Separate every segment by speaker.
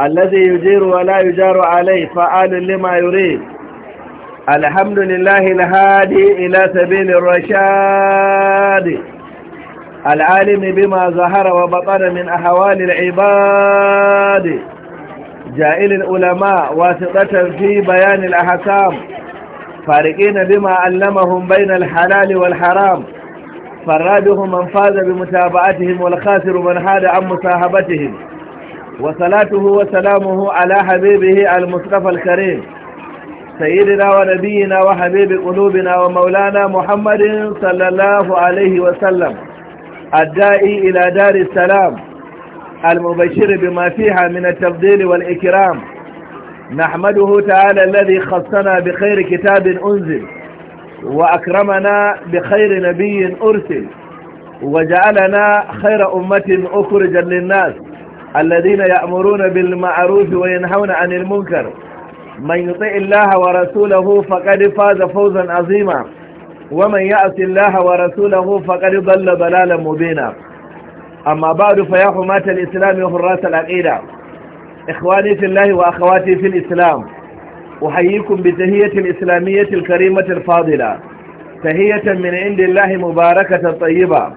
Speaker 1: الذي يجير ولا يجار عليه فعال لما يريد الحمد لله الهادي إلى سبيل الرشاد العالم بما ظهر وبطن من أحوال العباد جائل العلماء واسطة في بيان الأحكام فارقين بما علمهم بين الحلال والحرام فرادهم من فاز بمتابعتهم والخاسر من حاد عن مصاحبتهم وصلاته وسلامه على حبيبه المصطفى الكريم سيدنا ونبينا وحبيب قلوبنا ومولانا محمد صلى الله عليه وسلم الدائي إلى دار السلام المبشر بما فيها من التفضيل والإكرام نحمده تعالى الذي خصنا بخير كتاب أنزل وأكرمنا بخير نبي أرسل وجعلنا خير أمة أخرجا للناس الذين يأمرون بالمعروف وينهون عن المنكر من يطع الله ورسوله فقد فاز فوزا عظيما ومن يأس الله ورسوله فقد ضل ضلالا مبينا أما بعد فيا حماة الإسلام وحراس العقيدة إخواني في الله وأخواتي في الإسلام أحييكم بتهية الإسلامية الكريمة الفاضلة تهية من عند الله مباركة طيبة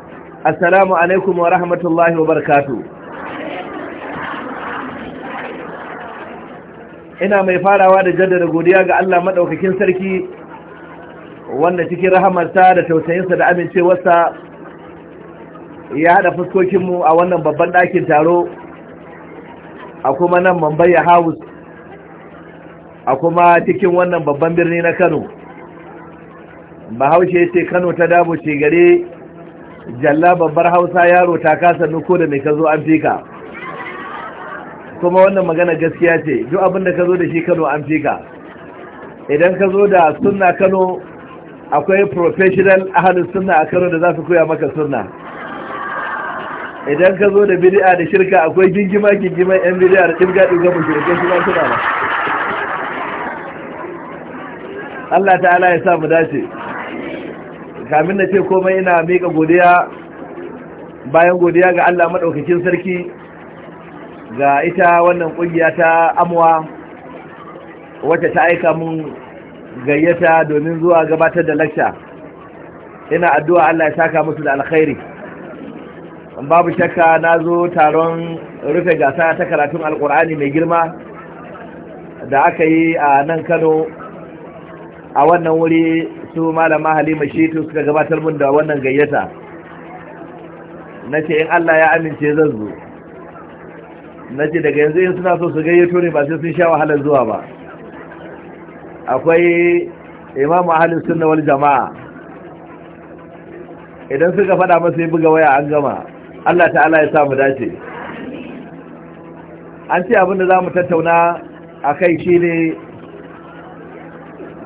Speaker 1: السلام عليكم ورحمة الله وبركاته ina mai farawa da jaddada godiya ga Allah maɗaukakin sarki wanda cikin rahamarsa da tausayinsa da amincewarsa ya haɗa mu a wannan babban ɗakin taro a kuma nan Mumbai house a kuma cikin wannan babban birni na kano bahaushe ce kano ta damu ce gare jalla babbar hausa yaro ta kasa nuko da mai ka zo an kuma wannan magana gaskiya ce duk abin da ka zo da shi kano an fi ka idan ka zo da sunna kano akwai professional ahalin sunna a kano da za su koya maka sunna idan ka zo da bid'a da shirka akwai gingima gingima yan bid'a da kirga ɗin mu shirka shi ba suna ba Allah ta'ala ya sa mu dace kamin na ce komai ina miƙa godiya bayan godiya ga Allah maɗaukakin sarki ga ita wannan kungiya ta amwa wacce ta aika mun gayyata domin zuwa gabatar da lakta ina addu'a Allah ya saka musu da alkhairi babu shakka na zo taron rufe gasa ta karatun alkur'ani mai girma da aka yi a nan kano a wannan wuri su malama halima shitu suka gabatar mun da wannan gayyata na ce in Allah ya amince zan zo na ce daga yanzu yin suna so su gayyato ne ba sai sun sha wahalar zuwa ba akwai imam ahalin sunna wal jama'a idan suka faɗa masa yi buga waya an gama Allah ta'ala ya samu dace an ce abinda za mu tattauna a kai shi ne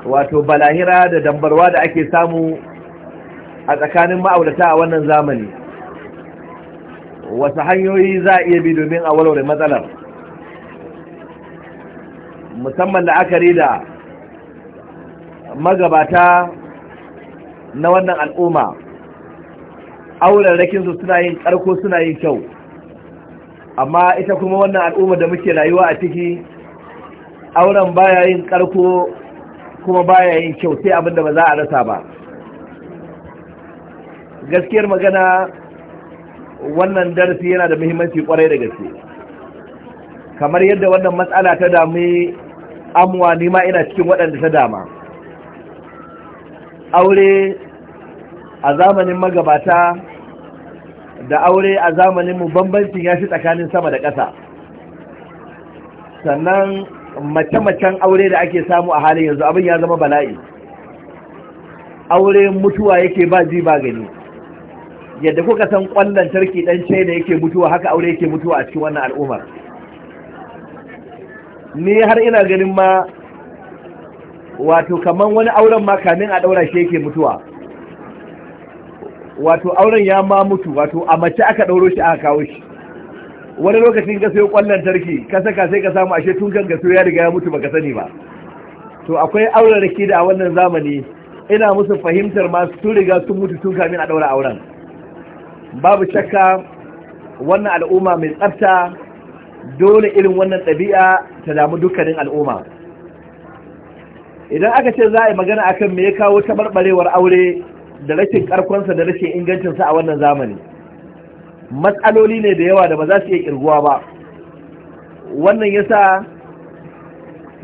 Speaker 1: wato balahira da dambarwa da ake samu a tsakanin ma'aurata a wannan zamani wasu hanyoyi za a iya bi domin a walware matsalar musamman da aka da magabata na wannan al'umma aurarrakinsu suna yin ƙarko suna yin kyau amma ita kuma wannan al'umma da muke rayuwa a ciki auren baya yin ƙarko kuma baya yin kyau sai abinda ba za a rasa ba gaskiyar magana wannan darasi yana da muhimmanci kwarai da gaske kamar yadda wannan matsala ta dami amuwa nima ina cikin waɗanda ta dama aure a zamanin magabata da aure a zamanin mu bambancin ya shi tsakanin sama da ƙasa sannan mace-macen aure da ake samu a halin yanzu abin ya zama bala'i aure mutuwa yake ba ji ba gani yadda kuka san kwallon tarki dan da yake mutuwa haka aure yake mutuwa a cikin wannan al'ummar ni har ina ganin ma wato kaman wani auren ma kamin a daura shi yake mutuwa wato auren ya ma mutu wato a mace aka dauro shi aka kawo shi wani lokacin ka sayo kwallon tarki ka saka sai ka samu ashe tun kan ka ya riga ya mutu baka sani ba to akwai auren rake da a wannan zamani ina musu fahimtar ma tun riga sun mutu tun kamin a daura auren babu shakka wannan al'umma mai tsafta dole irin wannan ɗabi'a ta damu dukkanin al'umma idan aka ce za a yi magana akan me ya kawo taɓarɓarewar aure da rashin ƙarkonsa da rashin ingancinsa a wannan zamani matsaloli ne da yawa da ba za su iya ƙirguwa ba wannan ya sa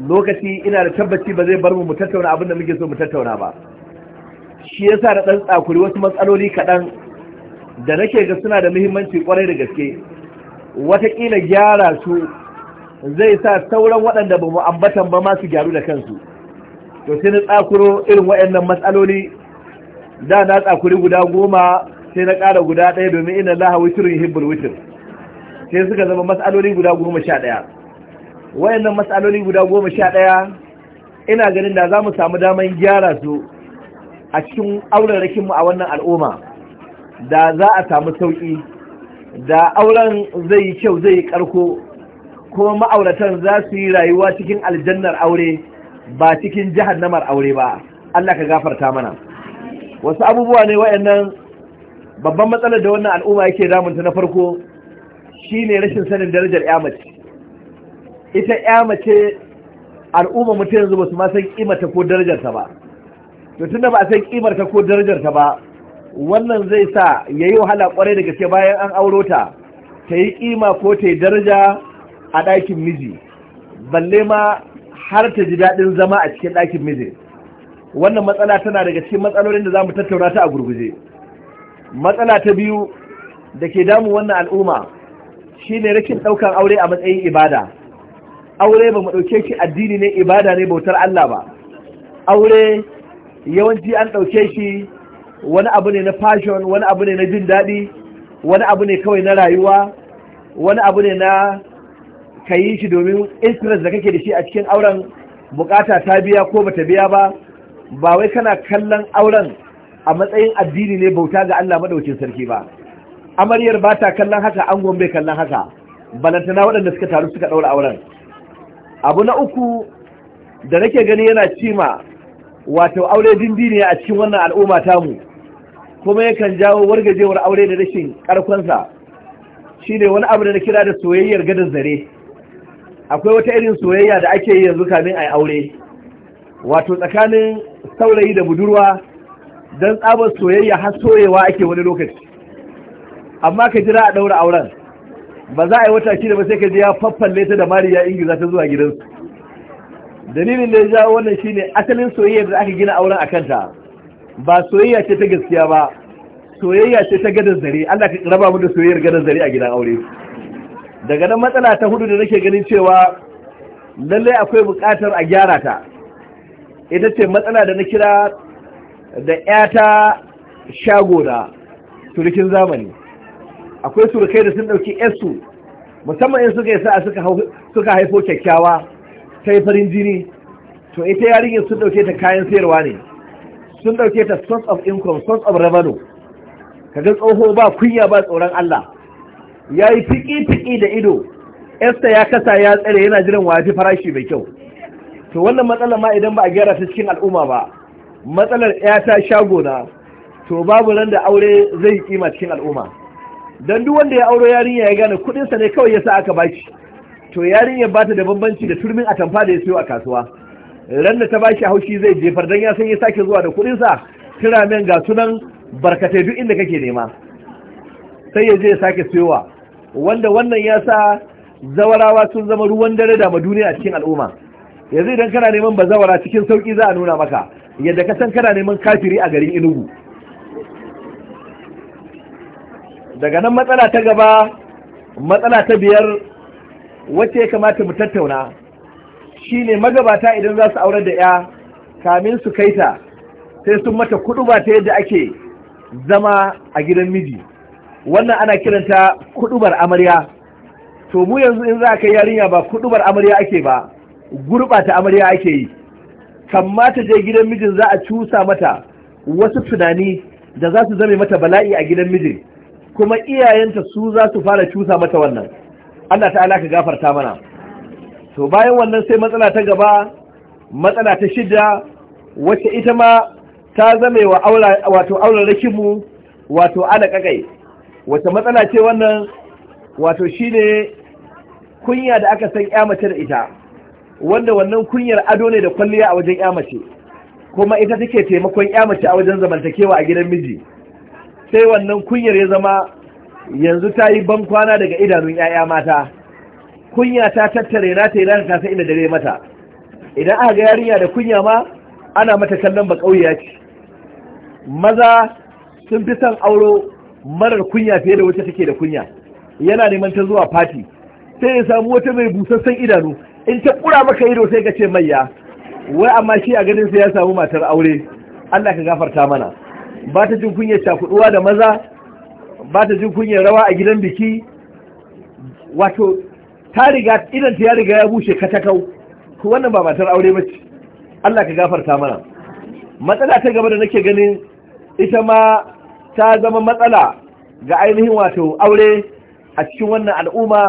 Speaker 1: lokaci ina da tabbaci ba zai bar mu mu tattauna abin da muke so mu tattauna ba shi ya sa da ɗan tsakuri wasu matsaloli kaɗan da nake ga suna da muhimmanci kwarai da gaske watakila gyara su zai sa sauran waɗanda ba mu ambatan ba masu gyaru da kansu to sai na tsakuro irin waɗannan matsaloli da na tsakuri guda goma sai na ƙara guda ɗaya domin ina laha wuturin hibbul wutur sai suka zama matsaloli guda goma sha ɗaya waɗannan matsaloli guda goma sha ɗaya ina ganin da za mu samu daman gyara su a cikin auren rakinmu a wannan al'umma da za a samu sauƙi da auren zai yi kyau zai yi ƙarko kuma ma'auratan za su yi rayuwa cikin aljannar aure ba cikin jahannamar aure ba Allah ka gafarta mana wasu abubuwa ne wayannan babban matsalar da wannan al'umma yake damunta na farko shine rashin sanin darajar yamace ita ya mace al'umma mutum yanzu ba su ma san ko darajarta ba to tunda ba a san kimarta ko darajarta ba wannan zai sa ya yi wahala kwarai da gaske bayan an auro ta ta yi kima ko ta yi daraja a ɗakin miji balle ma har ta ji daɗin zama a cikin ɗakin miji wannan matsala tana daga cikin matsalolin da za mu tattauna ta a gurguje matsala ta biyu da ke damu wannan al'umma shine rashin ɗaukar aure a matsayin ibada aure ba mu ɗauke shi addini ne ibada ne bautar Allah ba aure yawanci an ɗauke shi wani abu ne na fashion wani abu ne na jin daɗi wani abu ne kawai na rayuwa wani abu ne na ka shi domin interest da kake da shi a cikin auren bukata ta biya ko bata biya ba ba wai kana kallon auren a matsayin addini ne bauta ga Allah madaukin sarki ba amaryar ba ta kallon haka an bai kallon haka balantana waɗanda suka taru suka ɗaura auren abu na uku da nake gani yana cima wato aure ne a cikin wannan al'umma tamu kuma yakan jawo wargajewar aure da rashin karkonsa shi ne wani abu da na kira da soyayyar gadon zare akwai wata irin soyayya da ake yi yanzu kamin a aure wato tsakanin saurayi da budurwa don tsabar soyayya har soyewa ake wani lokaci amma ka jira a ɗaura auren ba za a yi wata shida ba sai ka ji ya faffalle ta da mariya ingiza ta zuwa gidansu dalilin da ya jawo wannan shine asalin soyayyar da aka gina auren a kanta ba soyayya ce ta gaskiya ba soyayya ce ta gadar zare Allah ka raba mu da soyayyar gadar zare a gidan aure daga nan matsala ta hudu da nake ganin cewa lallai akwai bukatar a gyara ta ita ce matsala da na kira da ƴata shagoda turkin zamani akwai surukai da sun ɗauki yarsu musamman in suka yasa suka haifo kyakkyawa kai farin jini to ita yarinyar sun ɗauke ta kayan sayarwa ne sun ɗauke ta source of income source of revenue kaga tsoho ba kunya ba tsoron Allah ya yi fiƙi-fiƙi da ido esta ya kasa ya tsere yana jiran wafi farashi mai kyau to wannan matsalar ma idan ba a gyara ta cikin al'umma ba matsalar ya ta shago na to babu nan da aure zai kima cikin al'umma dan duk wanda ya aure yarinya ya gane kuɗinsa ne kawai ya sa aka bashi to yarinya ba ta da bambanci da turmin atamfa da ya siyo a kasuwa Randa ta ta bashi haushi zai jefar don ya san ya sake zuwa da kuɗin sa kira men ga sunan barkatai duk inda kake nema sai ya je ya sake siyowa wanda wannan ya sa zawarawa sun zama ruwan dare da duniya a cikin al'umma yanzu idan kana neman bazawara cikin sauki za a nuna maka yadda ka san kana neman kafiri a garin inugu daga nan matsala ta gaba matsala ta biyar wacce ya kamata mu tattauna Shi ne magabata idan za su aure da ya kamin su kai ta sai sun mata kudu ba ta yadda ake zama a gidan miji wannan ana kiranta kudubar amarya to mu yanzu in za a kai yarinya ba kudubar amarya ake ba gurbata amarya ake yi kamma ta je gidan mijin za a cusa mata wasu tunani da za su zame mata bala'i a gidan mijin kuma iyayenta su za su fara cusa mata wannan Allah ta'ala ka gafarta mana to bayan wannan sai matsala ta gaba matsala ta shida wacce ita ma ta zame wa wato auren rakimu wato alaƙaƙai wacce matsala ce wannan wato shine kunya da aka san ya da ita wanda wannan kunyar ado ne da kwalliya a wajen ya kuma ita take taimakon ya mace a wajen zamantakewa a gidan miji sai wannan kunyar ya zama yanzu ta yi bankwana daga idanun 'ya'ya mata kunya ta tattare na ta yi ranar kasa inda dare mata idan aka ga yarinya da kunya ma ana mata kallon ba kauya ce maza sun fi son auro marar kunya fiye da wacce take da kunya yana neman ta zuwa fati sai ya samu wata mai busassan idanu in ta kura maka ido sai ka ce mayya wai amma shi a ganin sai ya samu matar aure Allah ka gafarta mana ba ta jin ta cakuduwa da maza ba ta jin kunya rawa a gidan biki wato ta riga idan ta ya riga ya bushe katakau ku wannan ba matar aure ba ce Allah ka gafarta mana matsala ta gaba da nake ganin ita ma ta zama matsala ga ainihin wato aure a cikin wannan al'umma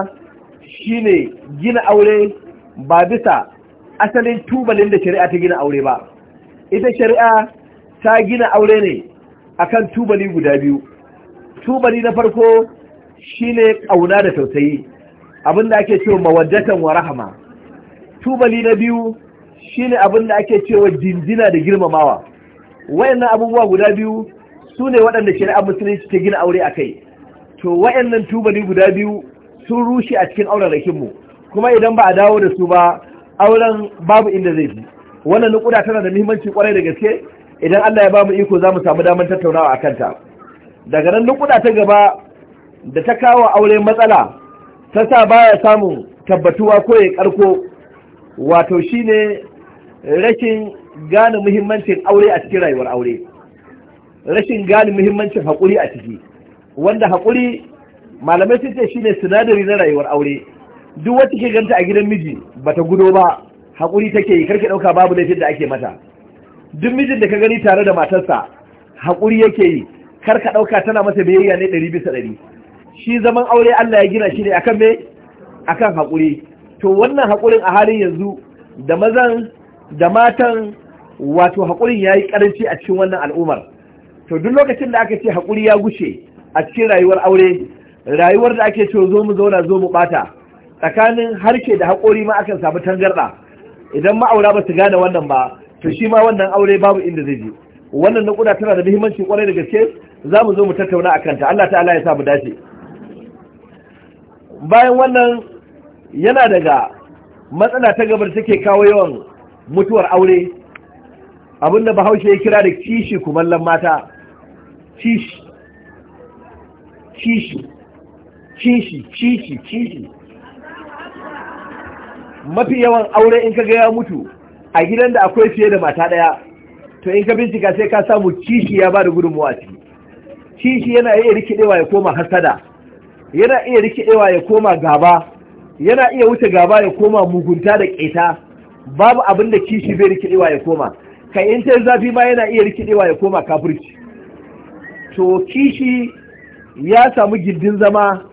Speaker 1: shine gina aure ba bisa asalin tubalin da shari'a ta gina aure ba ita shari'a ta gina aure ne akan tubali guda biyu tubali na farko shine ƙauna da tausayi abin da ake cewa mawaddatan wa rahama tubali na biyu shine abin da ake cewa jinjina da girmamawa wayannan abubuwa guda biyu su ne waɗanda shari'ar musulunci ta gina aure a kai to wayannan tubali guda biyu sun rushe a cikin auren rakinmu kuma idan ba a dawo da su ba auren babu inda zai ji. wannan nukuda tana da muhimmanci kwarai da gaske idan Allah ya ba mu iko za mu samu damar tattaunawa a kanta daga nan nukuda ta gaba da ta kawo aure matsala ta sa baya samun tabbatuwa ko ya karko wato shine rashin gane muhimmancin aure a cikin rayuwar aure rashin gane muhimmancin haƙuri a ciki wanda haƙuri malamai sun ce shine sinadari na rayuwar aure duk wacce ke ganta a gidan miji bata gudo ba haƙuri take yi karki ɗauka babu laifin da ake mata duk mijin da ka gani tare da matarsa haƙuri yake yi karka ɗauka tana masa biyayya ne ɗari bisa ɗari shi zaman aure Allah ya gina shi ne akan me akan haƙuri to wannan haƙurin a halin yanzu da mazan da matan wato haƙurin ya yi ƙaranci a cikin wannan al'ummar to duk lokacin da aka ce hakuri ya gushe a cikin rayuwar aure rayuwar da ake cewa zo mu zauna zo mu bata tsakanin harke da hakuri ma akan samu tangarɗa idan ma'aura ba su gane wannan ba to shi ma wannan aure babu inda zai je wannan naƙuda tana da muhimmanci kwarai da gaske za mu zo mu tattauna a kanta Allah ta'ala ya sa mu dace bayan wannan yana daga matsala ta gabar take kawo yawan mutuwar aure abinda bahaushe ya kira da kishi kumallon mata kishi kishi kishi kishi kishi mafi yawan aure in ka gaya mutu a gidan da akwai fiye da mata ɗaya to in ka bincika sai ka samu kishi ya ba da gudunmuwa ciki kishi yana iya rikidewa ya koma hasada yana iya rikidewa ya koma gaba yana iya wuce gaba ya koma mugunta da ƙeta babu abin da kishi bai rikidewa ya koma kai in ta zafi ma yana iya rikidewa ya koma kafirci to kishi ya samu gindin zama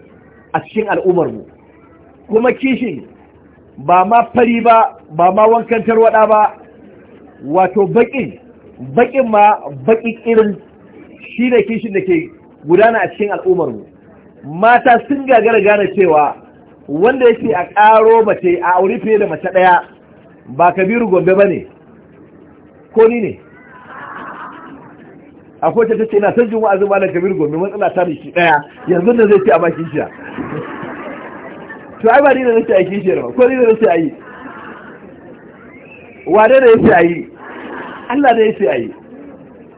Speaker 1: a cikin al'ummarmu kuma kishin ba ma fari ba ba ma wankan tarwada ba wato baƙin baƙin ma baƙin irin shi ne kishin da ke gudana a cikin al'ummarmu mata sun gagara gane cewa wanda yake a ƙaro mace a aure fiye da mace ɗaya ba kabiru gombe ba ne ko ni ne akwai ta ce na san jin wa'azin malam kabiru gombe matsala ta da shi ɗaya yanzu da zai ce a bakin shi to ai ba ni da nake a yi ba ko ni da nake a yi wane da yake a yi Allah ne yake a yi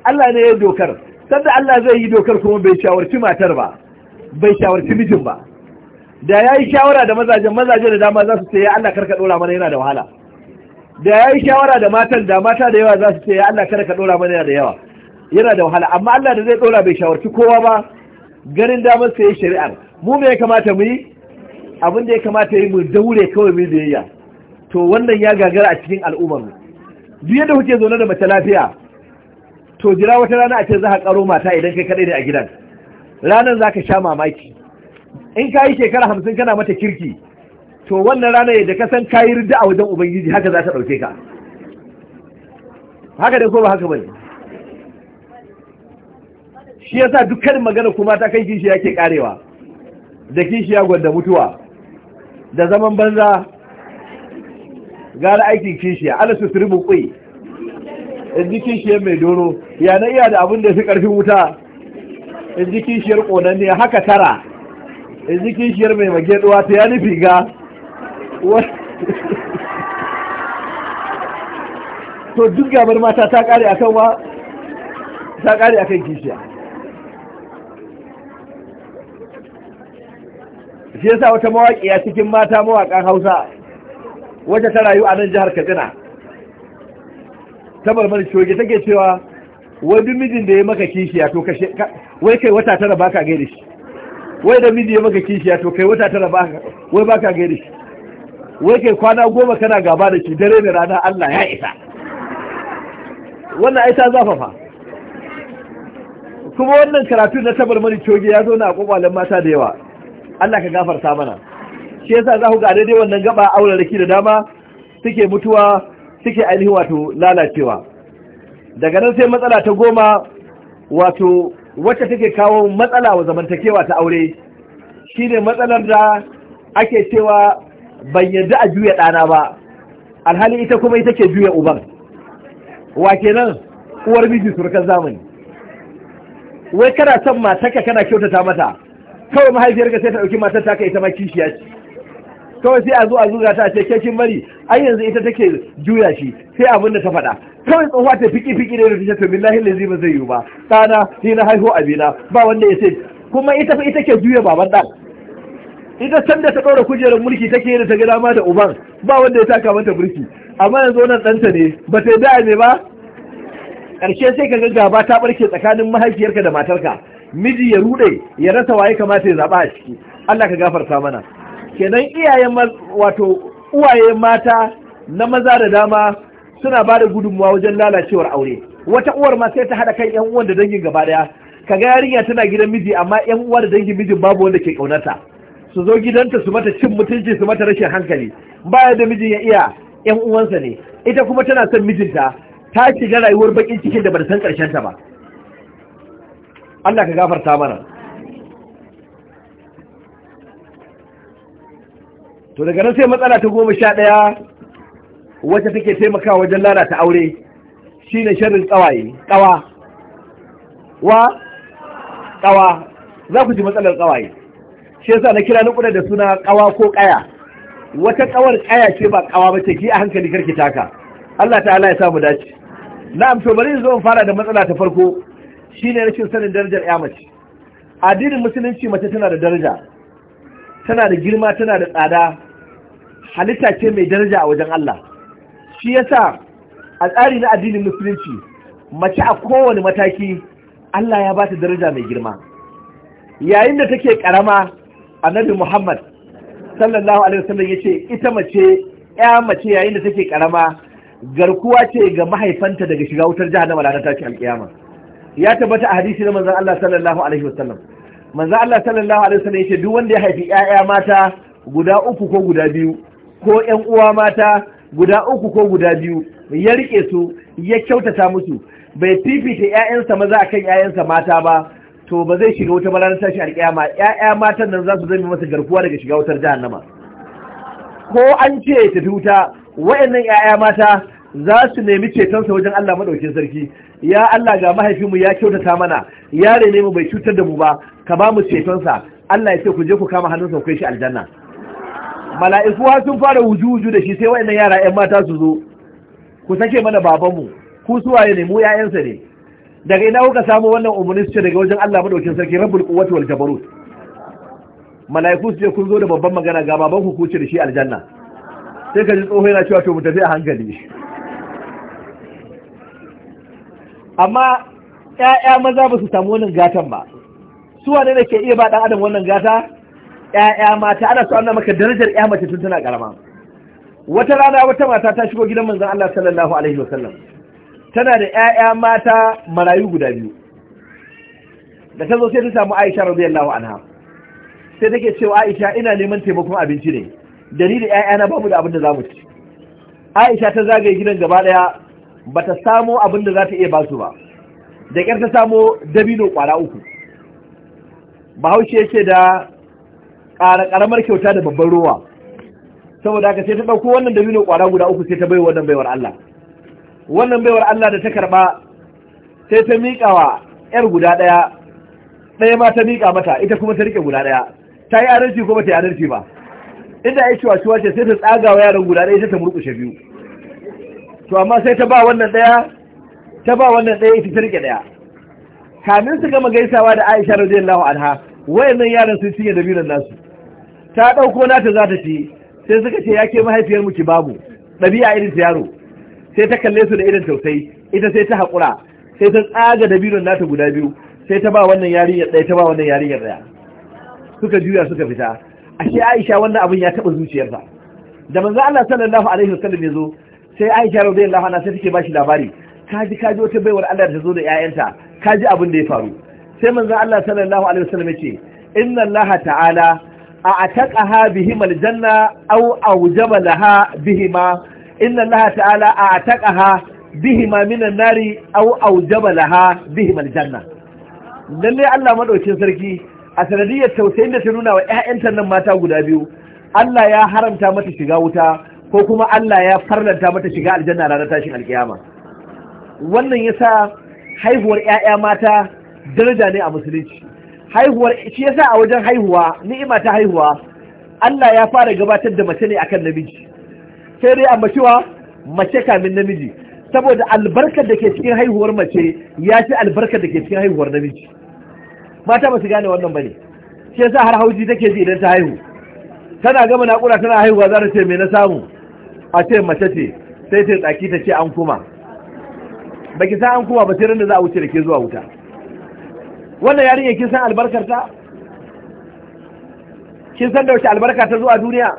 Speaker 1: Allah ne ya dokar sanda Allah zai yi dokar kuma bai shawarci matar ba bai shawarci mijin ba da ya yi shawara da mazajen mazaje da dama za su ce ya Allah karka ɗora mana yana da wahala da ya yi shawara da matan da mata da yawa za su ce ya Allah karka ɗora mana yana da yawa yana da wahala amma Allah da zai ɗora bai shawarci kowa ba ganin damar yi shari'ar mu me ya kamata mu yi abin da ya kamata yi mu daure kawai mu biyayya to wannan ya gagara a cikin al'ummar mu duk yadda kuke zaune da mace lafiya to jira wata rana a ce za ka karo mata idan kai kadai ne a gidan ranar za ka sha mamaki in ka yi shekara hamsin kana mata kirki to wannan ranar yadda ka san kayi rida a wajen ubangiji haka za ta ɗauke ka haka da ko ba haka bane shi yasa dukkan magana kuma ta kai kishi ke karewa da kishi ya gwanda mutuwa da zaman banza gara aikin kishi ala su sirbu kwai in ji kishi mai doro ya iya da abin da fi karfin wuta in ji kishiyar ƙonan ne haka tara in ji kishiyar mai ɗuwa ta ya nufi ga to duk gabar mata ta ƙare a kan wa ta kare a kan kishiya shi yasa wata mawaƙiya cikin mata mawaƙan hausa wacce ta rayu a nan jihar katsina ta marmar shoge take cewa wai duk mijin da ya maka kishiya to kashe wai kai wata tara baka gaida shi wai da miji ya maka kishiya to kai wata tara baka wai baka gaida shi wai kai kwana goma kana gaba da shi dare da rana Allah ya isa wannan ai ta zafafa kuma wannan karatu na tabar mani coge ya zo na kwakwalen mata da yawa Allah ka gafarta mana shi yasa za ku ga daidai wannan gaba aure da dama suke mutuwa suke ainihin wato lalacewa daga nan sai matsala ta goma wato wacce take kawo matsala wa zamantakewa ta aure shine matsalar da ake cewa ban yadda a juya ɗana ba alhali ita kuma ita ke juya uban wa kenan uwar miji surukan zamani wai kana son matarka kana kyautata mata kawai mahaifiyar mahaifiyarka sai ta ɗauki matar ta ita ma kishiya ce kawai sai a zo a zuga ta ce ke kin bari ai yanzu ita take juya shi sai abin da ta faɗa kawai tsohuwa ta fiki fiki da rubuce to billahi lazi ba zai yiwu ba ɗana ni na haihu abina ba wanda ya ce kuma ita fa ita ke juya baban ɗan ita can da ta ɗaura kujerar mulki take da ta gida, ma da uban ba wanda ya taka mata mulki amma yanzu wannan ɗanta ne ba ta da ne ba ƙarshe sai ka ga gaba ta ɓarke tsakanin mahaifiyarka da matarka miji ya rude ya rasa waye kamata ya zaɓa a ciki Allah ka gafarta mana kenan iyayen wato uwaye mata na maza da dama suna ba da gudunmuwa wajen lalacewar aure wata uwar ma sai ta haɗa kan yan uwan da dangin gaba daya ga yarinya tana gidan miji amma yan uwa da dangin mijin babu wanda ke kaunarta su zo gidanta su mata cin mutunci su mata rashin hankali baya da mijin ya iya yan uwansa ne ita kuma tana son mijinta ta shiga rayuwar bakin cikin da ba san karshen ta ba Allah ka gafarta mana to daga nan sai matsala ta goma sha ɗaya wata take taimakawa wajen lalata aure shine sharrin kawaye kawa wa kawa za ku ji matsalar kawaye shi yasa na kira nukuda da suna kawa ko kaya wata kawar kaya ce ba kawa ba ce ki a hankali karki taka Allah ta'ala ya samu dace na'am to bari zo fara da matsala ta farko shine rashin sanin darajar ya mace addinin musulunci mace tana da daraja tana da girma tana da tsada halitta ce mai daraja a wajen Allah shi yasa a tsari na addinin musulunci mace a kowane mataki Allah ya ba ta daraja mai girma yayin da take karama annabi Muhammad sallallahu alaihi wasallam yace ita mace ya mace yayin da take karama garkuwa ce ga mahaifanta daga shiga wutar jahannama ranar tashi alkiyama ya tabbata a hadisi na manzon Allah sallallahu alaihi wasallam manzon Allah sallallahu alaihi wasallam yace duk wanda ya haifi ƴaƴa mata guda uku ko guda biyu ko ƴan uwa mata guda uku ko guda biyu ya rike su ya kyautata musu bai fifita 'ya'yansa maza akan 'ya'yansa mata ba to ba zai shiga wuta ba ranar tashi alƙiyama 'ya'ya matan nan za su zama masa garkuwa daga shiga wutar jahannama ko an ce ta tafi wuta wayannan 'ya'ya mata za su nemi cetonsa wajen Allah madaukin sarki ya Allah ga mahaifinmu ya kyautata mana ya rene mu bai cutar da mu ba ka ba mu cetonsa Allah ya ce ku je ku kama hannunsa ku kai shi aljanna mala'iku sun fara wujuju da shi sai wayannan yara yan mata su zo ku sake mana babanmu ku suwaye ne mu ‘ya’yansa ne daga ina kuka samu wannan umarni su ce daga wajen Allah maɗaukin sarki rabbul quwwati wal jabarut mala’ifu su ce kun zo da babban magana ga baban ku kuce da shi aljanna sai ka ji tsoho yana cewa to mu tafi a hankali amma 'ya'ya maza ba su samu wannan gatan ba su wane ne ke iya ba ɗan adam wannan gata 'ya'ya mata ana so ana maka darajar ƴa mace tun tana karama wata rana wata mata ta shigo gidan manzan Allah sallallahu alaihi wasallam tana da ƴaƴa mata marayu guda biyu da ta zo sai ta samu Aisha radiyallahu anha sai take cewa Aisha ina neman taimakon abinci ne da ni da na babu da abin da zamu ci Aisha ta zagaye gidan gaba daya ta samo abin da za ta iya su ba da ƙyar ta samo dabino kwara uku bahaushe ce da ƙara ƙaramar kyauta da babban ruwa saboda haka sai ta ɗauko wannan da dabino ƙwara guda uku sai ta bai wannan baiwar Allah wannan baiwar Allah da ta karɓa sai ta miƙa wa ‘yar guda ɗaya ɗaya ma ta miƙa mata ita kuma ta riƙe guda ɗaya ta yi adalci ko bata ta yi adalci ba inda ai cewa cewa ce sai ta tsaga wa yaran guda ɗaya sai ta murƙushe biyu to amma sai ta ba wannan ɗaya ta ba wannan ɗaya ita ta riƙe ɗaya kamin su gama gaisawa da Aisha radiyallahu anha wayannan yaran sun cinye dabinan nasu ta ɗauko nata za ta fi sai suka ce ya ke mahaifiyar muke ki babu ɗabi'a irin ta yaro sai ta kalle su da irin tausayi ita sai ta haƙura sai ta tsaga dabinon nata guda biyu sai ta ba wannan yarinyar ɗaya ta ba wannan yarinyar ɗaya suka juya suka fita ashe Aisha wannan abin ya taɓa zuciyarsa da manzo Allah sallallahu alaihi wasallam ya zo sai Aisha radiyallahu anha sai take bashi labari kaji kaji wata baiwar Allah da ta zo da ƴaƴanta kaji abin da ya faru sai manzo Allah sallallahu alaihi wasallam ya ce inna Allah ta'ala a ataqaha bihim aljanna aw awjaba laha ma. inna allaha ta'ala a bihi ma minan nari aw awjaba laha Maljanna. dan ne Allah madaukin sarki a sanadiyar tausayin da ta nuna wa 'ya'yanta nan mata guda biyu Allah ya haramta mata shiga wuta ko kuma Allah ya farlanta mata shiga aljanna ranar tashin alkiyama wannan yasa haihuwar ƴaƴa mata daraja ne a musulunci haihuwar shi yasa a wajen haihuwa ni'ima ta haihuwa Allah ya fara gabatar da mace ne akan namiji sai dai amma cewa mace kamin namiji saboda albarkar da ke cikin haihuwar mace ya ce albarkar da ke cikin haihuwar namiji mata ba su gane wannan bane shi yasa har hauji take ji idan ta haihu tana gama nakura tana haihuwa za ta ce me na samu a ce mace ce sai ta tsaki ta ce an kuma baki sa an kuma ba sai ran da za a wuce da ke zuwa wuta wannan yarinya kin san albarkar ta kin san da wace albarka ta zo a duniya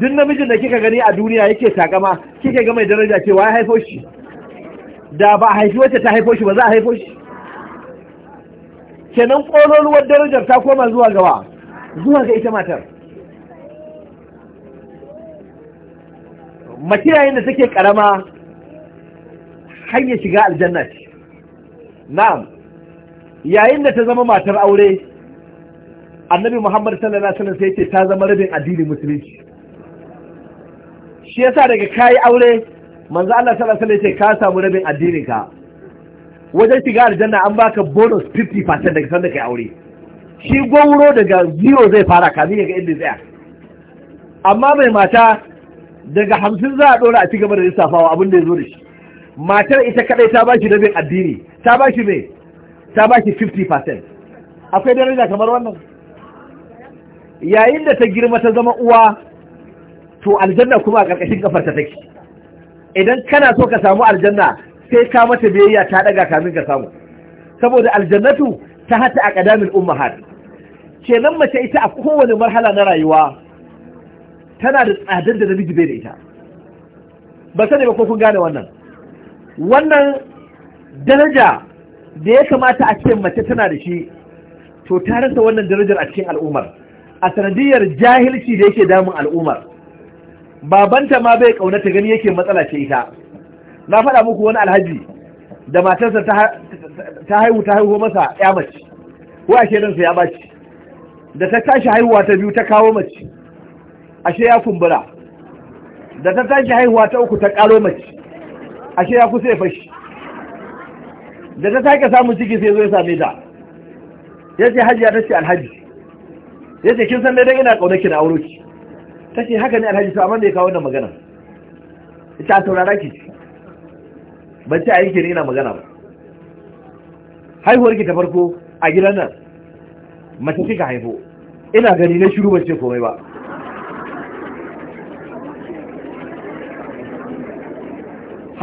Speaker 1: duk namijin da kika gani a duniya yake takama kika ga mai daraja cewa ya haifo shi da ba a haifi wacce ta haifo shi ba za a haifo shi kenan ƙololuwar darajar ta koma zuwa gawa zuwa ga ita matar mace yayin da take karama hanyar shiga aljanna ce na'am yayin da ta zama matar aure annabi muhammad sallallahu alaihi wasallam sai ce ta zama rabin addinin musulunci shi yasa daga kayi aure manzo Allah sallallahu alaihi wasallam ce ka samu rabin addinin ka wajen shiga aljanna an baka bonus 50% daga sanda kai aure shi gwauro daga zero zai fara kamin ya ga inda zai amma mai mata daga hamsin za a ɗora a ci gaba da lissafawa abin da ya zo da shi matar ita kaɗai ta ba shi rabin addini ta ba shi mai ta baki 50% akwai daraja kamar wannan yayin da ta girma ta zama uwa to aljanna kuma a ƙarƙashin kafarta take idan kana so ka samu aljanna sai ka mata biyayya ta daga kamin ka samu saboda aljannatu ta hata a ƙadamin ummahat kenan mace ita a kowane marhala na rayuwa tana da tsadar da namiji bai da ita ba sani ba ko kun gane wannan wannan daraja da ya kamata a ce mace tana da shi to ta rasa wannan darajar a cikin al'ummar a sanadiyar jahilci da yake damun al'ummar babanta ma bai kaunata gani yake matsala ce ita na faɗa muku wani alhaji da matarsa ta haihu ta haihu masa ya mace ko ashe ya baci da ta tashi haihuwa ta biyu ta kawo mace ashe ya kumbura da ta tashi haihuwa ta uku ta ƙaro mace ashe ya kusa ya fashi da ta sake samun ciki sai zo ya same ta ya ce hajiya ta ce alhaji ya ce kin san dai ina kauna ki na auro ki ta ce haka ne alhaji to amma da ya kawo wannan magana Ita saurara ki ban ce a yi kiri ina magana ba haihuwar ki ta farko a gidan nan mace kika haifo ina gani na shiru ban ce komai ba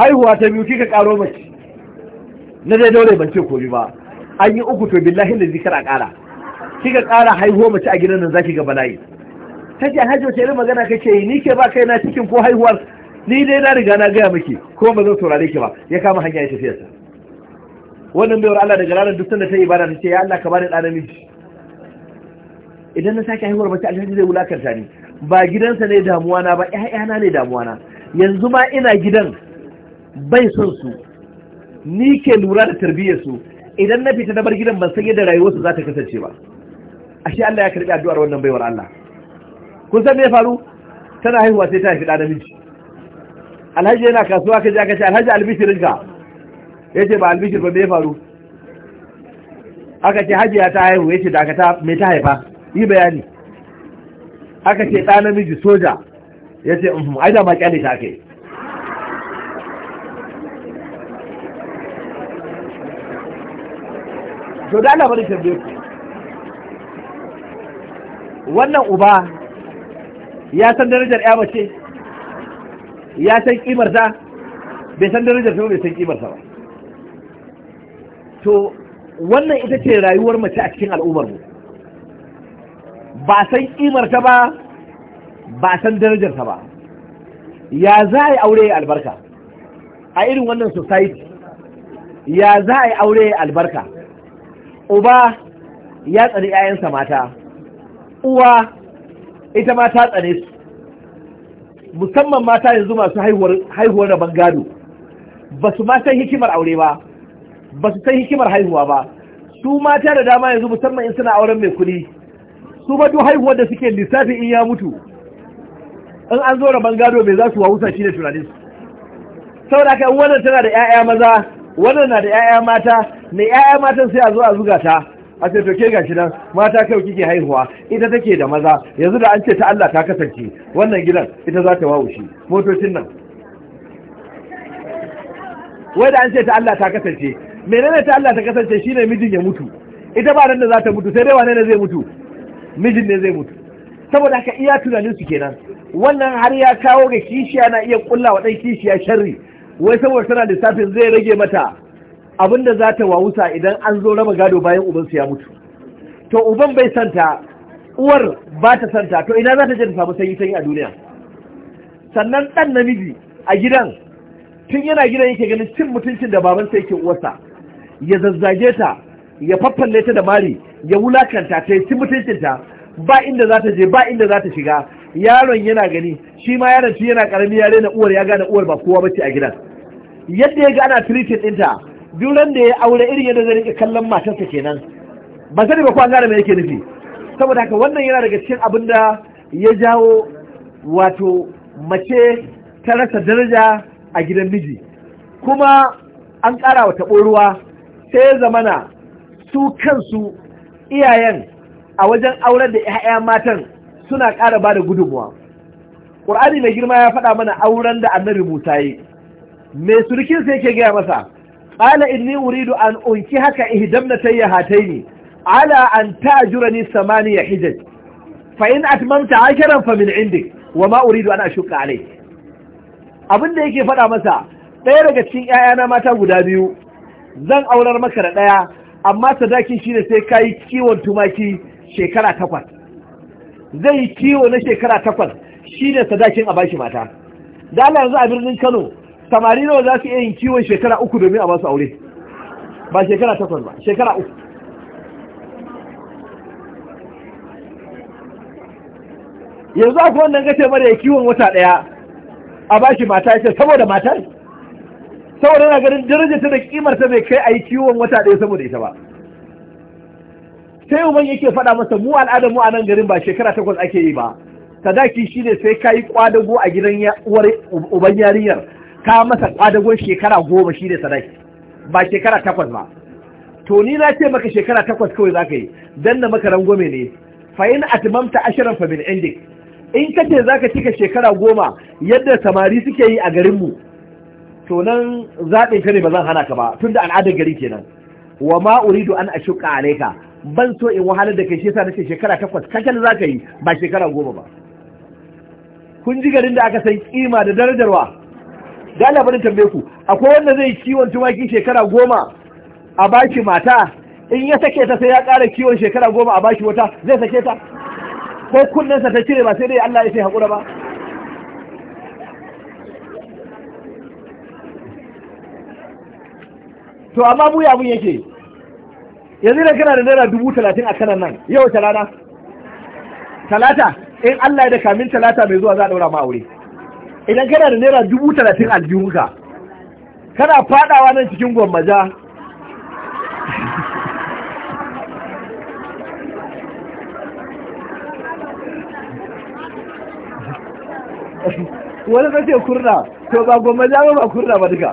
Speaker 1: haihuwa ta biyu kika karo mace na dai daure ban ce komi ba an yi uku to billahi da zikar a ƙara kika ƙara haihuwa mace a gidan nan za ki ga bala'i ta ce hajji wace irin magana kake yi ni ke ba kai na cikin ko haihuwar ni dai na riga na gaya miki ko ba zan saurare ki ba ya kama hanya ya tafiyarsa wannan baiwar Allah daga ranar duk sanda ta yi ibada ta ce ya Allah ka bani ɗan miji idan na sake haihuwar mace alhaji zai wulakanta ni ba gidansa ne damuwa na ba ƴaƴana ne damuwa na yanzu ma ina gidan bai son su ni ke lura da tarbiyyar su idan na fita na bar gidan ban san yadda rayuwarsu za ta kasance ba ashe Allah ya karbi addu'ar wannan baiwar Allah kun san me ya faru tana haihuwa sai ta haifi da namiji alhaji yana kasuwa kaje aka ce alhaji albishirinka yace ba albishir ba me ya faru aka ce hajiya ta haihu yace da aka ta me ta haifa yi bayani aka ce ɗa namiji soja yace uhm, ai da ma kyale ta kai to da Allah bari tambaye ku wannan uba ya san darajar ya mace ya san kimar ta bai san darajar ta bai san kimar ta ba to wannan ita ce rayuwar mace a cikin al'ummar mu ba san kimar ta ba ba san darajar ta ba ya za a yi aure ya albarka a irin wannan society ya za a yi aure ya albarka uba ya tsani 'ya'yansa mata uwa ita ma ta tsane su musamman mata yanzu masu haihuwar da bangado. ba su ma san hikimar aure ba ba su san hikimar haihuwa ba su mata da dama yanzu musamman in suna auren mai kuɗi su ba duk haihuwar da suke lissafi in ya mutu in an zo da bangado mai za su wusa shi da tunanin su aka yi, wannan tana da 'ya'ya maza wannan na da 'ya'ya mata ne 'ya'ya matan sai a zo a zuga ta a ce to ke gashi nan mata kai kike haihuwa ita take da maza yanzu da an ce ta Allah ta kasance wannan gidan ita za ta wawushi motocin nan wai da an ce ta Allah ta kasance menene ta Allah ta kasance shine mijin ya mutu ita ba nan da za ta mutu sai dai wane ne zai mutu mijin ne zai mutu saboda haka iya tunanin su kenan wannan har ya kawo ga kishiya na iya kullawa wa dan kishiya sharri wai saboda tana lissafin zai rage mata abin da za ta wawusa idan an zo raba gado bayan ubansu ya mutu to uban bai santa uwar ba ta santa to ina za ta je ta samu sanyi sanyi a duniya sannan ɗan namiji a gidan tun yana gidan yake ganin cin mutuncin da babansa yake uwarsa ya zazzage ta ya faffalle ta da mari ya wulakanta ta mutuncin mutuncinta ba inda za ta je ba inda za ta shiga yaron yana gani shi ma yaron shi yana karami ya rena uwar ya gane uwar ba kowa bace a gidan yadda ya ga ana treated ɗinta duk da ya aure irin yadda zai rike kallon matarsa kenan ba sani ba kuwa an gane me yake nufi saboda haka wannan yana daga cikin abin da ya jawo wato mace ta rasa daraja a gidan miji kuma an ƙara wa taɓo ruwa sai ya zamana su kansu iyayen a wajen auren da 'ya'ya matan suna ƙara ba da gudunmuwa ƙur'ani mai girma ya faɗa mana auren da annabi musa yi mai surkin sai ke gaya masa ala inni uridu an unki haka tayya hataini ala an tajurani samaniya hijaj fa in atmamta ashran fa min indik wa ma uridu an ashuka alai. abin da yake faɗa masa ɗaya daga cikin ƴaƴana mata guda biyu zan aurar maka da ɗaya amma sadakin shine sai kayi kiwon tumaki shekara takwas zai yi kiwo na shekara takwas shine sadakin a bashi mata da Allah yanzu a birnin Kano Tamari nawa za su iya yin kiwon shekara uku domin a basu aure ba shekara takwas ba shekara uku yanzu akwai wannan gace mara ya kiwon wata ɗaya a ba shi mata ce saboda matar saboda na ganin darajar ta da kimar ta bai kai a yi kiwon wata ɗaya saboda ita ba sai uban yake faɗa masa mu al'adar mu a nan garin ba shekara takwas ake yi ba sadaki shine sai ka yi kwadago a gidan uwar uban yarinyar ka masa ƙwadagon shekara goma shi ne sadaki ba shekara takwas ba to ni na ce maka shekara takwas kawai za ka yi dan na maka rangwame ne fa a atmamta ashirin fa min in ka ce za ka cika shekara goma yadda samari suke yi a garinmu to nan zaɓin ka ne ba zan hana ka ba tunda al'adar gari kenan wa ma uridu an ashuka alaika ban so in wahalar da kai shi yasa nace shekara takwas kakan za ka yi ba shekara goma ba kun ji garin da aka san kima da darajarwa Da labarin tambaye ku akwai wanda zai kiwon tumaki shekara goma a bashi mata in ya sake ta sai ya ƙara kiwon shekara goma a bashi wata zai sake ta ko kunnensa ta cire ba sai dai Allah ya sai haƙura ba to amma mu abun yake yanzu da kana da naira dubu talatin a kanan nan yau talata talata in Allah ya da kamin talata mai zuwa za a ɗaura ma aure idan kana da naira dubu talatin aljihunka kana fadawa nan cikin gwammaja wani kace kurna to ba gwammaja ba ba kurna ba duka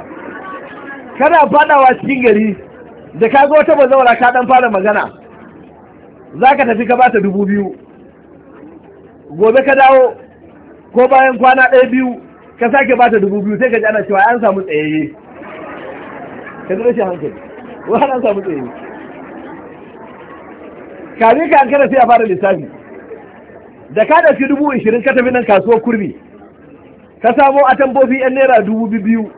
Speaker 1: kana fadawa cikin gari da ka ga wata bazawara ka dan fara magana za ka tafi ka ba ta dubu biyu gobe ka dawo ko bayan kwana ɗaya biyu ka sake ba ta dubu biyu sai ka ji ana cewa an samu tsayayye ka ji shi hankali wa an samu tsayayye kare ka an kada sai a fara lissafi da ka ɗauki dubu ishirin ka tafi nan kasuwar kurmi ka samo tambofi yan naira dubu biyu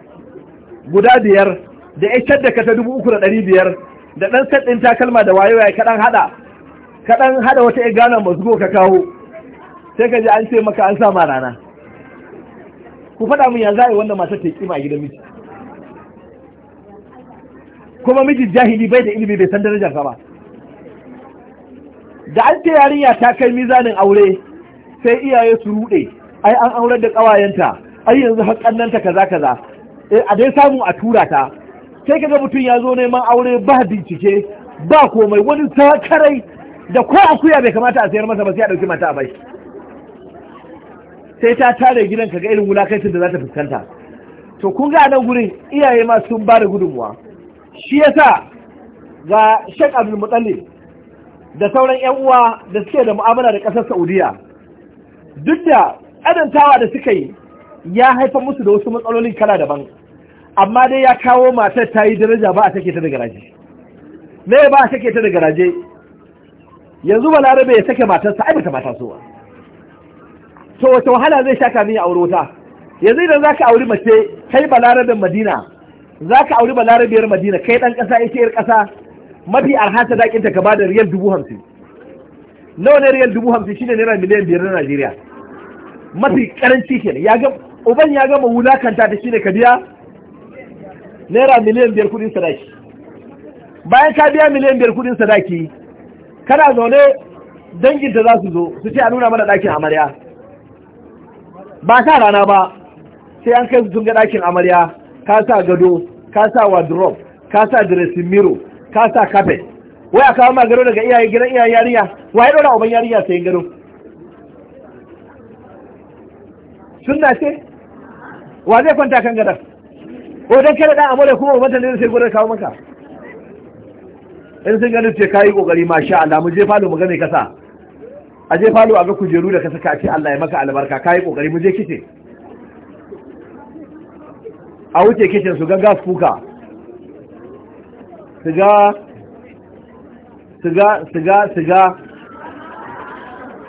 Speaker 1: guda biyar da ya da ka ta dubu uku da ɗari biyar da ɗan ɗin takalma da wayo ya kaɗan haɗa kaɗan haɗa wata ya gana masu ka kawo sai ka ji an ce maka an sama rana ku faɗa min ya za a yi ta kima a gidan miji kuma miji jahili bai da ilimi bai san darajar ba da an ce yarinya ta kai mizanin aure sai iyaye su rude. ai an aurar da kawayenta, ai yanzu har haƙannanta kaza kaza eh, a dai samu a tura ta sai kaga mutum ya zo neman aure ba bincike ba komai wani sakarai da ko akuya bai kamata a sayar masa ba sai a dauki mata a bai sai ta tare gidan ka ga irin wulakancin da za ta fuskanta to kun ga nan gurin iyaye ma sun ba da gudunmuwa shi ya sa ga shek Abdul da sauran yan uwa da suke da mu'amala da ƙasar Saudiya duk da adantawa da suka yi ya haifar musu da wasu matsalolin kala daban amma dai ya kawo matar ta yi daraja ba a take ta da garaje me ba a sake ta da garaje yanzu balarabe ya sake matarsa ai bata mata so ba to wata wahala zai sha kamin ya aure wuta yanzu idan zaka auri mace kai balarabin madina zaka auri balarabiyar madina kai dan kasa ita yar kasa mafi arha ta dakin ta gaba da riyal dubu hamsin nawa ne riyal dubu hamsin shine naira miliyan biyar na najeriya mafi karanci kenan ya ga uban ya gama wulakanta ta shine ka biya naira miliyan biyar kudin sadaki bayan ka biya miliyan biyar kudin sadaki kana zaune danginta za su zo su ce a nuna mana ɗakin amarya ba sa rana ba sai an kai sun ga ɗakin amarya ka sa gado ka sa wardrobe ka sa dressing mirror ka sa carpet wai a kawo gado daga iyaye gidan iyaye yariya wa ya ɗora uban yariya sai gado sunna ce wa zai kwanta kan gadon ko dan kada dan amore kuma uban ne sai gurin kawo maka in sun gani ce kayi kokari masha Allah mu je falo mu gane me kasa a je falo a ga kujeru da ka saka a ce Allah ya maka albarka ka yi kokari mu je kice a wuce kitchen su ga gas kuka su siga siga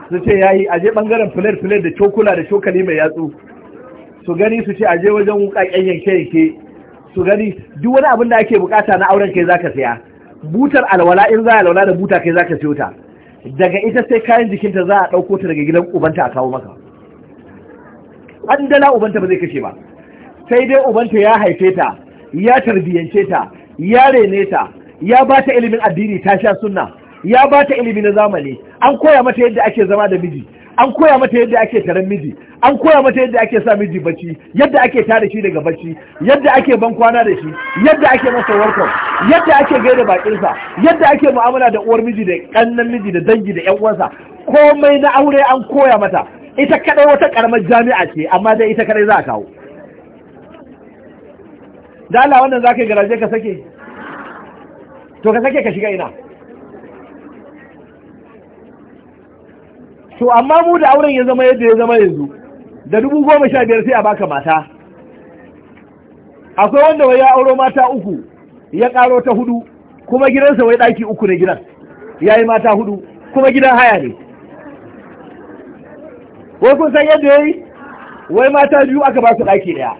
Speaker 1: su ce yayi a je bangaren plate plate da cokula da cokali mai yatsu su gani su ce a je wajen wukaken yanke yanke su gani duk wani abin da ake bukata na auren kai zaka siya butar alwala in za a alwala da buta kai zaka siyo ta daga ita sai kayan jikinta za a ɗauko ta daga gidan ubanta a kawo maka an dala ubanta ba zai kashe ba sai dai ubanta ya haife ta ya tarbiyyance ta ya rene ta ya ba ta ilimin addini ta sha sunna ya ba ta ilimi na zamani an koya mata yadda ake zama da miji an koya mata yadda ake taron miji an koya mata yadda ake sa miji bacci yadda ake tada shi daga bacci yadda ake ban kwana da shi yadda ake masa warkon yadda ake gaida bakinsa yadda ake mu'amala da uwar miji da kannan miji da dangi da yan uwansa komai na aure an koya mata ita kadai wata karamar jami'a ce amma dai ita kadai za a kawo da Allah wannan zaka garaje ka sake to ka sake ka shiga ina to amma mu da auren ya zama yadda ya zama yanzu da dubu goma sha biyar sai a baka mata akwai wanda wai ya auro mata uku ya karo ta hudu kuma gidansa wai daki uku ne gidan ya yi mata hudu kuma gidan haya ne wai kun san yadda ya yi wai mata biyu aka ba su daki daya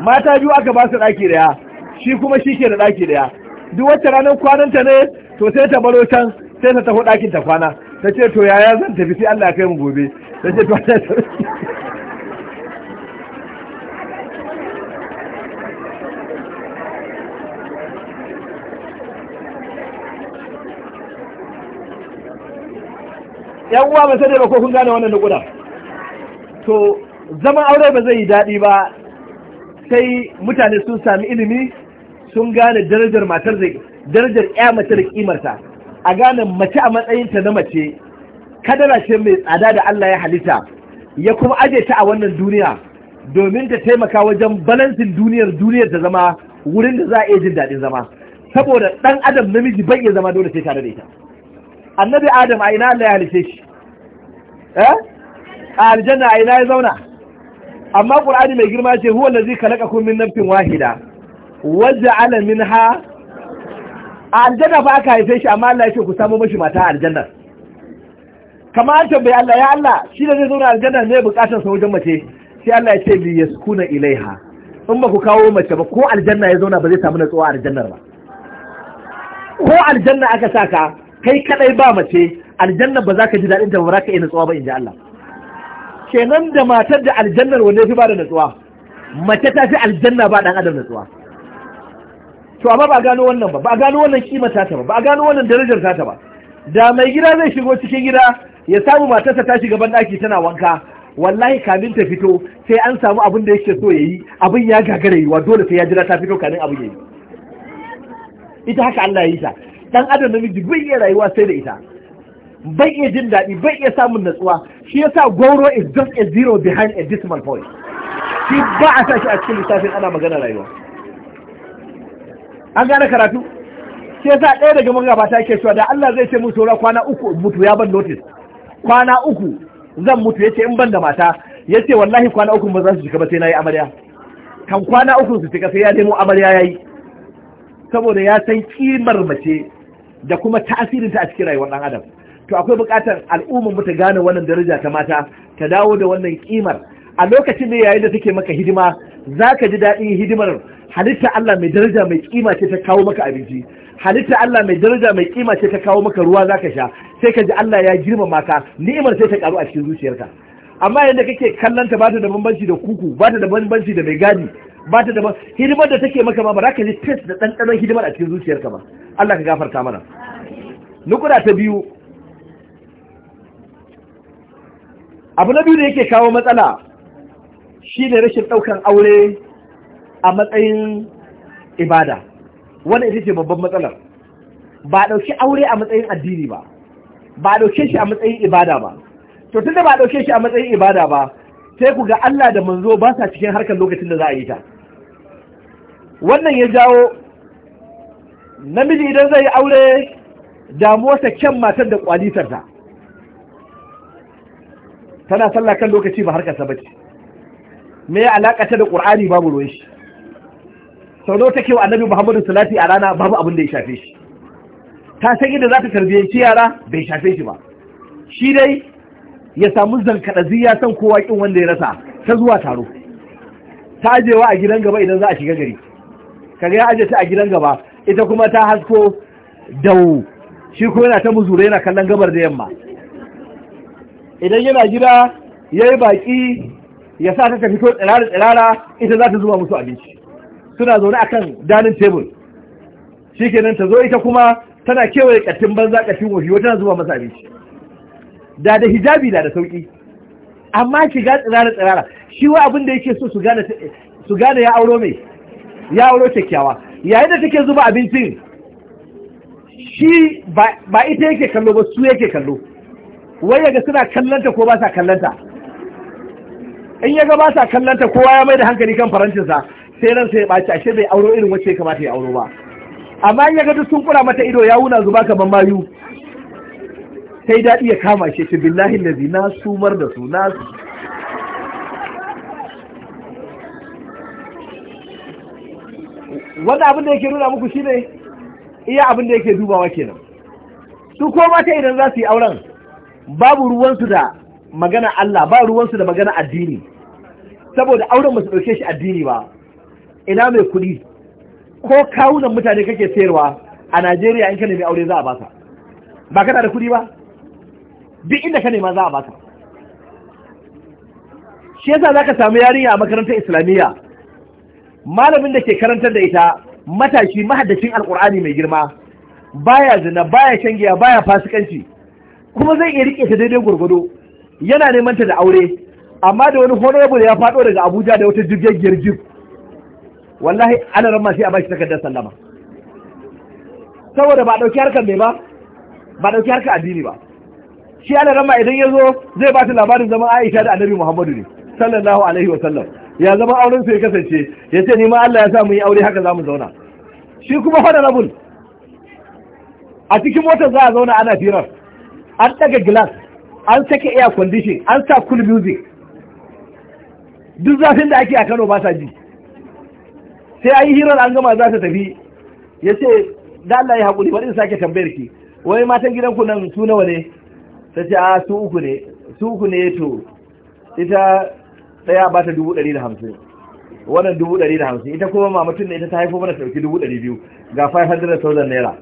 Speaker 1: mata biyu aka ba su daki daya shi kuma shi ke da daki daya duk wacce ranar kwananta ne to sai ta baro can sai ta taho dakin ta kwana ta ce to yaya zan tafi sai Allah kai mu gobe ta ce to Allah
Speaker 2: Ya uwa ba sai ba ko kun gane
Speaker 1: wannan nukuda to zaman aure ba zai yi daɗi ba sai mutane sun sami ilimi sun gane darajar matar da darajar ƴa matar da kimarta a gane mace a matsayinta na mace kadara ce mai tsada da Allah ya halitta ya kuma aje ta a wannan duniya domin ta taimaka wajen balansin duniyar duniyar ta zama wurin da za a iya jin daɗin zama saboda ɗan adam namiji bai iya zama dole sai tare da ita annabi adam a ina Allah ya halice shi eh a aljanna a ina ya zauna amma qur'ani mai girma ce huwa allazi khalaqakum min nafsin wahida alamin ha? a aljanna ba aka haife shi amma Allah ya ce ku samu mashi mata a aljanna kama an tambayi Allah ya Allah shi da zai zauna aljanna ne bukatar sa wajen mace sai Allah ya ce li yaskuna ilaiha in ba ku kawo mace ba ko aljanna ya zauna ba zai samu natsuwa a aljannar ba ko aljanna aka saka kai kadai ba mace aljanna ba za ka ji daɗin ta ba za ka iya natsuwa ba in ji Allah kenan da matar da aljannar wanne ya fi ba da natsuwa mace ta fi aljanna ba ɗan adam natsuwa to amma ba a gano wannan ba ba a gano wannan kima ta ba ba a gano wannan darajar ta ba da mai gida zai shigo cikin gida ya samu matarsa ta shiga ban daki tana wanka wallahi kamin ta fito sai an samu abin da yake so yayi abin ya gagara yiwa dole sai ya jira ta fito kamin abin yayi ita haka Allah ya yi ta dan adam namiji bai iya rayuwa sai da ita bai iya jin daɗi bai iya samun natsuwa shi yasa gwauro is just a zero behind a decimal point shi ba a sa shi a cikin lissafin ana magana rayuwa an gane karatu sai sa ɗaya daga magabata ke cewa da Allah zai ce mun saura kwana uku mutu ya ban notice kwana uku zan mutu ya ce in ban da mata Ya ce wallahi kwana uku ba za su cika ba sai yi amarya kan kwana uku su cika sai ya nemo amarya ya yi. saboda ya san kimar mace da kuma tasirinta a cikin rayuwar ɗan adam to akwai buƙatar al'ummar mu ta gane wannan daraja ta mata ta dawo da wannan kimar a lokacin da yayin da take maka hidima zaka ji daɗin hidimar halitta Allah mai daraja mai kima ce ta kawo maka abinci halitta Allah mai daraja mai kima ce ta kawo maka ruwa zaka sha sai ka ji Allah ya girmama ka ni'imar sai ta karu a cikin zuciyarka amma yadda kake kallon ta bata da bambanci da kuku bata da bambanci da mai gadi bata da hidimar da take maka ma ba za ka ji test da ɗanɗanon hidimar a cikin zuciyarka ba Allah ka gafarta mana nukuda ta biyu abu na biyu da yake kawo matsala shi ne rashin ɗaukan aure a matsayin ibada wanda ita ce babban matsalar ba ɗauki aure a matsayin addini ba ba ɗauke shi a matsayin ibada ba to tunda ba ɗauke shi a matsayin ibada ba sai ku ga Allah da manzo ba sa cikin harkar lokacin da za a yi ta wannan ya jawo namiji idan zai yi aure damuwarsa kyan matar da ta tana sallah kan lokaci ba harkarsa ba me ya alakata da ƙur'ani babu ruwan shi sau take wa annabi muhammadu salati a rana babu abin da ya shafe shi ta san yadda za ta tarbiyyanci yara bai shafe shi ba shi dai ya samu zankaɗazi ya san kowa ƙin wanda ya rasa ta zuwa taro ta ajewa a gidan gaba idan za a shiga gari kaga ya aje ta a gidan gaba ita kuma ta hasko dawo shi ko yana ta muzure yana kallon gabar da yamma idan yana gida ya yi baƙi ya sa ta tafi ko tsirara tsirara ita za ta zuba musu abinci suna zaune akan danin tebur shikenan ta zo ita kuma tana kewaye katin banza katin wofi wata zuba masa abinci da da hijabi da da sauki amma ga tsirara tsirara shi wa abin da yake so su gane su gane ya auro mai ya auro kyakkyawa yayin da take zuba abincin shi ba ita yake kallo ba su yake kallo wai yaga suna kallanta ko ba sa kallanta in yaga ba sa kallanta kowa ya mai da hankali kan farancinsa. sai ran sai ya ɓaci ashe bai auro irin wacce ya kamata ya auro ba amma in ya ga sun kura mata ido ya wuna zuba kamar mayu sai daɗi ya kama shi ce billahi lazi na sumar da su na wanda abin da yake nuna muku shine iya abin da yake dubawa kenan su ko mata idan za su yi auren babu ruwansu da magana Allah ba ruwansu da magana addini saboda auren ba su ɗauke shi addini ba ina mai kuɗi ko kawunan mutane kake sayarwa a Najeriya in ka nemi aure za a baka ba kana da kuɗi ba duk inda ka nema za a baka shi yasa zaka samu yarinya a makarantar islamiyya malamin da ke karantar da ita matashi mahaddacin alkur'ani mai girma baya zina baya giya baya fasikanci kuma zai iya rike ta daidai gurgudu yana neman ta da aure amma da wani honorable ya faɗo daga Abuja da wata jirgin jib wallahi ana ramma sai a bashi takardar sallama saboda ba dauki harkar mai ba ba dauki harkar addini ba shi ana ma idan ya zo zai ba shi labarin zaman Aisha da Annabi Muhammadu ne sallallahu alaihi wa sallam ya zama auren su ya kasance ya ce ni ma Allah ya sa mu yi aure haka zamu mu zauna shi kuma fada rabul a cikin motar za a zauna ana firar an daga glass an sake air condition an sa cool music duk zafin da ake a Kano ba sa ji sai an yi hirar an gama za ta tafi ya ce da Allah ya haƙuri bari in sake tambayar ki wai matan gidan ku nan su nawa ne ta ce a su uku ne su uku ne to ita ɗaya ba ta dubu ɗari da hamsin wannan dubu ɗari da hamsin ita kuma ma mutum ne ita ta haifo mana sauki dubu ɗari biyu ga 500,000 naira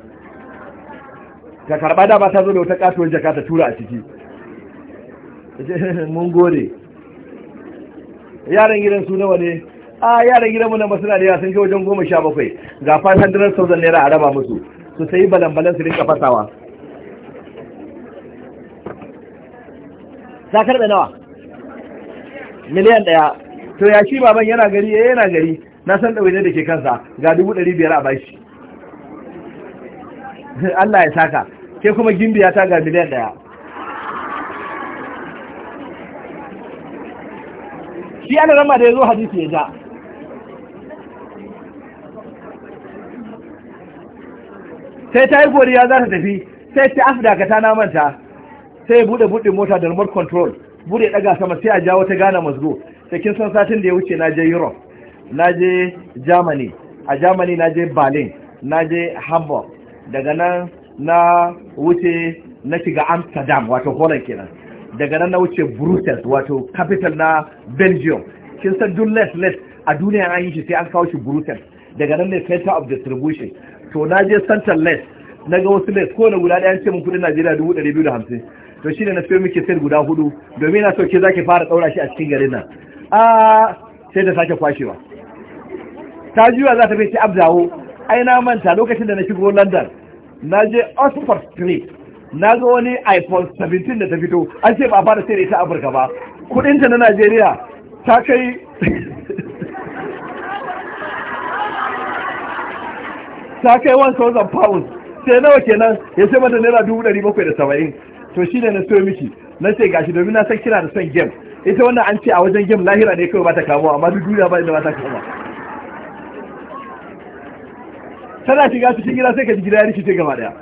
Speaker 1: ka karɓa da ba ta zo da wata katuwar jaka ta tura a ciki mun gode yaran gidan su nawa ne a yaran gidanmu mu nan ba suna da yawa sun kai wajen goma sha bakwai ga fatan sauzan naira a raba musu su sayi balan-balan su rinka fasawa ta karɓe nawa miliyan ɗaya to ya shi baban yana gari ya eh, yana gari na san ne da ke kansa ga dubu ɗari biyar a bashi Allah ya saka ke kuma gimbiya ta ga miliyan ɗaya
Speaker 3: shi ana rama da ya zo
Speaker 4: hadisi ya ja
Speaker 3: sai ta yi godiya
Speaker 1: za ta tafi sai ta afi ta na manta, sai bude bude mota da remote control bude daga sama sai a jawo ta gana mazgo sai kin san satin da ya wuce na je Europe na je Germany a Germany na je Berlin na je Hamburg daga nan na wuce na shiga Amsterdam wato Holland kenan daga nan na wuce Brussels wato capital na Belgium kin san duk les les a duniya an yi shi sai an kawo shi Brussels daga nan ne center of distribution to na je center less na ga wasu less kowane guda ɗaya ce mun kudin najeriya dubu ɗari biyu da hamsin to shine na sayo miki sayar guda hudu domin na sauke zaki fara ɗaura shi a cikin garin nan a sai da sake kwashewa ta juya za ta fi ci abdawo ai na manta lokacin da na shigo london na je oxford street na ga wani iphone 17 da ta fito an ce ba a fara sayar ita afirka ba ta na najeriya ta kai ta kai 1000 pounds sai nawa kenan ya ce mata naira dubu ɗari bakwai da saba'in to shi ne na so miki na ce gashi domin na san kina da son game ita wannan an ce a wajen game lahira ne kawai ba ta kamo amma duk duniya ba inda ba ta kama tana shiga cikin gida sai ka ji gida ya rikice gaba daya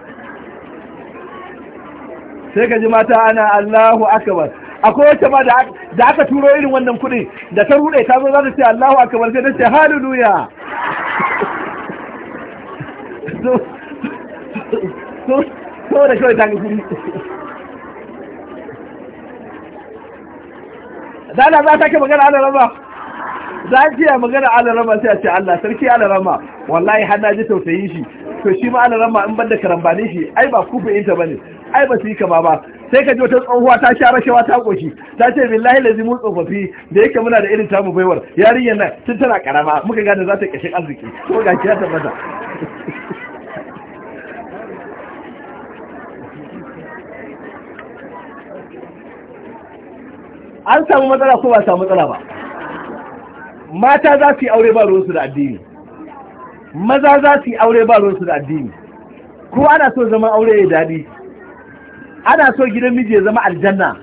Speaker 1: sai ka ji mata ana Allahu akbar akwai wacce ma da aka turo irin wannan kuɗi da ta rude ta zo za ta ce Allahu akbar sai ta ce hallelujah so da kawai ta gusuri
Speaker 3: dana za ta ke magana ala rama za
Speaker 1: ki ya magana ala rama sai a ce Allah sarki ala rama wallahi har na ji tausayin shi to shi ma ala rama in ban da karambani shi ai ba kufa inta bane ai ba su yi kama ba sai ka ji wata tsohuwa ta sha rashawa ta koshi ta ce bin lazi mun tsofaffi da yake muna da irin tamu baiwar yarinyar nan tun tana karama muka gane za ta kashe arziki ko ga kiya ta tabbata an samu matsala ko ba samu matsala ba mata za su yi aure ba ruwansu da addini maza za su yi aure ba ruwansu da addini ko ana so zaman aure ya daɗi ana so gidan miji ya zama aljanna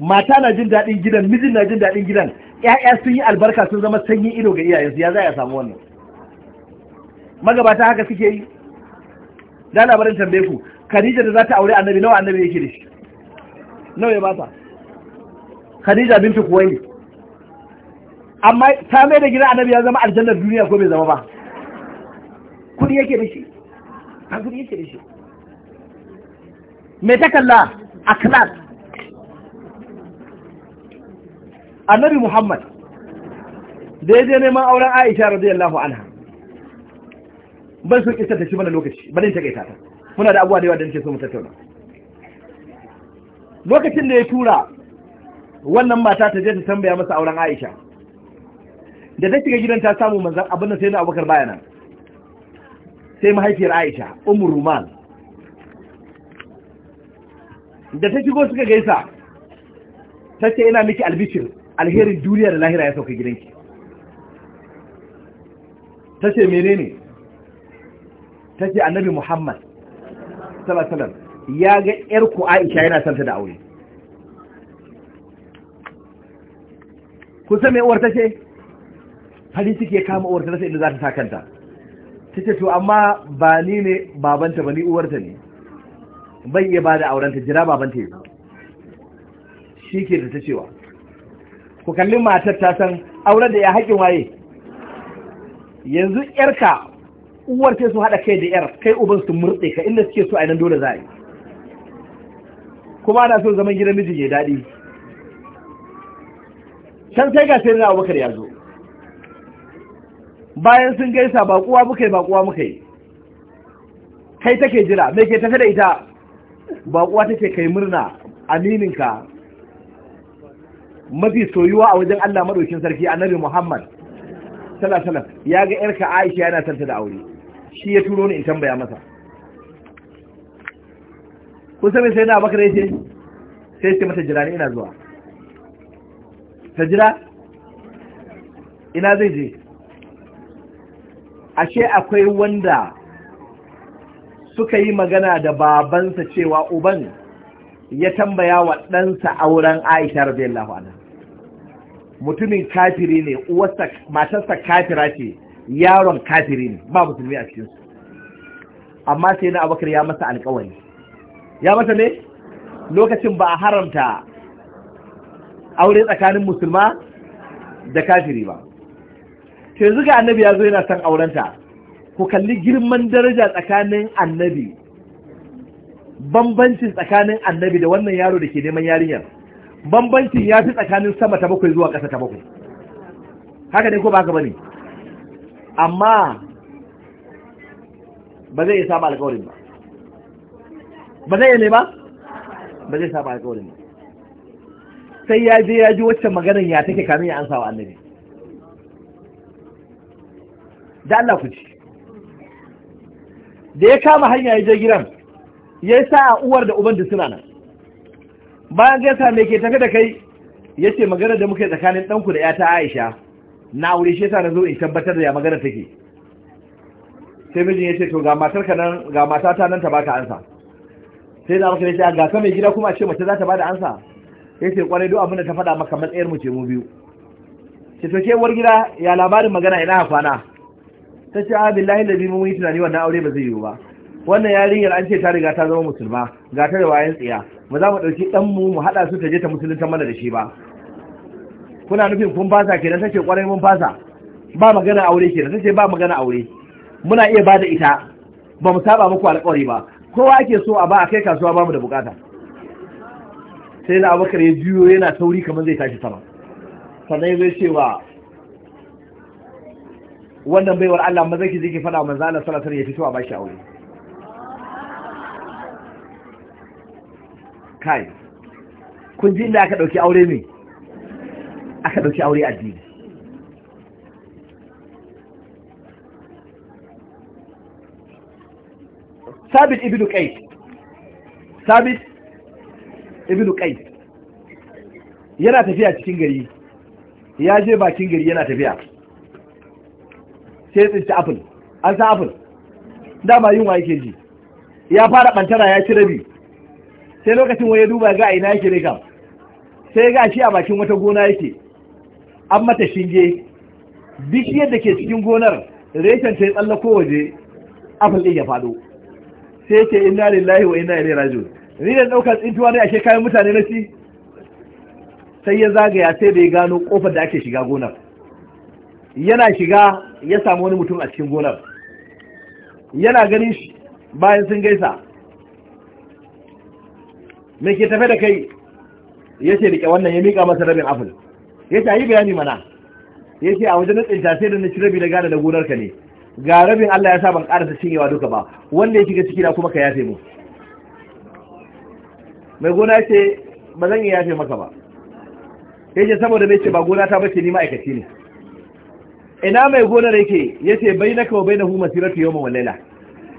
Speaker 1: mata na jin daɗin gidan mijin na jin daɗin gidan ƴaƴa sun yi albarka sun zama sanyin ido ga iyayensu ya za a samu wannan magabata haka suke yi da labarin tambaye ku Khadija da za ta aure annabi nawa annabi yake da shi nawa ya bata Khadija bintu Kuwaili amma ta mai da gidan annabi ya zama aljannar duniya ko bai zama ba kudi yake da shi an kudi yake da shi me ta kalla a annabi muhammad da ya je neman auren aisha radiyallahu anha ban so kisa ta shi mana lokaci ba ne ta kaita ta muna da abuwa da yawa da nake so mu tattauna lokacin da ya tura wannan mata ta je ta tambaya masa auren aisha da ta shiga gidan ta samu manzan abin da sai na abubakar bayana sai mahaifiyar aisha umar rumal da ta shigo suka gaisa ta ce ina miki albishir alherin duniya da lahira ya sauka gidanki ta ce ne. ta ce annabi muhammad salasalam ya ga yarku aisha yana santa da aure kusa mai uwar ta ce hali suke kama uwar ta nasa inda za ta sa kanta ta ce to amma ba ni ne babanta ba ni uwarta ne bai iya ba da aurenta jira babanta ya shi ke da ta cewa ku kalli matar ta san auren da ya haƙin waye yanzu yarka uwar ce su haɗa kai da yar kai uban su murɗe ka inda suke so a nan dole za a yi kuma ana so zaman gidan miji ya daɗi can sai ga sai na abubakar ya zo bayan sun gaisa ba kuwa muka yi ba kuwa muka yi kai take jira me ke tafi da ita ba kuwa take kai murna amininka mafi soyuwa a wajen Allah madaukin sarki annabi Muhammad sallallahu alaihi wasallam ya ga yarka Aisha yana santa da aure shi ya turo ni in tambaya masa kun san sai na bakar yake sai ce mata jira ni ina zuwa ta jira ina zai je ashe akwai wanda suka yi magana da babansa cewa uban ya tambaya wa ɗansa auren aisha radiyallahu anha mutumin kafiri ne uwarsa matarsa kafira ce yaron kafiri ne ba musulmi a cikinsu amma sai na abakar ya masa alkawari ya masa ne lokacin ba a haramta aure tsakanin musulma da kafiri ba yanzu ga annabi ya zo yana son aurenta ku kalli girman daraja tsakanin annabi bambancin tsakanin annabi da wannan yaro da ke neman yarinyar bambancin ya fi tsakanin sama ta bakwai zuwa ƙasa ta bakwai haka ne ko ba haka ba ne amma ba zai iya saba alkawarin ba ba zai iya ne ba ba zai saba alkawarin ba sai ya je ya ji wacce maganar ya take kamin ya ansa wa annabi da Allah ku ci da ya kama hanya ya je gidan ya yi sa'a uwar da uban da suna nan bayan gaisa mai ke tafi da kai ya ce magana da muka yi tsakanin ɗanku da ta aisha na wuri shi yasa na zo in tabbatar da ya magana take sai mijin ya ce to ga matar ka nan ga mata ta nan ta baka ansa sai da muka ce ga ka mai gida kuma ce mace za ta bada ansa ya ce kwarai duk abin da ta faɗa maka matsayar mu ce mu biyu ce to ke war gida ya labarin magana ina kwana ta ce abin ah, billahi da bi mun yi tunani wannan aure ba zai yiwu ba wannan yarinyar an ce ta riga ta zama musulma ga ta da wayan tsiya ba za mu ɗauki ɗanmu mu haɗa su ta je ta musulunta mana da shi ba kuna nufin kun fasa kenan ta ce ƙwarai mun fasa ba magana aure kenan ta ce ba magana aure muna iya ba da ita ba mu saba muku alƙawari ba kowa ake so a ba a kai kasuwa ba mu da bukata sai na abubakar ya juyo yana tauri kamar zai tashi sama sannan ya zai cewa wannan baiwar Allah mazaki zai ke fada faɗa manzo Allah sallallahu alaihi ya fito a bashi aure kai kun ji inda aka dauki aure ne aka dauki aure addini sabit ibnu qais sabit ibnu qais yana tafiya cikin gari ya je bakin gari yana tafiya sai tsinci apple an san apple dama yunwa yake ji ya fara bantara ya ci rabi sai lokacin waye duba ga ina yake ne kam sai ga shi a bakin wata gona yake an mata shinge bishiyar da ke cikin gonar reshen ta yi tsallako waje apple ɗin ya faɗo sai ke inna lillahi wa inna ilaihi raji'un ni da ɗaukar tsintuwa ne ashe kayan mutane na shi sai ya zagaya sai da ya gano kofar da ake shiga gonar yana shiga ya samu wani mutum a cikin gonar yana ganin shi bayan sun gaisa mai ke tafe da kai ya ce rike wannan ya miƙa masa rabin afil ya ce a yi bayani mana ya ce a wajen na tsinta sai da na ci rabi da gane da gonarka ne ga rabin Allah ya sa ban ƙarasa cinyewa duka ba wanda ya shiga ciki na kuma ka yafe mu mai gona ce ba zan yi yafe maka ba ya ce saboda mai ce ba gona ta bace ni ma'aikaci ne ina mai gonar yake yace bainaka wa bainahu masiratu yawman wa laila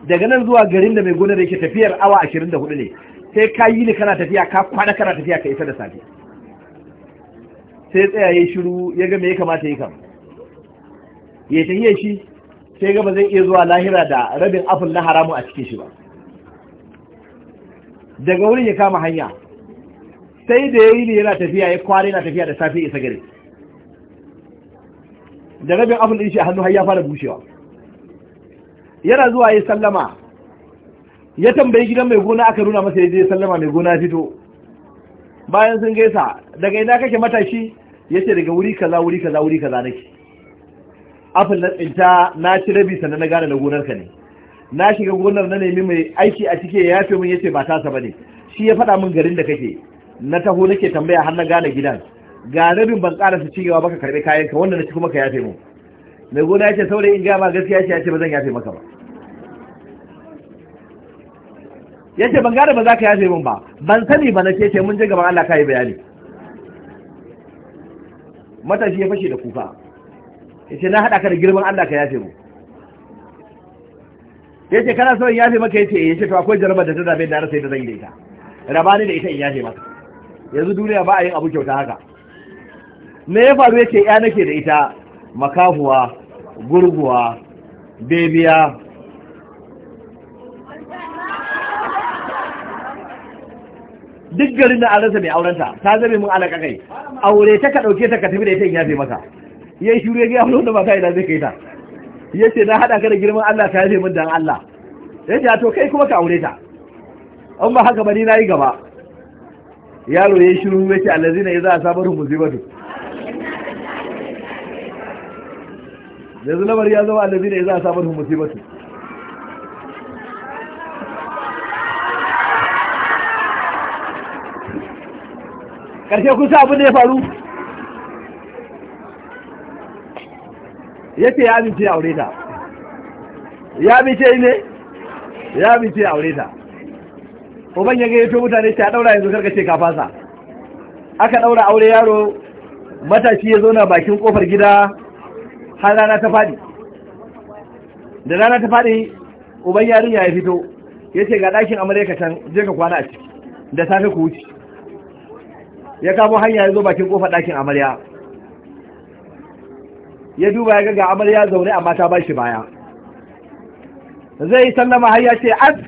Speaker 1: daga nan zuwa garin da mai gonar yake tafiyar awa 24 ne sai ka yi ni kana tafiya ka kwana kana tafiya ka isa da safe sai tsaya shiru ya ga me ya kamata yi kam ya tafiye shi sai ga zai iya zuwa lahira da rabin afin na haramu a cikin shi ba daga wurin ya kama hanya sai da ya yi ne yana tafiya ya kware na tafiya da safe isa gari da rabin ɗin din shi a hannu har ya fara bushewa yana zuwa ya sallama ya tambayi gidan mai gona aka nuna masa ya je sallama mai gona fito bayan sun gaisa daga ina kake matashi ya ce daga wuri kaza wuri kaza wuri kaza nake apple na tsinta na ci rabi sannan na gane na gonarka ne na shiga gonar na nemi mai aiki a cike ya yafe min yace ba tasa bane shi ya faɗa min garin da kake na taho nake tambaya har na gane gidan ga rabin ban su cigaba baka karbe kayan ka wanda na ci kuma ka yafe mu mai gona ya ce saurayi in gama gaskiya shi ya ce ba zan yafe maka ba ya ce ban gane ba za ka yafe min ba ban sani ba na ce ce mun je gaban Allah ka yi bayani matashi ya fashe da kuka ya ce na haɗa ka da girman Allah ka yafe mu ya ce kana in yafe maka ya ce eh. ya ce to akwai jarabar da ta zabe da rasa da zan yi da ita rabani da ita in yafe maka yanzu duniya ba a yin abu kyauta haka me ya faru yake ya nake da ita makahuwa gurguwa bebiya duk garin da aransa mai aurenta ta zabe mun alaka kai aure ta ka dauke ta ka tafi da ita in yafe maka yi shiru ya ga wani da mata ina zai kai ta Ya ce na hada ka da girman Allah ta yi mun dan Allah ce to kai kuma ka aure ta an ba haka ba ni yi gaba yaro Allah shiru ya za a samar musibatu yanzu lamar ya zama annabi ne za a samu musibatu ƙarshe kun sa abin da ya faru ya ce ya amince ya aure ta ya amince ne ya amince ya aure ta uban ya ga yato mutane ta daura yanzu karkace ka fasa aka daura aure yaro matashi ya zauna bakin kofar gida har rana ta faɗi da rana ta faɗi uban yarinya ya fito ya ce ga ɗakin amurka can je ka kwana a ciki da safe ku wuce ya kamo hanya ya zo bakin kofar ɗakin amarya ya duba ya ga amarya zaune amma ta ba shi baya zai sallama har ya ce an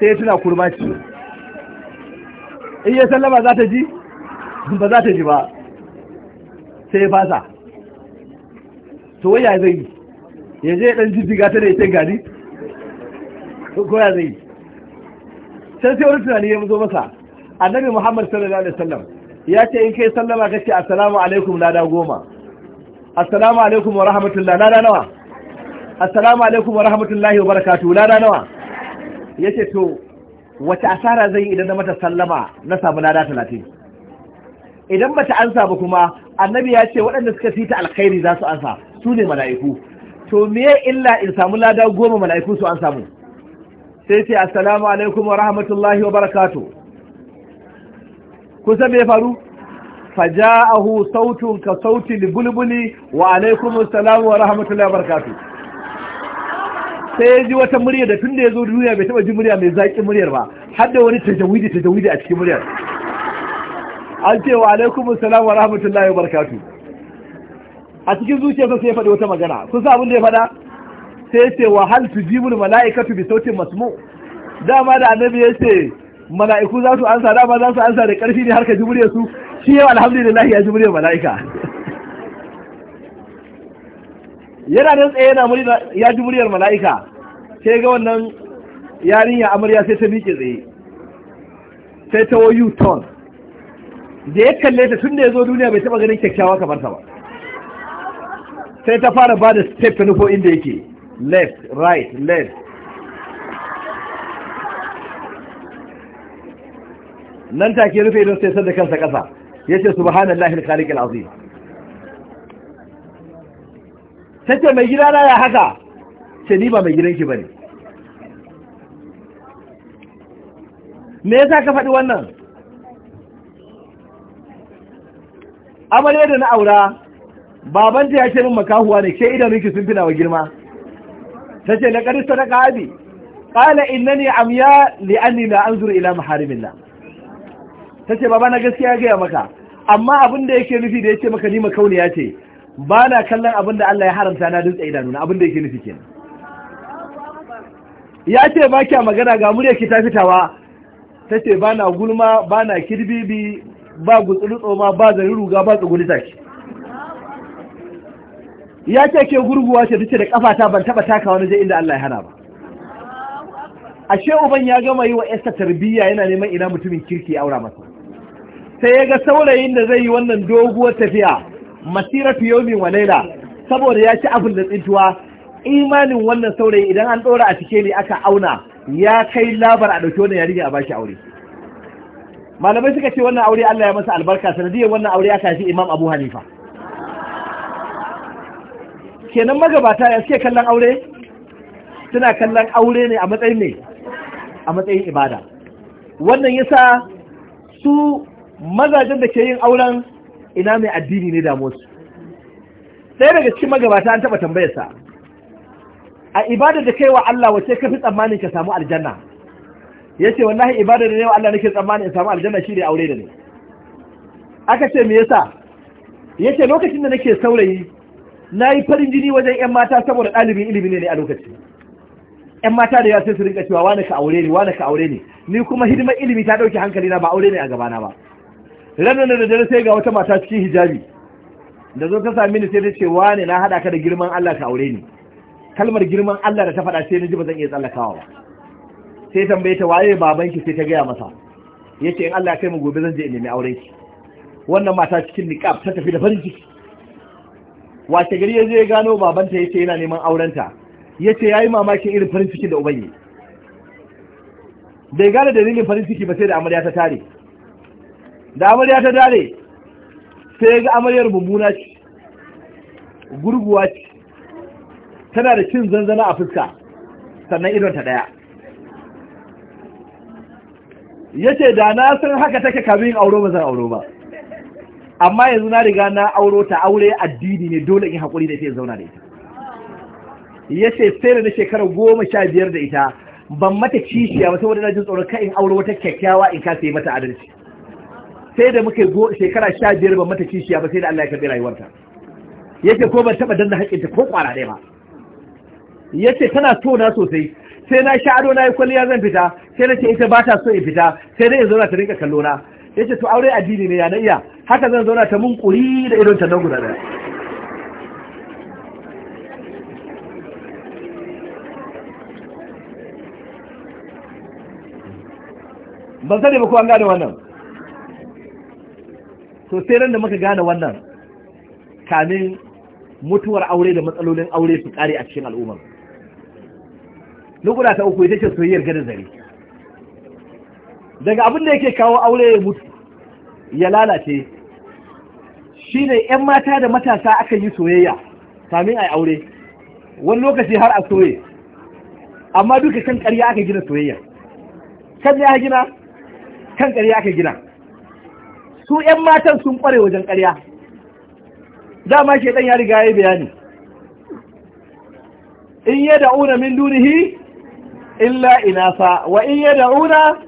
Speaker 1: sai tuna kurma in ya sallama za ta ji ba za ta ji ba sai ya fasa to waya zai yi ya je dan jijjiga ta da ya gari ko ya zai yi sai sai wani tunani ya zo masa annabi muhammad sallallahu alaihi wasallam ya ce in kai sallama kace assalamu alaikum lada goma assalamu alaikum wa rahmatullah lada nawa assalamu alaikum wa rahmatullahi wa barakatuh lada nawa yace to wace asara zai yi idan na mata sallama na samu lada talatin idan bata ansa ba kuma annabi ya ce waɗanda suka fita alkhairi za su ansa su ne mala'iku to me illa in samu lada goma mala'iku su an samu sai ce assalamu alaikum wa rahmatullahi wa barakatu san me faru faja'ahu sautun ka sauti bulbuli wa alaikum salamu wa rahmatullahi wa barakatu sai ya ji wata murya da tun da ya zo duniya bai taba ji murya mai zaƙi muryar ba har da wani tajawidi tajawidi a cikin muryar an ce wa alaikum assalamu wa rahmatullahi wa barakatu a cikin zuciyarsa sai ya faɗi wata magana kun sa abin da ya faɗa sai ya ce wa hal tujibul mala'ikatu bi sautin masmu dama da annabi ya ce mala'iku za su ansa dama za su ansa da ƙarfi ne har ka jimure su shi yau alhamdulillah ya jimure mala'ika yana nan tsaye yana murya ya ji muryar mala'ika sai ga wannan yarinya amarya sai ta miƙe tsaye sai ta wayu ton da ya kalle ta tun da ya zo duniya bai taɓa ganin kyakkyawa kamar ta ba sai ta fara ba da step nufo inda yake left right left nan ta ke rufe don sai sanda kansa kasa yace subhanallahi al-khaliq al-azim tace mai gida na ya haka ce ni ba mai gidanki bane me yasa ka faɗi wannan amarya da na aura babanta ya ce min makahuwa ne ke idanunki sun fina wa girma ta ce na ƙarista na ƙabi ƙala innani amya li'anni na an zuru ila maharimillah ta ce baba na gaskiya gaya maka amma abin da yake nufi da ya ce maka ni makauniya ce ba na kallon abin da Allah ya haramta na dutse idanuna abin da yake nufi kenan ya ce ba kya magana ga murya ki ta fitawa ta ce ba na gulma ba na kirbibi ba gutsuru tsoma ba zari ruga ba tsugulita ki ya ce ke gurguwa ce dace da kafata ban taba taka wani je inda Allah ya hana ba ashe uban ya gama yi wa Esther tarbiyya yana neman ina mutumin kirki ya aura masa sai ya ga saurayin da zai yi wannan doguwar tafiya masiratu yawmin wa laila saboda ya ci abin da tsintuwa imanin wannan saurayi idan an ɗora a cike ne aka auna ya kai labar a ɗauki wannan yarinya a bashi aure malamai suka ce wannan aure Allah ya masa albarka sanadiyar wannan aure aka haifi Imam Abu Hanifa kenan magabata ya suke kallon aure suna kallon aure ne a matsayin ne a matsayin ibada wannan yasa su mazajen da ke yin auren ina mai addini ne damuwarsu ɗaya daga cikin magabata an taɓa tambayarsa a ibadar da kai wa Allah wace ka fi tsammanin ka samu aljanna ya ce wallahi ibadar da ne wa Allah nake tsammanin in samu aljanna shi ne aure da ne aka ce me yasa ya ce lokacin da nake saurayi na yi farin jini wajen 'yan mata saboda ɗalibin ilimi ne a lokaci ‘yan mata da ya sai su rinka cewa wane ka aure ne wane ka aure ne ni kuma hidimar ilimi ta ɗauki hankali na ba aure ne a gabana ba ranar da dare sai ga wata mata cikin hijabi da zo ta sami ni sai ta ce wane na haɗa ka da girman Allah ka aure ni kalmar girman Allah da ta faɗa sai na ji ba zan iya tsallakawa ba sai tambaye ta waye babanki sai ta gaya masa Ya ce in Allah ya kai mu gobe zan je in nemi aurenki wannan mata cikin niqab ta tafi da farin ciki Wace gari ya je gano babanta ya ce yana neman aurenta ya ce ya yi mamakin irin farin ciki da uban bai gane dalilin farin ciki ba sai da amarya ta tare da amarya ta tare sai ya ga amaryar mummuna ce gurguwa ce tana da cin zanzana a fuska sannan idon ta daya ya ce da na san haka take kamin auro ba zan auro ba amma yanzu na riga na auro ta aure addini ne dole in hakuri da ita zauna da ita ya ce sai da na shekara goma sha biyar da ita ban mata kishiya ba saboda na jin tsoron kai in auro wata kyakkyawa in kasa yi mata adalci sai da muka shekara sha biyar ban mata kishiya ba sai da Allah ya karɓi rayuwarta ce ko ban taɓa danna haƙƙinta ko ƙwara ɗaya ba Ya ce tana so na sosai sai na sha ado na yi kwalliya zan fita sai na ce ita ba ta so in fita sai dai in zauna ta rinka kallo na yace to aure addini ne ya iya haka zan zauna ta mun da idon ta guda daya ban sani ba ko an gane wannan to sai ran da muka gane wannan kamin mutuwar aure da matsalolin aure su kare a cikin al'ummar lokuta ta uku ita ce soyayyar gada zare daga abin da yake kawo aure ya mutu ya lalace shi ne 'yan mata da matasa aka yi soyayya kamin a aure wani lokaci har a soye amma duka kan karya aka gina soyayya kan ya gina kan karya aka gina su 'yan matan sun kware wajen karya dama ke ɗan ya riga ya bayani in yada'una min dunihi illa inasa wa in yada'una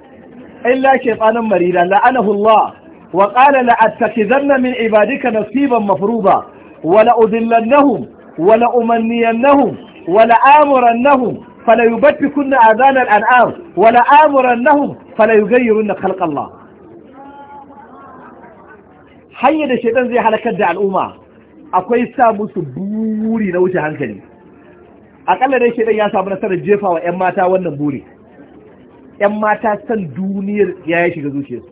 Speaker 1: illa shaytanan marida la'anahu Allah wa qala la'attakhizanna min ibaduka nasiban mafruba wa la'udillannahum wa la'umanniyannahum wa la'amurannahum fala yubtikunna adana al'an'am wa la'amurannahum fala yughayyirunna khalqa Allah hanyar da shaidan zai halakar da al'umma akwai sa musu buri na wuce hankali akalla dai shaidan ya samu nasarar jefa wa 'yan mata wannan buri 'yan mata san duniyar ya shiga zuciyarsu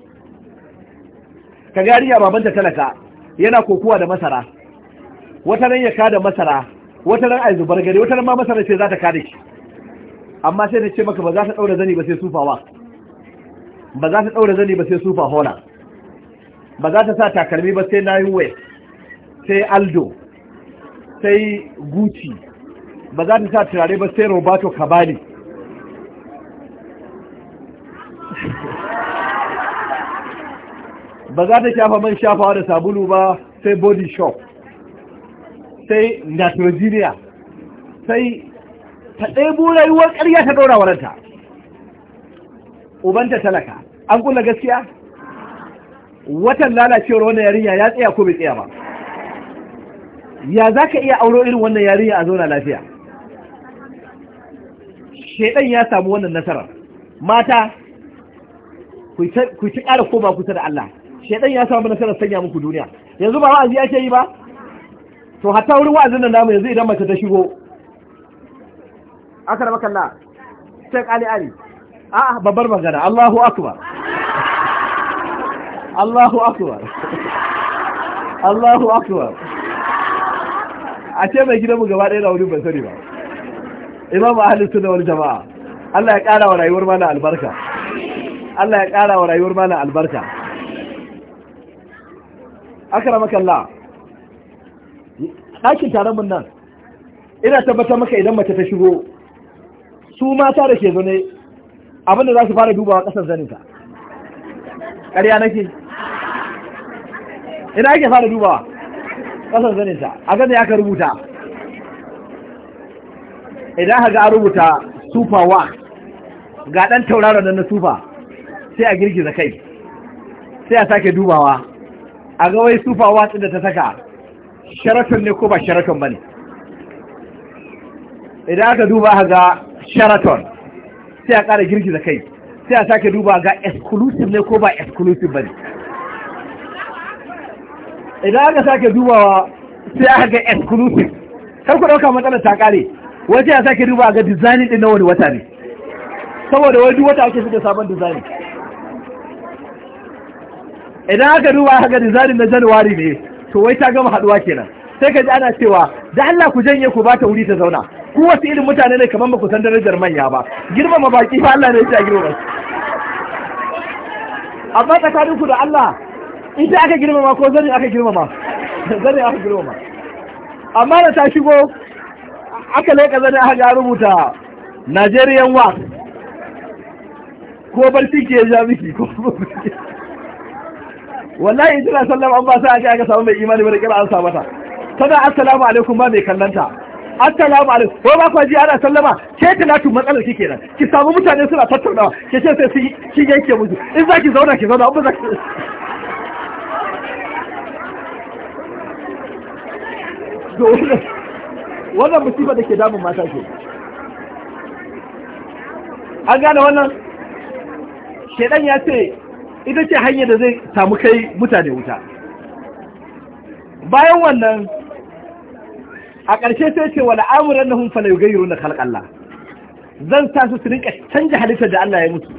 Speaker 1: ka ya babanta talaka yana kokowa da masara wata nan ya kada masara wata nan ai zubar gari wata nan ma masara ce za ta kada shi amma sai da ce maka ba za ta daura zani ba sai sufawa ba za ta daura zani ba sai sufa hona ba za ta sa takalmi ba sai nayin west sai aldo sai guci ba za ta sa turare ba sai robato cabani ba za ta shafa man shafawa da sabulu ba sai body shop sai nitrogenia sai ta ɗaibu rayuwar ƙarya ta ɗora waranta ubanta talaka an kula gaskiya watan lalacewar wannan yarinya ya tsaya ko bai tsaya ba ya za ka iya auro irin wannan yarinya a zauna lafiya shaidan ya samu wannan nasarar mata ku ci ƙara koma kusa da Allah shaidan ya samu nasarar sanya muku duniya yanzu ba wa'azi yake yi ba to hatta wurin wa'azin nan namu yanzu idan mace ta shigo aka raba kalla sai Ali Ali a'a babbar magana Allahu akbar Allahu akbar Allahu akbar a ce mai gidanmu gaba ɗaya na wuri ban sani ba imam ahlus sunna wani jama'a Allah ya ƙara wa rayuwar mana albarka Allah ya ƙara wa rayuwar mana albarka akrama Allah ɗakin taron mun nan ina tabbatar maka idan mace ta shigo su mata da ke zaune abinda za su fara dubawa ƙasar zaninka
Speaker 3: ƙarya nake ina ake fara dubawa ƙasar
Speaker 1: zaninta a gane aka rubuta idan haka a rubuta super wax ga ɗan tauraron nan na super sai a girgiza kai sai a sake dubawa a gawai sufa watsi da ta saka sharatun ne ko ba sharatun ba ne idan aka duba ga sharaton sai a ƙara girgiza kai sai a sake duba ga exclusive ne ko ba exclusive ba ne idan aka sake dubawa sai aka ga exclusive kar ku ɗauka matsalar ta ƙare wata ya sake duba ga designing ɗin na wani wata ne saboda wani duk wata ake fi da sabon designing idan aka duba aka ga rizarin na januwari ne to wai ta gama haduwa kenan sai ka ji ana cewa da Allah ku janye ku bata wuri ta zauna ku wasu irin mutane ne kamar ku san darajar manya ba girmama baki fa Allah ne ya ba. amma tare ku da Allah ita aka girmama ko zari aka girmama zari aka girmama amma da ta shigo aka leka zari aka ga rubuta Nigerian wa ko barci ke ya miki ko wallahi tana sallama an ba sai aka aka samu mai imani bari kira an samata tana assalamu alaikum ba mai kallanta assalamu alaikum ko ba ku ji ana sallama ke talatu matsalar ki kenan ki samu mutane suna tattaunawa ke ce sai ki yanke musu in za ki zauna ki zauna ba za ki
Speaker 3: wannan musiba da ke
Speaker 1: damun mata ke an gane wannan shedan ya ce ita ce hanyar da zai samu kai mutane wuta bayan wannan a ƙarshe sai ce wala amuran nahum fala yughayyiru na khalqalla zan sa su su rinka canja halittar da Allah ya mutu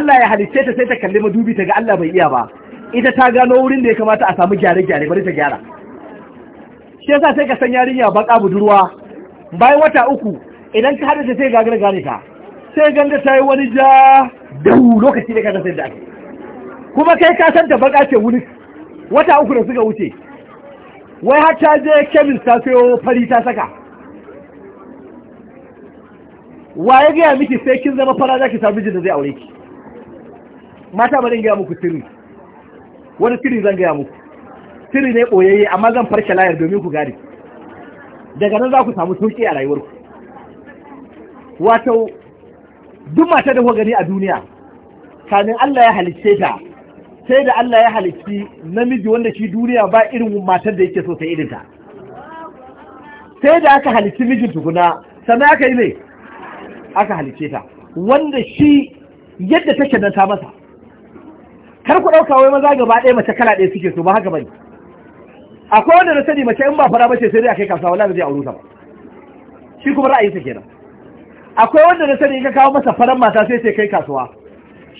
Speaker 1: Allah ya halicce ta sai ta kalli madubi ta ga Allah bai iya ba ita ta gano wurin da ya kamata a samu gyare-gyare bari ta gyara shi yasa sai ka san yarinya baka budurwa bayan wata uku idan ka hada ta sai gagara gane ta, sai ganga ta yi wani ja da lokaci da ka sai da ake kuma kai ka san ta baka ce wuri wata uku da suka wuce wai har ta je kemis ta sayo fari ta saka waye gaya miki sai kin zama fara zaki samu mijin da zai aure ki mata ba gaya muku sirri wani sirri zan gaya muku sirri ne boyayye amma zan farke layar domin ku gane daga nan za ku samu sauki a rayuwarku wato duk mata da gani a duniya kamin Allah ya halicce ta sai da Allah ya halitti namiji wanda shi duniya ba irin matar da yake so ta irinta sai da aka halitti mijin tukuna sannan aka yi ne aka halicce ta wanda shi yadda take nan ta masa kar ku ɗauka wai maza gaba ɗaya mace kala ɗaya suke so ba haka bane akwai wanda na sani mace in ba fara bace sai dai akai kasuwa wallahi zai auru ta ba shi kuma ra'ayinsa kenan akwai wanda na sani in ka kawo masa faran mata sai sai kai kasuwa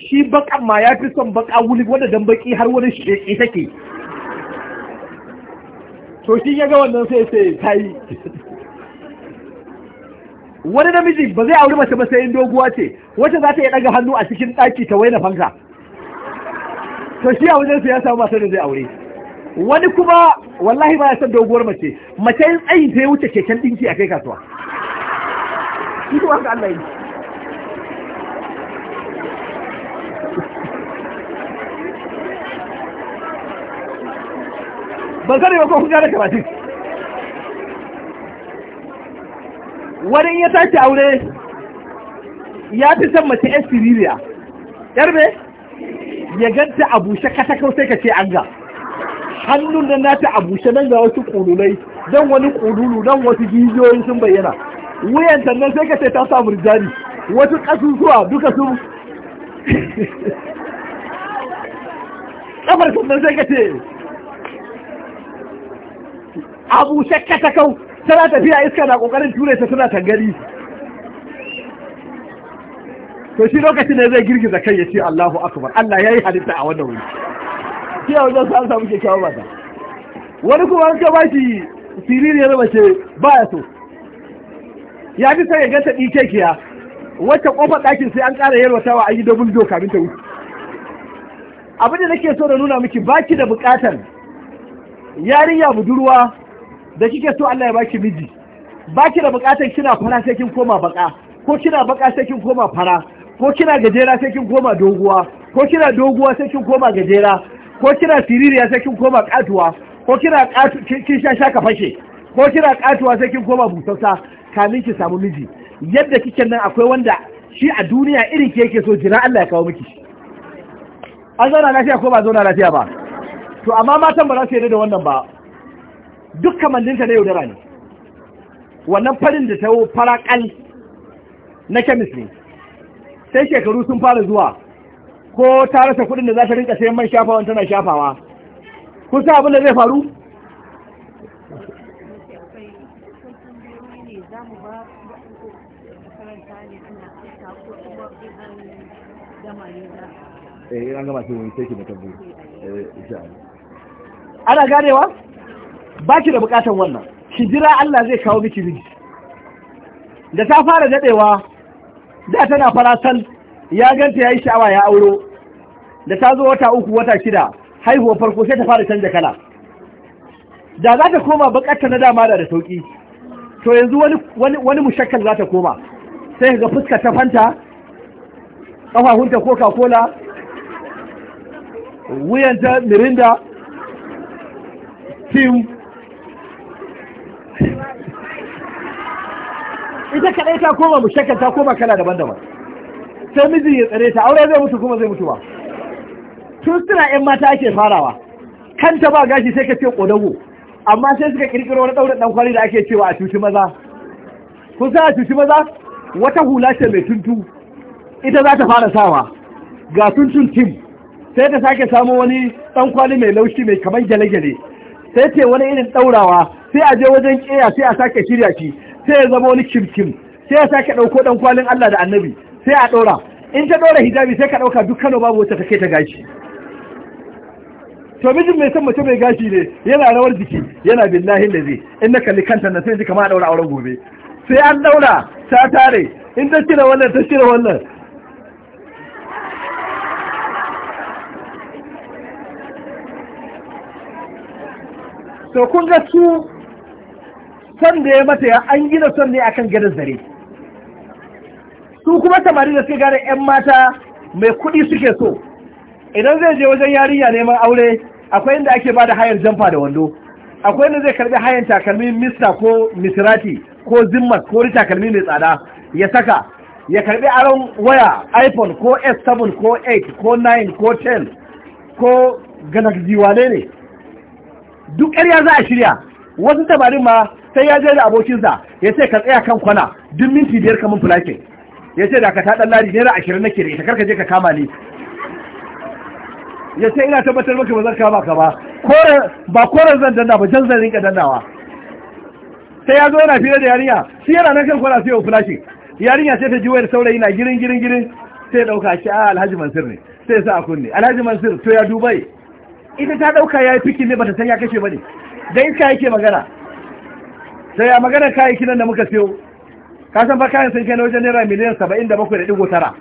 Speaker 1: shi bakan ma ya fi son baka wuli wadda dan baki har wani sheke take to shi ya ga wannan sai sai ta yi wani namiji ba zai auri mace ba sai doguwa ce wacce za ta iya daga hannu a cikin ɗaki ta waina fanka to shi a wajen ya samu matar da zai aure wani kuma wallahi ba ya san doguwar mace mace yin tsayin ta ya wuce keken ɗinki a kai kasuwa shi kuma Allah yi ban zai ba ko kun gane karatu wani in ya tashi aure ya fi san mace yan siririya yar me ya ganta a bushe katakau sai ka ce an ga hannun da nata a bushe nan ga wasu kululai don wani kululu don wasu jijiyoyi sun bayyana wuyan nan sai ka ce ta samu rijani wasu kasusuwa duka sun
Speaker 3: kafar sannan sai ka ce
Speaker 1: abu shakka ta kau tana tafiya iska na kokarin ture ta tana tangari to shi lokacin da zai girgiza kai ya ce Allahu akbar Allah yayi halitta a wannan wuri shi a wajen sa samu kyakkyawa mata wani kuma an ba shi siriri ya zama ce ba ya so ya fi sai ya ganta kiya wacce kofar ɗakin sai an ƙara yarwatawa an yi double door kamin ta wuce abin da nake so da nuna miki baki da buƙatar yarinya budurwa da kike so Allah ya baki miji baki da bukatar kina fara sai kin koma baka ko kina baka sai kin koma fara ko kina gajera sai kin koma doguwa ko kina doguwa sai kin koma gajera ko kina siririya sai kin koma katuwa ko kina katu kin sha shaka fashe ko kina katuwa sai kin koma busauta kamin ki samu miji yadda kike nan akwai wanda shi a duniya irin ke yake so jira Allah ya kawo miki an zauna lafiya ko ba zauna lafiya ba to amma matan ba za su yi da wannan ba duk kamandinta na yaudara ne wannan farin da ta yi farakal na kemis sai shekaru sun fara zuwa ko ta rasa kuɗin da za ta rinka sayan man shafawa tana shafawa kun sa abin da zai faru eh, eh, ana ganewa ba ki da bukatan wannan hijira jira Allah zai kawo miki miji da ta fara dadewa da tana farasal ya ganta yayi sha'awa ya auro da ta zo wata uku wata shida haihuwa farko sai ta fara canza kala da za ta koma bukatar na dama da da sauki to yanzu wani wani wani mushakkal za ta koma sai ga fuska ta fanta kafafunta coca cola wuyanta mirinda
Speaker 3: tim ita
Speaker 1: kaɗai ta koma mu shakar ta koma kala daban-daban sai miji ya tsare ta aure zai mutu kuma zai mutu ba tun suna yan mata ake farawa kanta ba gashi sai ka ce ƙodago amma sai suka ƙirƙiro wani ɗaurin ɗan kwari da ake cewa a cuci maza kun san a cuci maza wata hula ce mai tuntu ita za ta fara sawa ga tuntun tim sai ta sake samo wani ɗan kwali mai laushi mai kamar gyale-gyale sai ce wani irin ɗaurawa sai a je wajen ƙeya sai a sake shirya shi sai ya zama wani kimkim sai a sake ɗauko ɗan kwalin Allah da annabi sai a ɗaura in ta ɗaura hijabi sai ka ɗauka duk kano babu wata ta kai ta gashi to mijin mai san mace mai gashi ne yana rawar jiki yana billahi da zai in na kalli kanta na sai ji kamar a ɗaura auren gobe sai an ɗaura ta tare in ta shirya wannan ta shirya wannan to kun ga su son da ya mata ya an gina son ne akan gadon zare su kuma samari da suke gane 'yan mata mai kuɗi suke so idan zai je wajen yarinya neman aure akwai inda ake ba da hayar jamfa da wando akwai inda zai karbi hayar takalmi mista ko misirati ko zimma ko takalmi mai tsada ya saka ya karbi aron waya iphone ko s7 ko 8 ko 9 ko 10 ko galaxy wane ne duk ƙarya za a shirya wasu tabarin ma sai ya je da abokinsa ya ce ka tsaya kan kwana duk minti biyar kamun fulake ya ce da ka taɗa lari naira ashirin nake da ita karka je ka kama ni ya ce ina tabbatar maka ba zan kama ka ba ba koren zan danna ba jan zan rinka dannawa sai ya zo yana fira da yarinya shi yana nan kan kwana sai ya fulakin, yarinya sai ta ji wayar saurayi na girin girin girin sai ɗauka shi a ah, alhaji mansur ne sai sa a kunne alhaji mansur to ya dubai ita ta ɗauka ya yi fikin ne ta san ya kashe ba ne da iska yake magana sai ya magana kayayyaki nan da muka siyo ka san ba kayan sun kai na wajen naira miliyan saba'in da bakwai da digo tara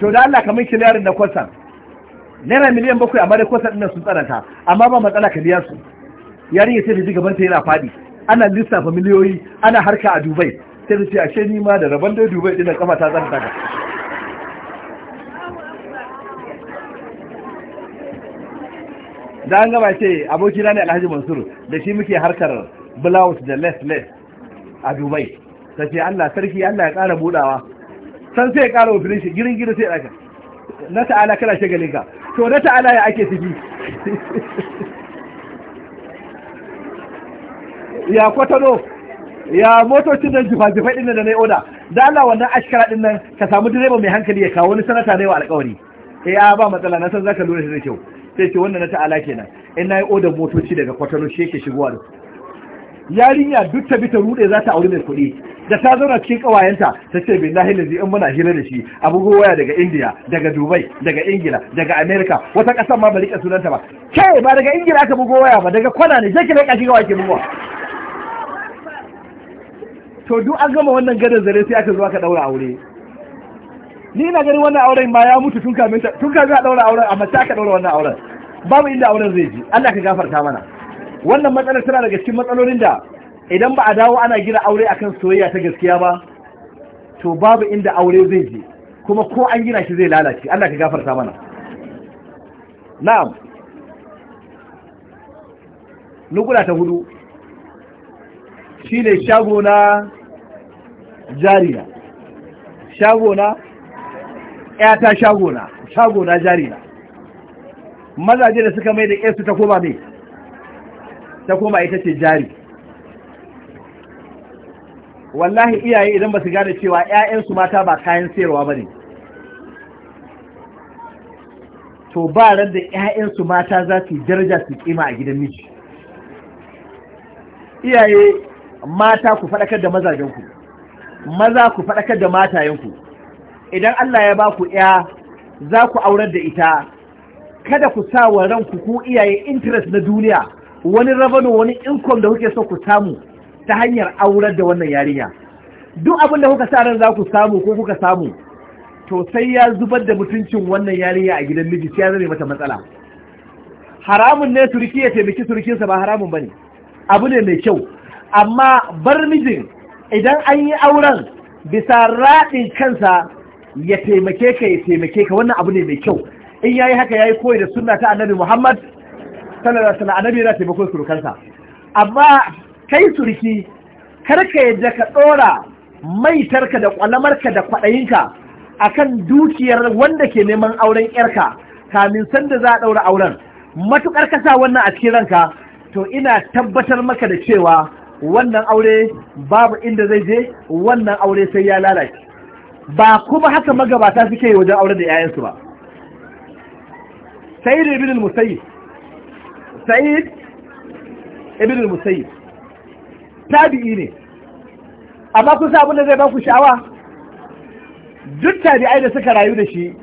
Speaker 1: to da Allah kamar kiliyarin da kwasan naira miliyan bakwai a mara kwasan ina sun tsananta amma ba matsala ka biya su yarinya sai da ji gaban ta yana faɗi ana lissafa miliyoyi ana harka a dubai sai da ce ashe ni ma da rabon da dubai ɗin kafa ta tsanta ka da an gaba ce na ne alhaji mansur da shi muke harkar blouse da less less a dubai ta ce allah sarki allah ya ƙara budawa san sai ya ƙara wafirin shi girin girin sai ɗaka na ta'ala kana shagalin ka to na ta'ala ya ake ciki ya kwatano ya motocin da jifa jifa ɗin da na yi oda da allah wannan ashkara ɗin nan ka samu direba mai hankali ya kawo wani sanata ne wa alƙawari eh a ba matsala na san zaka lura shi da kyau sai ce wannan na ta'ala kenan in na yi odar motoci daga kwatano shi yake da yarinya duk ta bi ta rude za ta auri mai kuɗi da ta zauna cikin kawayenta ta ce bin lahi lazi in muna hira da shi abu waya daga indiya daga dubai daga ingila daga amerika wata ƙasar ma ba rika sunanta ba kai ba daga ingila aka bugo waya ba daga kwana ne sai ki shiga wake bugowa to duk an gama wannan gadon zare sai aka zo ka ɗaura aure ni ina ganin wannan auren ma ya mutu tun kamin tun kamin a daura auren amma ta ka daura wannan auren babu inda auren zai ji Allah ka gafarta mana wannan matsalar tana daga cikin matsalolin da idan ba a dawo ana gina aure akan soyayya ta gaskiya ba to babu inda aure zai je kuma ko an gina shi zai lalace Allah ka gafarta mana na'am nukula ta hudu shine shago na jariya shago na 'yata shagona shagona jarina mazaje da suka mai da ƴarsu ta koma mai ta koma ita ce jari wallahi iyaye idan ba su gane cewa ƴaƴansu mata ba kayan sayarwa ba ne to ba ran da ƴaƴansu mata za su daraja su kima a gidan miji iyaye mata ku faɗakar da mazajenku maza ku faɗakar da matayenku idan Allah ya ba ku ya za ku aurar da ita kada ku sa wa ranku ku iyaye interest na duniya wani rabano wani income da kuke so ku samu ta hanyar aurar da wannan yarinya duk abin da kuka sa ran za ku samu ko kuka samu to sai ya zubar da mutuncin wannan yarinya a gidan miji sai ya zame mata matsala haramun ne turki ya taimaki turkinsa ba haramun bane abu ne mai kyau amma bar mijin idan an yi auren bisa raɗin kansa ya taimake ka ya taimake ka wannan abu ne mai kyau in ya yi haka ya yi koyi da sunna ta annabi Muhammad sallallahu alaihi wasallam annabi yana taimakon surukansa amma kai suruki, kar ka yadda ka dora maitarka da kwalamarka da kwadayinka akan dukiyar wanda ke neman auren yarka kamin sanda za a daura auren matukar kasa wannan a cikin ranka to ina tabbatar maka da cewa wannan aure babu inda zai je wannan aure sai ya lalace ba kuma haka magabata suke yi wajen aure da 'ya'yansu ba Sayid ibn al-musayyib sa'id ibn al-musayyib tabi'i ne amma kun sa abin da zai ba ku sha'awa duk tabi'ai da suka rayu da shi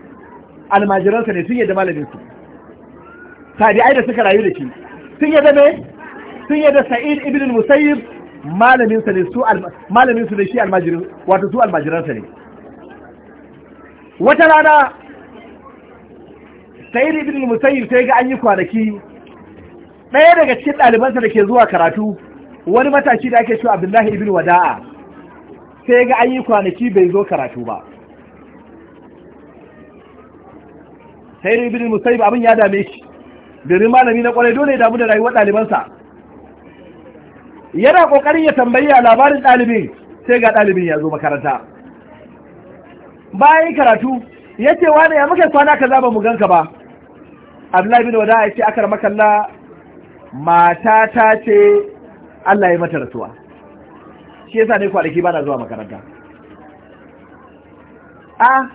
Speaker 1: almajiransa ne sun yadda malamin su tabi'ai da suka rayu da shi sun yadda me sun yadda sa'id ibn al-musayyib malamin sa ne su malamin su shi almajirin wato su almajiransa ne wata rana sayid ibn musayyib sai ga an yi kwanaki ɗaya daga cikin ɗalibansa da ke zuwa karatu wani matashi da ake cewa abdullahi ibn wada'a sai ga an yi kwanaki bai zo karatu ba sayid ibn musayyib abin ya dame shi domin malami na kwarai dole ya damu da rayuwar ɗalibansa yana ƙoƙarin ya tambayi labarin ɗalibin sai ga ɗalibin ya zo makaranta bayan yi karatu ya ce wani ya muka kwana ka ba mu ganka ba abdullahi bin wada ya ce akar makalla mata ta ce Allah ya mata rasuwa shi yasa ne kwanaki ba na zuwa makaranta a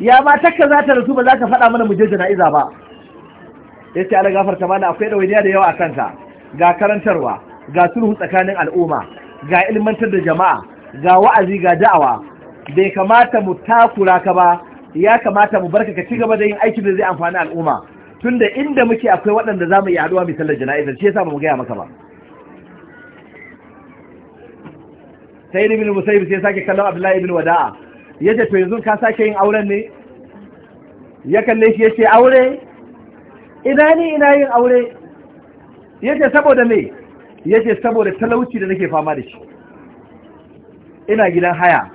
Speaker 1: ya ka za ta rasu ba za ka faɗa mana mu je jana'iza ba ya ce ala gafarta mana akwai ɗawainiya da yawa a kanka ga karantarwa ga sulhu tsakanin al'umma ga ilmantar da jama'a ga wa'azi ga da'awa bai kamata mu takura ka ba ya kamata mu barka ka ci gaba da yin aikin da zai amfani al'umma tunda inda muke akwai waɗanda za mu yi haɗuwa misalar jana'izar shi yasa ba mu gaya maka ba sai ibn musayyib sai sake kallon abdullahi ibn wada'a Ya ce to yanzu ka sake yin auren ne ya kalle shi yace aure ina ni ina yin aure Ya ce saboda me ce saboda talauci da nake fama da shi ina gidan haya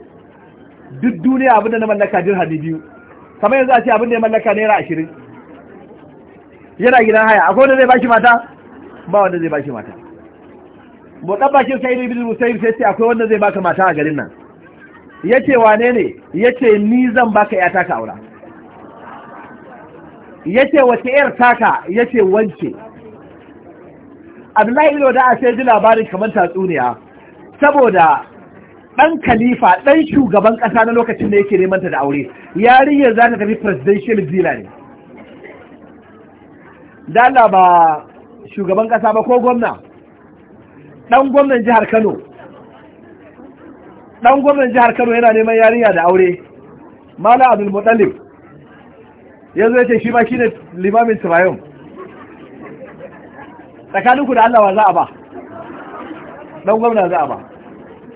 Speaker 1: duk duniya abin da na mallaka dirhami biyu kamar yanzu a ce abin da ya mallaka naira ashirin yana gidan haya akwai wanda zai bashi mata ba wanda zai bashi mata dan bakin sai ibn musayyib sai akwai wanda zai baka mata a garin nan yace wane ne yace ni zan baka yata ka aura yace wace yar taka yace wance Abdullahi da a sai ji labarin kamar tatsuniya saboda ɗan khalifa ɗan shugaban ƙasa na lokacin da yake neman ta da aure yarinyar za ta tafi presidential villa ne da Allah ba shugaban ƙasa ba ko gwamna ɗan gwamnan jihar Kano ɗan gwamnan jihar Kano yana neman yarinya da aure Malam Abdul mutalib ya zo ya ce shi ma shine limamin Tirayon
Speaker 3: tsakaninku da Allah wa za
Speaker 1: a ba ɗan gwamna za a ba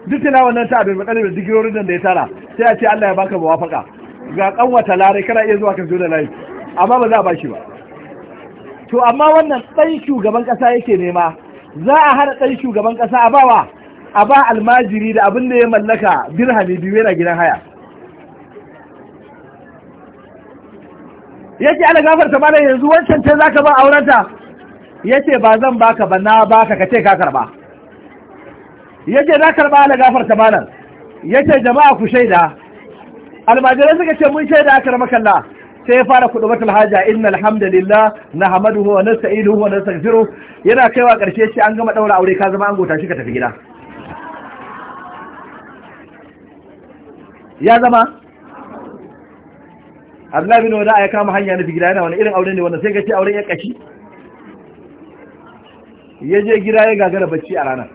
Speaker 1: duk tilawan wannan ta abin bakare da digirorin nan da ya tara sai a ce Allah ya baka muwafaka ga wata lare kana iya zuwa ka zo da layi amma ba za a bashi ba to amma wannan ɗan shugaban ƙasa yake nema za a hana ɗan shugaban ƙasa a bawa a ba almajiri da abin da ya mallaka dirhami biyu yana gidan haya yake gafar ta mana yanzu wancan ce zaka ba aurenta yace ba zan baka ba na baka ce ka karba yake na karɓa na ta malam yake jama'a ku shaida almajirai suka ce mun shaida aka rama kalla sai ya fara kudu batul haja innal na hamadu wa sa'idu wa nastaghfiruh yana kaiwa karshe shi an gama daura aure ka zama an gota shi ka tafi gida ya zama Abdullahi bin Wada ya kama hanya na gida yana wani irin aure ne wanda sai ga ce auren ya kashi ya je gida ya gagara bacci a ranar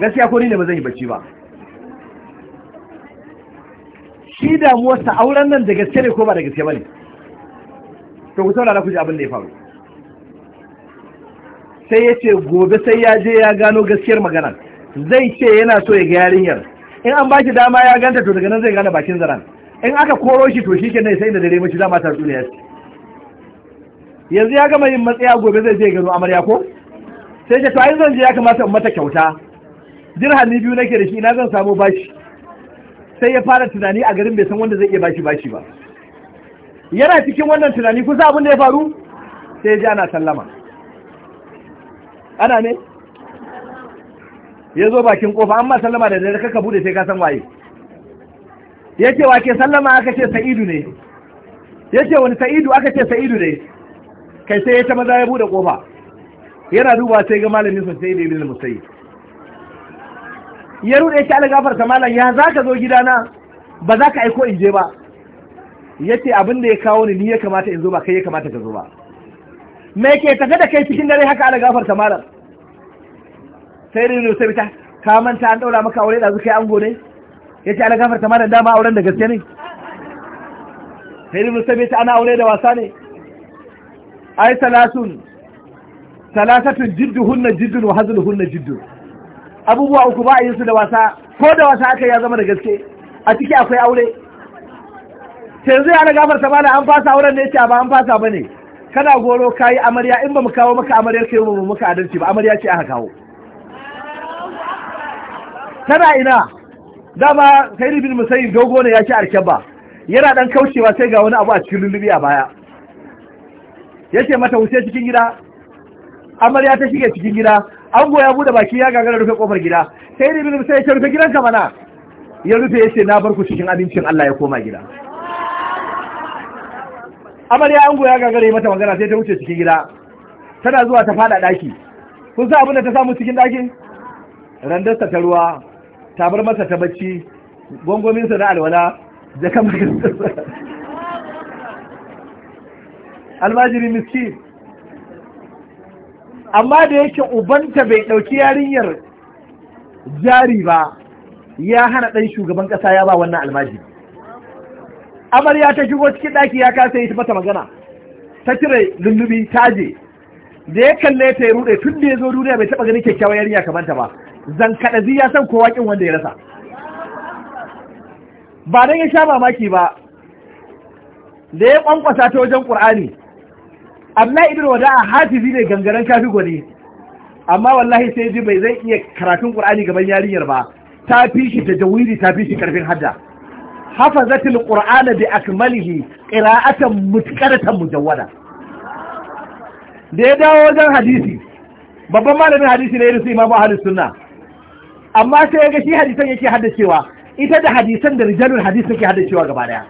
Speaker 1: gaskiya ko ne ba zan yi bacci ba shi damuwarsa auren nan da gaske ne ko ba da gaske ba ne to ku saurara ku ji abin da ya faru sai ya ce gobe sai ya je ya gano gaskiyar magana zai ce yana so ya ga yarinyar in an baki dama ya ganta to daga nan zai gane bakin zaran in aka koro shi to shi ke nan sai da dare mashi dama ta tsuniya yanzu ya gama yin matsaya gobe zai je gano amarya ko sai ce to ai zan je ya kamata in mata kyauta dirhami biyu nake da shi na zan samu bashi sai ya fara tunani a garin bai san wanda zai iya bashi bashi ba yana cikin wannan tunani kusa abin da ya faru sai ya ji ana sallama ana ne ya zo bakin kofa amma sallama da dare kaka bude sai ka san waye ya ce wake sallama aka ce sa'idu ne ya ce wani sa'idu aka ce sa'idu ne kai sai ya ta maza ya bude kofa yana duba sai ga malamin sosai da ibn musayyib ya rude shi algafar malam ya za ka zo gidana ba za ka aiko in je ba ya ce ya kawo ni ni ya kamata in zo ba kai ya kamata ka zo ba me ke tafe da kai cikin dare haka algafar malam sai rinu sai ta ka manta an daura maka aure da zuka yi ango ne ya ce algafar malam dama auren da gaske ne sai rinu sai ta ana aure da wasa ne ai salasun salasatun jidduhunna jiddun wa hazluhunna jiddun abubuwa uku ba a yi su da wasa ko da wasa aka ya zama da gaske a ciki akwai aure sai yanzu ya na ta mana an fasa auren ne ce ba an fasa ba ne kana goro ka yi amarya in ba mu kawo maka amaryar kai mu muka adalci ba amarya ce aka kawo tana ina dama sai bin musayi dogo ne ya ci ba yana dan kaucewa sai ga wani abu a cikin lullubi a baya Ya ce mata wuce cikin gida amarya ta shige cikin gida ango ya bude baki ya gagara rufe kofar gida sai da sai ya rufe gidanka mana ya rufe ya ce na bar ku cikin abincin Allah ya koma gida amarya ango ya gagara yi mata magana sai ta wuce cikin gida tana zuwa ta fada daki kun sa abin da ta samu cikin dakin randarsa ta ruwa ta bar masa ta bacci gongominsa na alwala da kamar almajirin miskin amma da yake ubanta bai ɗauki yarinyar jari ba ya hana ɗan shugaban ƙasa ya ba wannan almaji. amarya ta shigo cikin ɗaki ya kasa yi ta mata magana ta cire lullubi ta je da ya kalle ta ya rude tun da ya zo duniya bai taɓa ganin kyakkyawa yarinya kamar ta ba zan kaɗazi ya san kowa kin wanda ya rasa ba dan ya sha mamaki ba da ya kwankwasa ta wajen ƙur'ani amma ibn wada'a hafizi ne gangaren kafi gwani amma wallahi sai ji bai zai iya karatun qur'ani gaban yarinyar ba ta fi shi tajawidi ta fi shi karfin hadda hafazatul qur'ana bi akmalihi qira'atan mutqaratan mujawwada da ya dawo wajen hadisi babban malamin hadisi ne irin su imamu ahlus sunna amma sai ya ga shi hadisan yake haddacewa ita da hadisan da rijalul hadis take haddacewa gaba daya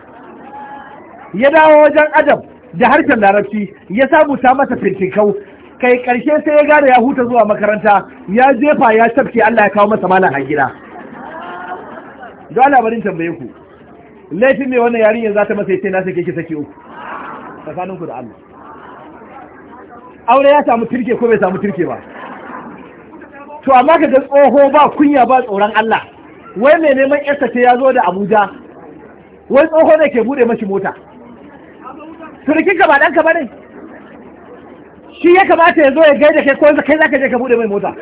Speaker 1: ya dawo wajen adab da harshen larabci ya ta masa fintinkau kai karshe sai ya gane ya huta zuwa makaranta ya jefa ya tafke Allah ya kawo masa malam a gida don Allah barin tambaye ku laifin mai wannan yarinyar za ta masa yace na sake ki saki uku tsakanin ku da Allah aure ya samu turke ko bai samu turke ba to amma ka ga tsoho ba kunya ba tsoron Allah wai mai neman yarsa ce ya zo da Abuja wai tsoho ne ke bude mashi mota surukin ka ba ɗanka ba ne shi ya kamata ya zo ya gaida kai ko kai za ka je ka bude mai mota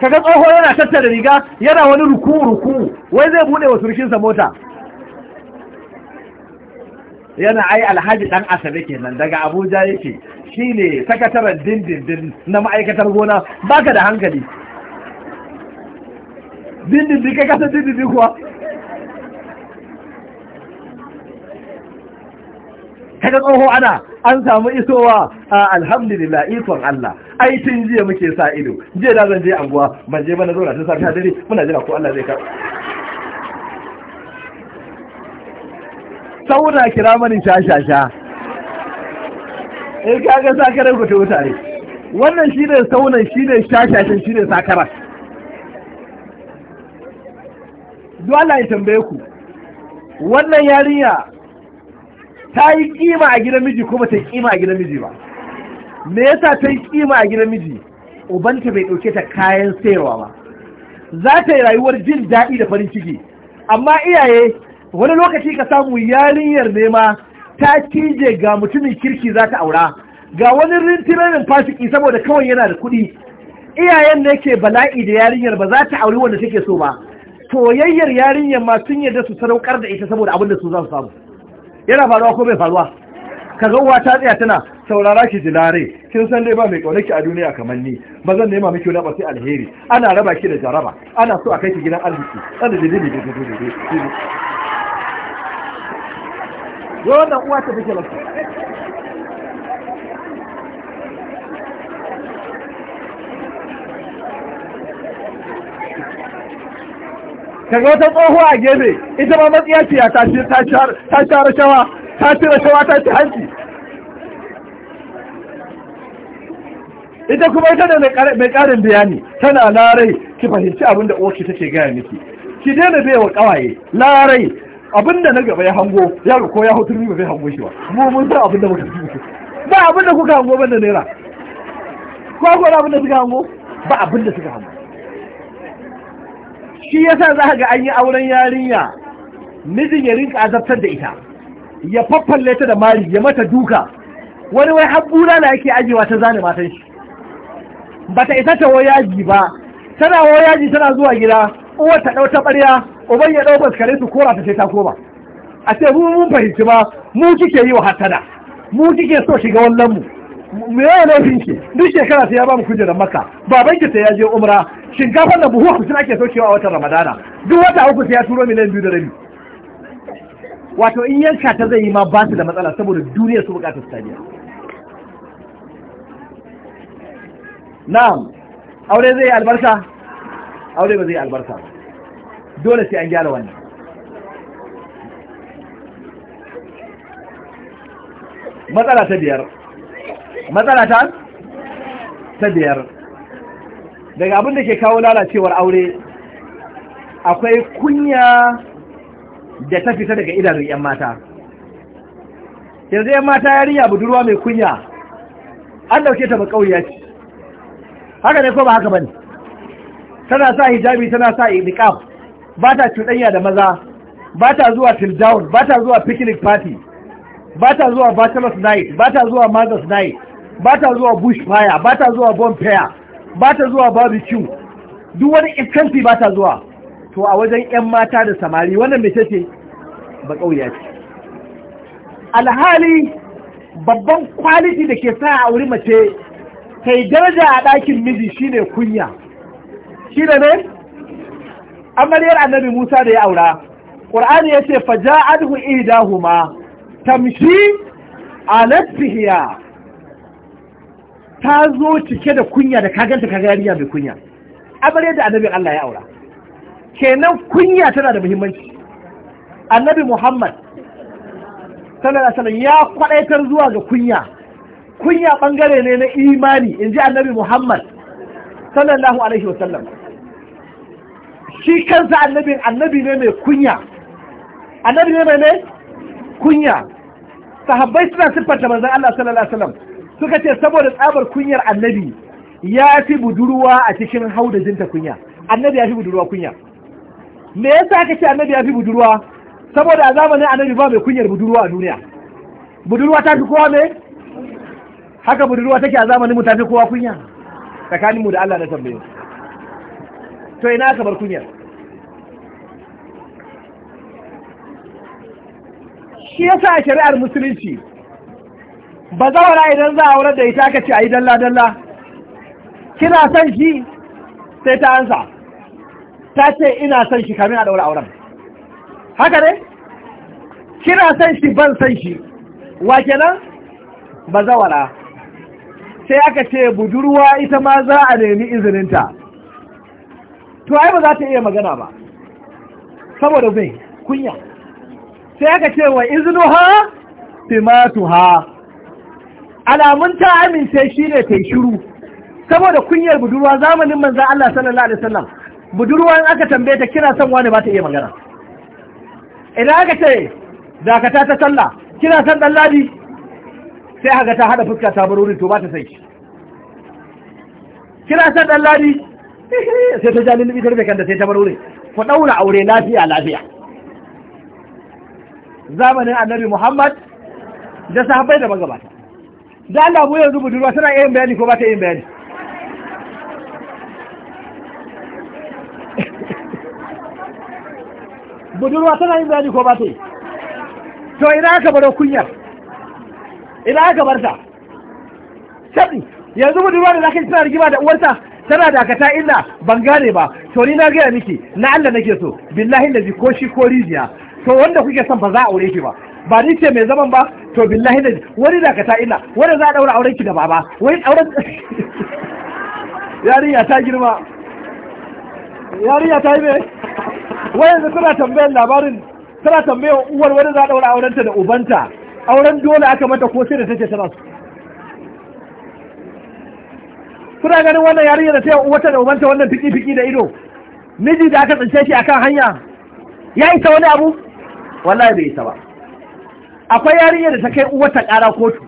Speaker 1: ka ga tsoho yana tattara riga yana wani ruku ruku wai zai buɗe wa sa mota yana ai alhaji dan asabe kenan daga abuja yake shine sakataren dindindin na ma'aikatar gona baka da hankali dindindin kai kasar dindindin kuwa kaga tsoho ana an samu isowa a alhamdulillah ikon Allah ai tun jiya muke sa ido jiya da zan je anguwa ban je mana na zauna tun safiya dare muna jira ko Allah zai ka
Speaker 3: sauna kira
Speaker 1: mani shashasha eh kaga sakarar ku ta mutane wannan shi ne saunan shi ne shashashin shi ne sakarar duk Allah ya tambaye ku wannan yarinya ta yi kima a gidan miji kuma ta yi kima a gidan miji ba me yasa ta yi kima a gidan miji ubanta bai ɗauke ta kayan sayarwa ba za ta yi rayuwar jin daɗi da farin ciki amma iyaye wani lokaci ka samu yarinyar nema ta cije ga mutumin kirki za ta aura ga wani rintirarin fasiki saboda kawai yana da kuɗi iyayen ne ke bala'i da yarinyar ba za ta auri wanda take so ba soyayyar yarinyar ma sun yarda su sadaukar da ita saboda abin da su za su samu yana faruwa ko bai faruwa ka ga uwa ta tsaya tana saurara ki zinare kin san dai ba mai kaunaki a duniya kamar ni ba zan nema miki wani ba sai alheri ana raba ki da jaraba ana so a kai ki gidan arziki tsada da dini da dini da dini wannan uwa ta take lafiya kaga wata tsoho a gefe ita ma matsiya ce ya tashi ta shara shawa ta cire shawa ta ci hanci ita kuma ita da mai karin bayani tana larai ki fahimci abin da uwarki take gaya miki ki daina bai wa kawaye larai abin da na gaba ya hango ya ga ko ya hutu ni ba zai hango shi ba mu mun san abin da muka hango ba abin da kuka hango ban da naira ko ko abin da suka hango ba abin da suka hango shi yasa za ga an yi auren yarinya mijin ya rinka azabtar da ita ya faffalle ta da mari ya mata duka wani wai har na yake ajiyewa ta zane matan shi ta isa ta wayaji ba tana wayaji tana zuwa gida uwar ta ɗau taɓarya uban ya ɗau baskare su kora ta sai ta koma a ce mu mun fahimci ba mu kike yi wa hatada mu kike so shiga wallan mu me yawa nufin ki duk shekara ta ya ba mu kujerar maka babanki ki ta ya je umra shinkafar da buhu hamsin ake saukewa a watan ramadana duk wata uku sai ya turo miliyan biyu da rabi wato in yanka ta zai yi ma ba su da matsala saboda duniya su bukatar stadiya na'am aure zai yi albarka aure ba zai yi albarka ba dole sai an gyara wannan
Speaker 3: matsala ta biyar matsala
Speaker 1: ta biyar daga abin da ke kawo lalacewar aure akwai kunya da ta fita daga idanun 'yan mata yanzu 'yan mata yarinya budurwa mai kunya an dauke ta makauriya ce haka ne ko ba haka bane tana sa hijabi tana sa niqab ba ta cuɗanya da maza ba ta zuwa till down ba ta zuwa picnic party ba ta zuwa bachelor's night ba ta zuwa mother's night ba ta zuwa bush fire ba ta zuwa bonfire ba ta zuwa barbecue duk wani ikanti ba ta zuwa to a wajen 'yan mata da samari wannan mai ce ba ƙauya ce
Speaker 2: alhali babban kwaliti da ke sa a wuri mace ta daraja a ɗakin miji shine kunya shi da
Speaker 1: ne amaryar annabi musa da ya aura ƙur'ani ya ce Faja idahuma tamshi a tihiya ta zo cike da kunya da kaganta ka yariya mai kunya amare da annabi Allah ya aura kenan kunya tana da muhimmanci annabi Muhammad sallallahu alaihi wasallam ya kwadaitar zuwa ga kunya kunya bangare ne na imani inji annabi Muhammad sallallahu alaihi wasallam shi kansa annabi, annabi ne mai kunya annabi ne mai ne kunya sahabbai suna siffanta manzon Allah sallallahu alaihi wasallam suka ce saboda tsabar kunyar annabi ya fi budurwa a cikin haudajinta kunya annabi ya fi budurwa kunya me yasa aka ce annabi ya fi budurwa saboda a zamanin annabi ba mai kunyar budurwa a duniya budurwa ta fi kowa ne haka budurwa take a zamanin mu ta fi kowa kunya tsakanin mu da Allah na tambaye to ina aka bar kunyar shi yasa a shari'ar musulunci ba za zawara idan za a wurar da ita ka ce a yi dalla-dalla kina son shi sai ta ansa ta ce ina son shi kamin a daura auren haka ne kina son shi ban son shi wa kenan ba za zawara sai aka ce budurwa ita ma za a nemi izininta to ai ba za ta iya magana ba saboda bai kunya sai aka ce wa ha? izinuha ha. alamun ta amince shi ne ta shiru saboda kunyar budurwa zamanin manzan Allah sallallahu alaihi wasallam budurwa in aka tambaye ta kira son wani ba ta iya magana idan aka ce dakata ta sallah kira son dan ladi sai haka ta hada fuska ta bar to ba ta sai kira son dan ladi sai ta ja lullubi karfe kanta sai ta bar ku daura aure lafiya lafiya zamanin annabi Muhammad da sahabbai da magabata da Allah mu yanzu budurwa tana yin bayani ko ba ta yin bayani
Speaker 3: budurwa
Speaker 1: tana yin bayani ko ba ta yi to ina aka bar kunyar ina aka bar ta shaɗi yanzu budurwa da zaka tana rigima da uwarta tana dakata illa ban gane ba to ni na gaya miki na Allah nake so billahi lazi ko shi ko rijiya to wanda kuke son ba za a aure shi ba ba ni ce mai zaman ba to billahi da wani da ka ta ina wani za a daura auren ki da baba wani auren yarinya ta girma yarinya ta yi mai wani da suna tambayar labarin tana tambayar uwar wani za a daura auren ta da ubanta auren dole aka mata ko sai da take tana su kuna ganin wannan yarinya da ta yi uwata da ubanta wannan fiki-fiki da ido miji da aka tsince shi akan hanya ya isa wani abu wallahi bai isa ba akwai yarinya da ta kai uwata ƙara kotu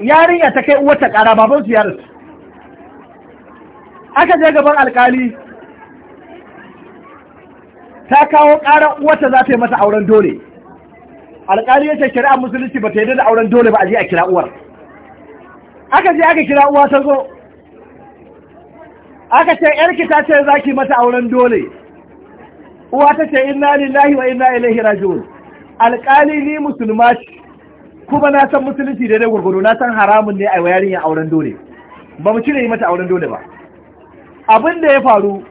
Speaker 1: yarinya ta kai uwata ƙara baban su aka je gaban alkali ta kawo ƙarar uwata za ta yi mata auren dole alkali ya ce a musulunci ba ta yi da auren dole ba a je a kira uwar aka je aka kira uwa ta zo aka ce yarki ta ce za ki mata auren dole uwa ta ce inna lillahi wa inna ilaihi raji'un alƙali ni musulma ce kuma na san musulunci da daidai gurgudu na san haramun ne a yarinya auren dole ba mu cire yi mata auren dole ba abin da ya faru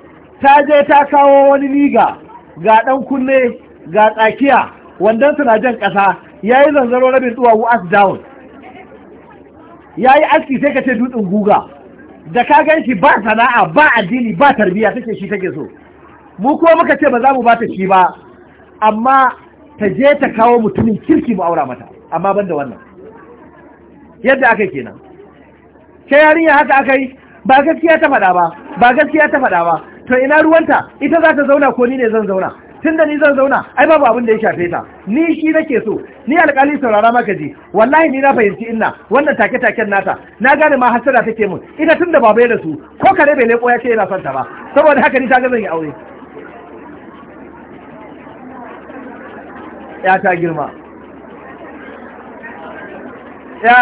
Speaker 1: ta je ta kawo wani liga ga ɗan kunne ga tsakiya wandon suna jan ƙasa ya yi zanzaro rabin duwawu as down ya yi aski sai ka ce dutsen guga da ka gan shi ba sana'a ba addini ba tarbiyya take shi take so mu kuma muka ce ba za mu ba ta shi ba amma ta je ta kawo mutumin kirki mu aura mata amma ban da wannan yadda aka kenan ke yarinya haka aka yi ba gaskiya ta faɗa ba ba gaskiya ta faɗa ba to ina ruwanta ita za ta zauna ko ni ne zan zauna tun da ni zan zauna ai babu abin da ya shafe ta ni shi nake so ni alƙali saurara maka ji wallahi ni na fahimci inna wannan take taken nata na gane ma hasara take mun ita tun da baba ya rasu ko kare bai leko ya ce yana son ta ba saboda haka ni ta ga zan yi aure ya ta girma ya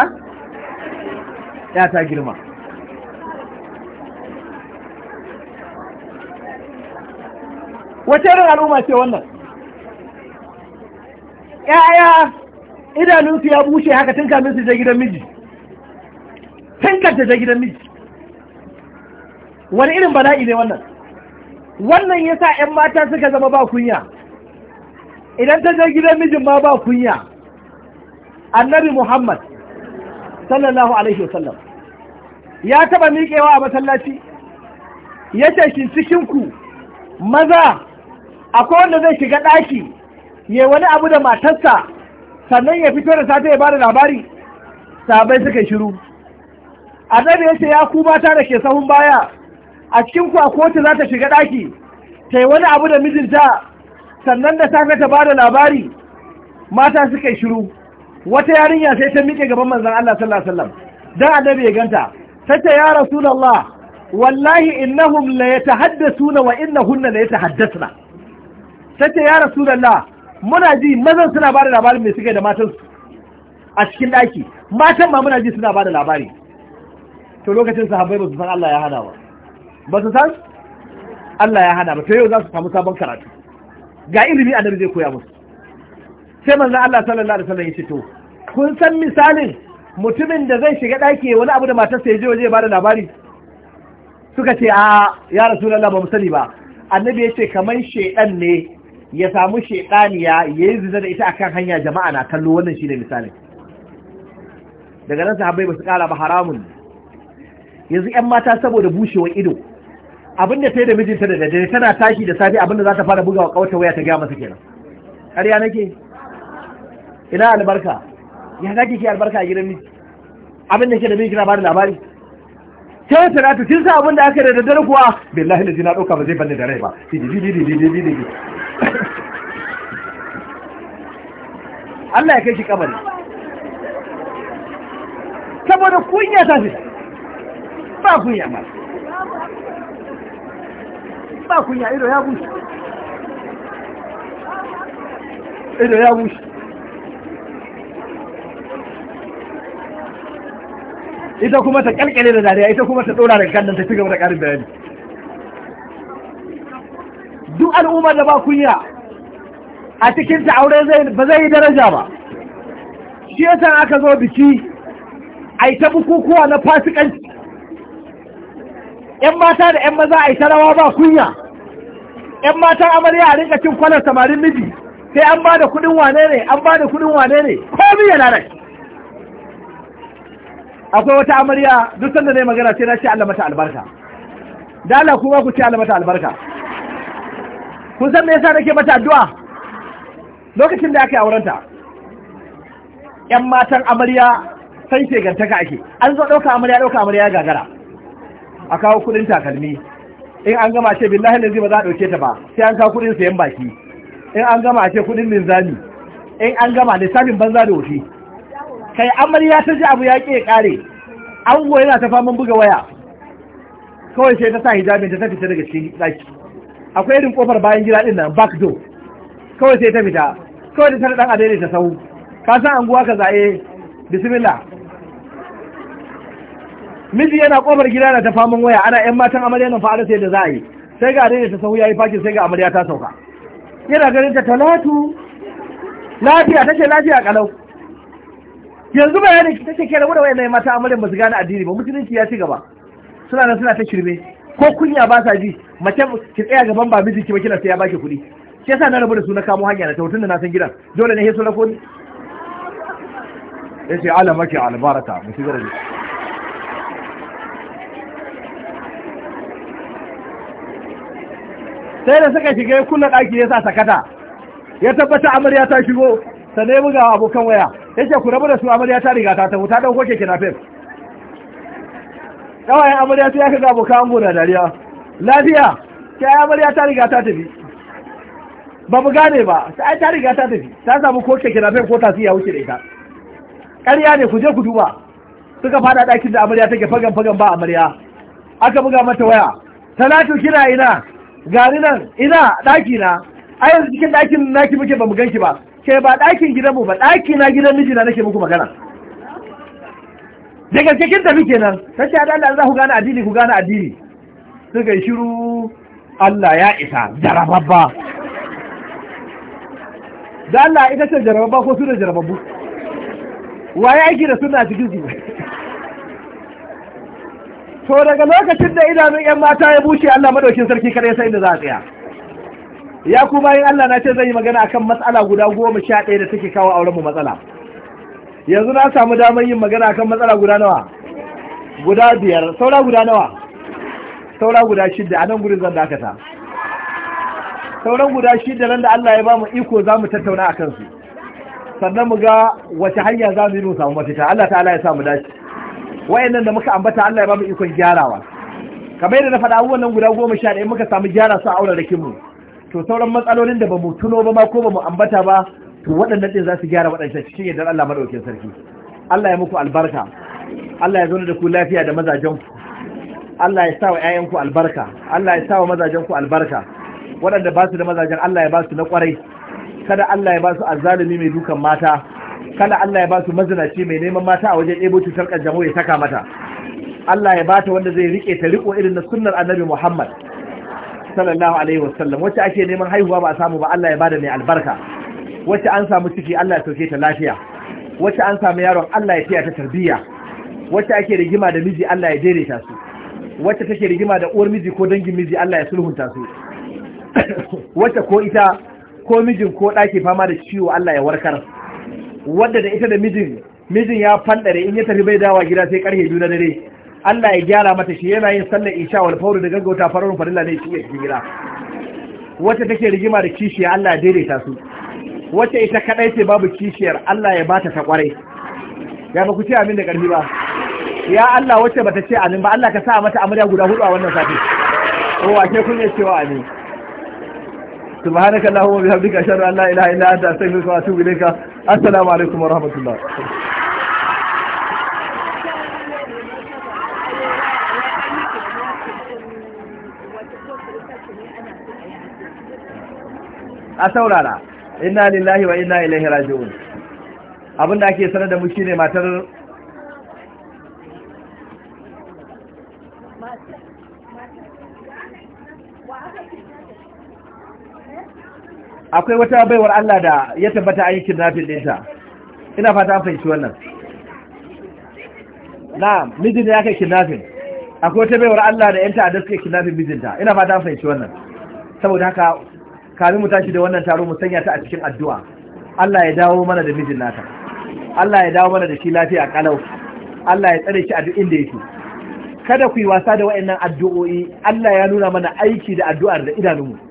Speaker 1: ya ta girma wace irin al'umma ce wannan ya'ya idanunsu ya bushe haka tun kamin su je gidan miji tun kanta je gidan miji wani irin bala'i ne wannan wannan yasa 'yan mata suka zama ba kunya idan ta je gidan mijin ma ba kunya annabi muhammad sallallahu alaihi wasallam ya taba miƙewa a masallaci ya ce shi cikinku maza akwai wanda zai shiga ɗaki ya wani abu da matarsa sannan ya fito da sata ya bada labari sabai suka shiru annabi ya ce ya ku mata da ke sahun baya a cikinku a kotu za ta shiga ɗaki ta yi wani abu da mijinta sannan da safe ta bada labari mata suka shiru wata yarinya sai ta miƙe gaban manzon Allah sallallahu alaihi wasallam dan annabi ya ganta tace ya rasulullah wallahi innahum la yatahaddathuna wa innahunna la yatahaddathna sace ya rasulullah muna ji mazan suna bada labarin mai suke da matan a cikin daki matan ma muna ji suna bada labari to lokacin sahabbai ba su san Allah ya hana ba ba su san Allah ya hana ba to yau za su samu sabon karatu ga ilimi a zai koya musu sai manzan Allah sallallahu alaihi wasallam ya ce to kun san misalin mutumin da zai shiga ɗaki wani abu da matar ya je waje ba da labari suka ce a ya rasulullah ba mu sani ba annabi ya ce kamar shedan ne ya samu shedaniya ya yi zina da ita a kan hanya jama'a na kallo wannan shine misalin daga nan sahabbai ba su kara ba haramun yanzu yan mata saboda bushewar ido Abin ta yi da mijinta da daddare tana tashi da safe da za ta fara buga wa kawata waya ta gaya masa kenan ƙarya nake ina albarka ya zaki ki albarka a gidan miji da ke da miji kina bada labari ta yi sanatu kin sa abin da aka da daddare kuwa billahi da jina ɗauka ba zai balle da rai ba Allah ya kai shi kabari saboda kunya ta fita ba kunya ma
Speaker 3: ba kunya ido ya bushe ido ya bushe ita kuma ta kalkale
Speaker 1: da dariya ita kuma ta dora da kallon ta ci gaba da karin bayani duk al'ummar da ba kunya a cikin ta aure ba zai yi daraja ba shi yasa aka zo biki yi ta bukukuwa na fasikanci 'yan mata da 'yan maza a yi tarawa ba kunya 'yan matan amarya a rinka cin kwalar samarin miji sai an ba da kudin wane ne an ba da kudin wane ne komi yana rai akwai wata amarya duk sanda ne magana sai na ce Allah mata albarka dala kuma ku ce Allah mata albarka kun san me yasa nake mata addu'a lokacin da aka yi aurenta yan matan amarya sai shegantaka ake an zo ɗauka amarya ɗauka amarya gagara a kawo kudin takalmi in an gama ce billahi zai ba za a dauke ta ba sai an kawo kudin sayan baki in an gama ce kudin linzami in an gama lissafin banza da wuce kai amarya ta ji abu ya ke kare an goyi yana ta faman buga waya kawai sai ta sa hijabin ta fita daga cikin daki akwai irin kofar bayan gida din nan back door kawai sai ta fita kawai da tana dan ne ta sau ka san anguwa ka zaye bismillah miji yana kofar gida na ta faman waya ana yan matan amarya nan fara sai da za a yi sai ga dai ta sahu yi fakin sai ga amarya ta sauka yana ganin ta talatu lafiya tace lafiya kalau yanzu bayanin ki tace kira wurin wayannan mata amarya ba su gane addini ba musulunci ya ci gaba suna nan suna ta shirme ko kunya ba sa ji mace ki tsaya gaban ba miji ki ba kina sai ya baki kuɗi shi yasa na rabu da su na kamo hanya na tautun da na san gidan dole ne sai su na kodi yace alamaki albaraka mu shigar da sai da suka shiga ya ɗaki ya sa sakata ya tabbata amarya ta shigo ta nemi buga abokan waya ya ce ku rabu da su amarya ta riga ta tafi ta ɗauko keke nafin ƙawayen amarya ta ya kaga abokan ango na dariya lafiya ta yi amarya ta riga ta tafi ba mu gane ba ta yi ta riga ta tafi ta samu ko keke nafin ko tasi ya wuce da ita ƙarya ne ku je ku duba suka fada ɗakin da amarya take fagan fagan ba amarya aka buga mata waya talatu kina ina gari nan ina ɗaki na a yanzu cikin ɗakin naki muke ba mu ganki ba ke ba ɗakin gidan mu ba ɗaki na gidan mijina nake muku magana da gaske kin tafi kenan ta ce da za ku gane addini ku gane addini Su ga shiru Allah ya isa jarababba da Allah ita ce jarababba ko su da jarababbu wa ya aiki da suna cikin su to daga lokacin da idanun yan mata ya bushe Allah madaukin sarki kare ya sai da za a tsaya ya kuma yin Allah na ce zan yi magana akan matsala guda goma sha ɗaya da take kawo auren mu matsala yanzu na samu damar yin magana akan matsala guda nawa guda biyar saura guda nawa saura guda shidda a nan gurin zan dakata sauran guda shidda nan da Allah ya ba mu iko za mu tattauna a kansu sannan mu ga wace hanya za mu yi mu samu mafita Allah ta'ala ya samu dace wayannan da muka ambata Allah ya ba mu ikon gyarawa kamar yadda na faɗa abubuwan nan guda goma sha ɗaya muka samu gyara su a auren rakin mu to sauran matsalolin da ba mu tuno ba ma ko ba mu ambata ba to waɗannan ɗin za su gyara waɗancan cikin yadda Allah maɗaukin sarki Allah ya muku albarka Allah ya zo da ku lafiya da mazajen ku Allah ya sa wa ‘ya'yanku albarka, Allah ya sa wa mazajenku albarka, waɗanda ba su da mazajen Allah ya ba su na ƙwarai, kada Allah ya ba su azzalumi mai dukan mata, kala Allah ya ba su mazinaci mai neman mata a wajen ɗebo cutar ƙanjamau ya saka mata Allah ya ba ta wanda zai riƙe ta riko irin na sunnar annabi Muhammad sallallahu alaihi wasallam wacce ake neman haihuwa ba a samu ba Allah ya bada mai albarka wacce an samu ciki Allah ya sauke ta lafiya wacce an samu yaron Allah ya tiya ta tarbiyya wacce ake rigima da miji Allah ya daidaita su wacce take rigima da uwar miji ko dangin miji Allah ya sulhunta su wacce ko ita ko mijin ko ɗaki fama da ciwo Allah ya warkar wadda da ita da mijin mijin ya fandare in ya tafi bai dawa gida sai karhe biyu na dare Allah ya gyara mata shi yana yin sallar isha wal fawr da gaggauta farar farilla ne shi ya cikin gida wacce take rigima da kishiyar Allah ya daidaita su wacce ita kadai ce babu kishiyar Allah ya bata ta kware ya ba ku ce amin da karfi ba ya Allah wacce bata ce amin ba Allah ka sa mata amarya guda hudu a wannan sati ko wace kun ya cewa amin subhanakallahumma bihamdika ashhadu an la ilaha illa anta astaghfiruka wa atubu ilayka assalamu alaikum wa rahmatullah a saurara inna lillahi wa inna ilaihi raji'un abinda ake sanar da mu shine matar akwai wata baiwar Allah da ya tabbata an yi kidnapping ɗinta ina fata an fahimci wannan na mijinta ya kai kidnapping akwai wata baiwar Allah da 'yan ta'adda suka kidnapping mijinta ina fata an fahimci wannan saboda haka kamin mu tashi da wannan taro mu sanya ta a cikin addu'a Allah ya dawo mana da mijin nata Allah ya dawo mana da shi lafiya kalau Allah ya tsare shi a duk inda yake kada ku yi wasa da nan addu'o'i Allah ya nuna mana aiki da addu'ar da idanunmu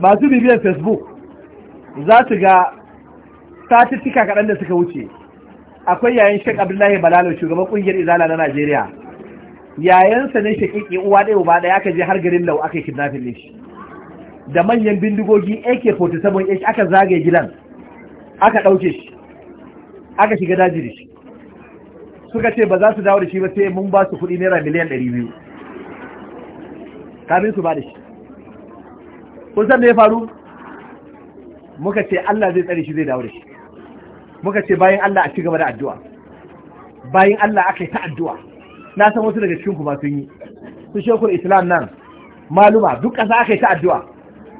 Speaker 1: masu bibiyar facebook za su ga statistika kaɗan da suka wuce akwai yayin shek abdullahi balalo shugaban ƙungiyar izala na najeriya yayansa ne shakiki uwa ɗaya uba ɗaya aka je har garin lau aka yi kidnapping ne shi da manyan bindigogi ak-47 aka zagaye gidan aka ɗauke shi aka shiga daji da shi suka ce ba za su dawo da shi ba sai mun ba su kuɗi naira miliyan 200 kamin su ba da shi kun san me ya faru muka ce Allah zai tsare shi zai dawo da shi muka ce bayan Allah a ci gaba da addu'a bayan Allah aka yi ta addu'a na san wasu daga cikin ku sun yi su shekul islam nan maluma duk ƙasa aka yi ta addu'a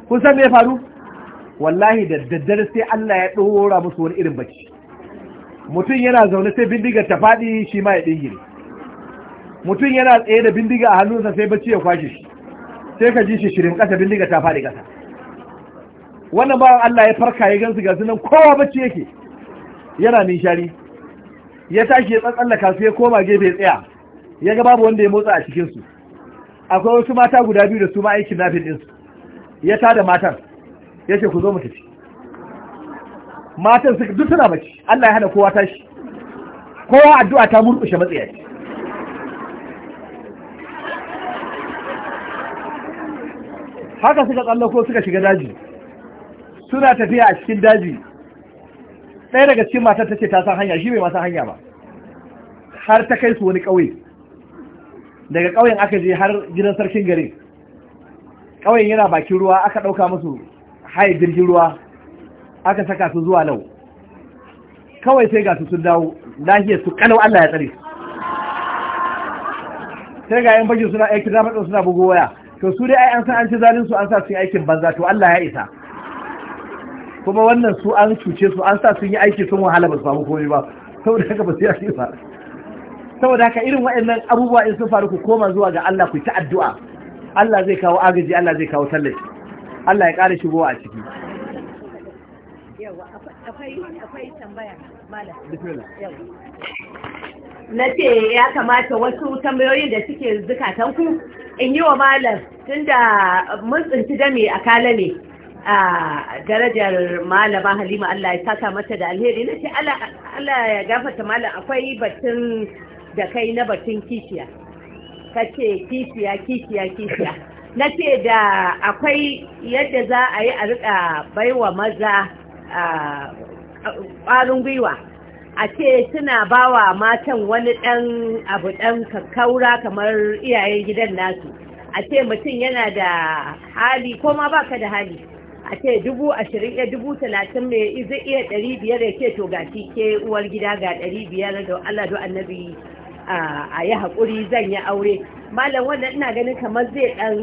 Speaker 1: kun san me ya faru wallahi da daddare sai Allah ya dora musu wani irin bacci mutum yana zaune sai bindigar ta faɗi shi ma ya dingire mutum yana tsaye da bindiga a hannunsa sai bacci ya kwashe shi sai ka ji shi shirin ƙasa bindiga ta faɗi ƙasa wannan bawan Allah ya farka ya gansu ga sunan kowa bacci yake yana nishari ya tashi ya tsatsallaka su ya koma gefe tsaya ya ga babu wanda ya motsa a cikin su akwai wasu mata guda biyu da su ma aikin nafin ɗinsu ya tada matan ya ce ku zo mu tafi matan duk suna bacci Allah ya hana kowa tashi kowa addu'a ta murƙushe matsayi. haka suka tsallako suka shiga daji suna tafiya a cikin daji ɗaya daga cikin matar ta ce ta san hanya shi bai ma hanya ba har ta kai su wani ƙauye daga ƙauyen aka je har gidan sarkin gari ƙauyen yana bakin ruwa aka ɗauka musu haye jirgin ruwa aka saka su zuwa lau kawai sai ga su sun dawo lahiyar su kalau Allah ya tsare sai ga yan bajin suna aiki zama suna bugo waya to su dai ai an san an ci zalin su an sa sun yi aikin banza to Allah ya isa kuma wannan su an cuce su an sa sun yi aiki sun wahala ba su samu komai ba saboda haka ba su yi ba saboda haka irin waɗannan abubuwa in sun faru ku koma zuwa ga Allah ku ta addu'a Allah zai kawo agaji Allah zai kawo tallafi Allah ya ƙara shigowa a ciki
Speaker 5: yawa akwai tambaya malam bismillah na ce ya kamata wasu tambayoyin da suke zukatanku in yi wa malam tun da mun tsinci da a kala ne a darajar malama halima Allah ya saka mata da alheri na ce Allah ya gafata malam akwai batun da kai na batun kishiya ka ce kishiya kishiya kishiya na ce da akwai yadda za a yi a rika baiwa maza ƙwarin gwiwa a ce suna bawa matan wani ɗan abu ɗan kakkaura kamar iyayen gidan nasu a ce mutum yana da hali ko ma baka da hali a ce dubu ashirin ya eh, dubu talatin mai zai iya ɗari biyar ya ce to shi ke uwar gida ga ɗari biyar da Allah do annabi a yi haƙuri zan yi aure malam wannan ina ganin kamar zai ɗan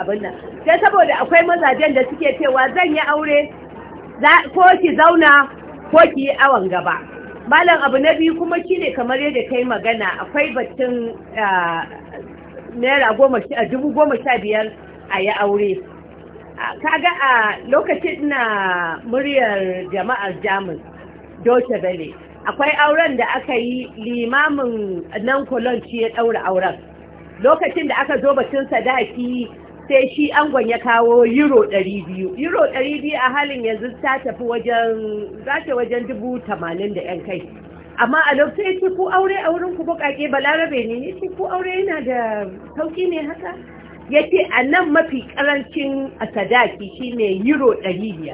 Speaker 5: abin nan sai saboda akwai mazajen da suke cewa zan yi aure ko ki zauna ko ki yi awon gaba malam abu na biyu kuma shi ne kamar yadda yi magana akwai batun naira goma dubu goma sha biyar a yi aure kaga a lokacin na muryar jama'ar jamus doce bele akwai auren da aka yi limamin nan shi ya ɗaura auren lokacin da aka zo batun sadaki sai shi angon ya kawo euro 200 euro 200 a halin yanzu ta tafi wajen za ta wajen dubu tamanin da yan kai amma a lokacin ya ce ko aure a wurin ku bukake balarabe ne ya ce ko aure yana da sauki ne haka ya ce a nan mafi karancin a sadaki shine euro 500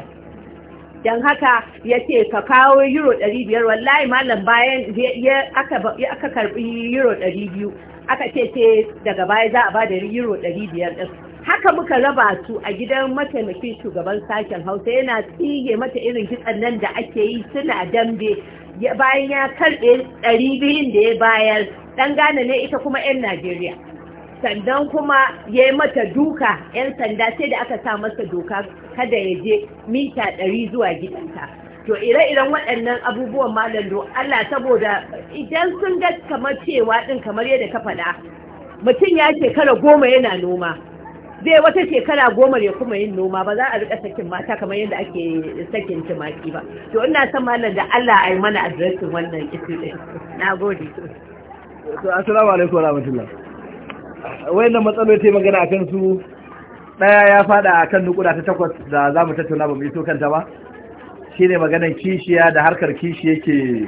Speaker 5: don haka ya ce ka kawo euro 500 wallahi malam bayan ya aka karbi euro 200 aka ce ce daga baya za a ba da euro 500 ɗin haka muka raba su a gidan mataimakin shugaban sashen hausa yana tsige mata irin kitsan nan da ake yi suna dambe bayan ya karɓe ɗari biyun da ya bayar ɗan gane ne ita kuma 'yan najeriya sandan kuma ya yi mata duka 'yan sanda sai da aka sa masa doka kada ya je mita ɗari zuwa gidanta to ire-iren waɗannan abubuwan malam do Allah saboda idan sun ga kamar cewa ɗin kamar yadda ka faɗa mutum ya shekara goma yana noma zai wata shekara goma ya kuma yin noma ba za a rika sakin mata kamar yadda ake sakin tumaki ba to ina son mallan da Allah ai mana addressin wannan isu din nagode
Speaker 1: to assalamu alaikum wa rahmatullah wayannan matsaloli ta magana akan su daya ya fada akan nukuda ta takwas da zamu tattauna ba mu iso kanta ba shine maganar kishiya da harkar kishi yake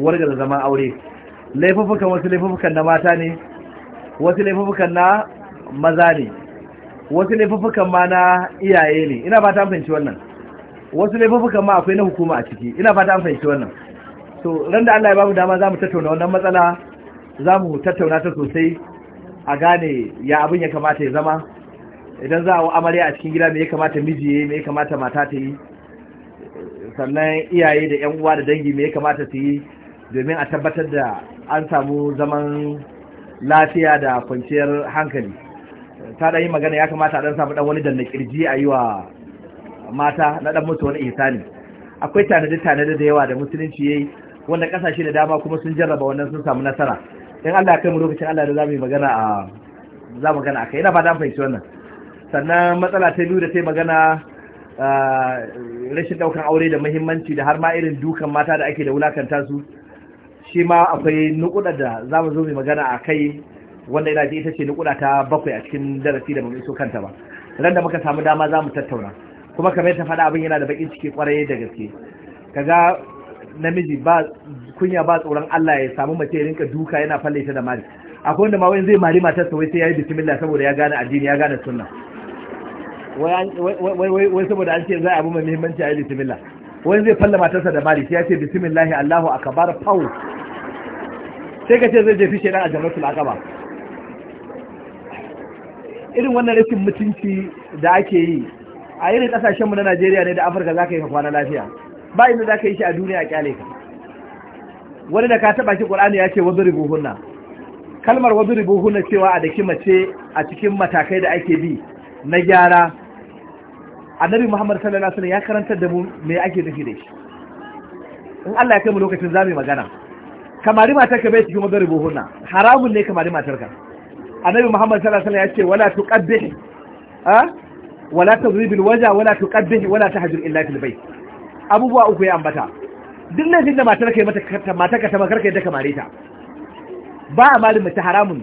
Speaker 1: wargaza zaman aure laifukan wasu laifukan na mata ne wasu laifukan na maza ne wasu ne fafukan ma na iyaye ne ina fata an fahimci wannan wasu ne fafukan ma akwai na hukuma a ciki ina fata an fahimci wannan to ran da Allah ya bamu dama zamu tattauna wannan matsala zamu tattauna ta sosai a gane ya abin ya kamata ya zama idan za a yi amarya a cikin gida me ya kamata miji ya yi me ya kamata mata ta yi sannan iyaye da yan uwa da dangi me ya kamata su yi domin a tabbatar da an samu zaman lafiya da kwanciyar hankali ta da yi magana ya kamata a dan samu dan wani danna kirji a yi wa mata na dan musu wani ihsani akwai tanadi tanadi da yawa da musulunci yayi wanda kasashe da dama kuma sun jarraba wannan sun samu nasara in Allah ya kai mu lokacin Allah da zamu yi magana a zamu magana akai ina fata an fahimci wannan sannan matsala ta biyu da ta magana rashin daukan aure da muhimmanci da har ma irin dukan mata da ake da wulakanta su shi ma akwai nukuda da za mu zo mu magana akai wanda ina ji ita ce nukuda ta bakwai a cikin darasi da mun iso kanta ba ran da muka samu dama za mu tattauna kuma kamar ta faɗa abin yana da bakin ciki kwarai da gaske kaga namiji ba kunya ba tsoron Allah ya samu mace ya rinka duka yana falle ta da mari akwai wanda ma wani zai mari matar sa wai sai yayi bismillah saboda ya gane addini ya gane sunna wai wai wai saboda an ce za a bi mai muhimmanci ayi bismillah wani zai falla matarsa da mari sai ya ce bismillah Allahu akbar pau sai ka ce zai je shedan a jannatul akaba irin wannan rashin mutunci da ake yi a irin kasashenmu na Najeriya ne da Afirka za ka yi kwana lafiya ba inda za ka yi shi a duniya a kyale ka wani da ka taba shi ƙulani ya ce wazuri buhunna kalmar wazuri buhunna cewa a daki mace a cikin matakai da ake bi na gyara annabi Muhammad sallallahu alaihi wasallam ya karantar da mu me ake nufi da shi in Allah ya kai mu lokacin zamu magana kamari matarka bai cikin wazuri buhunna haramun ne kamari matarka annabi muhammad sallallahu alaihi wasallam ya ce wala tuqaddih ha wala tadrib alwaja wala tuqaddih wala tahjur illa fil bayt abubuwa uku ya ambata duk laifin da matar kai mata mata ka tama karkai da kamare ta ba a malin mace haramun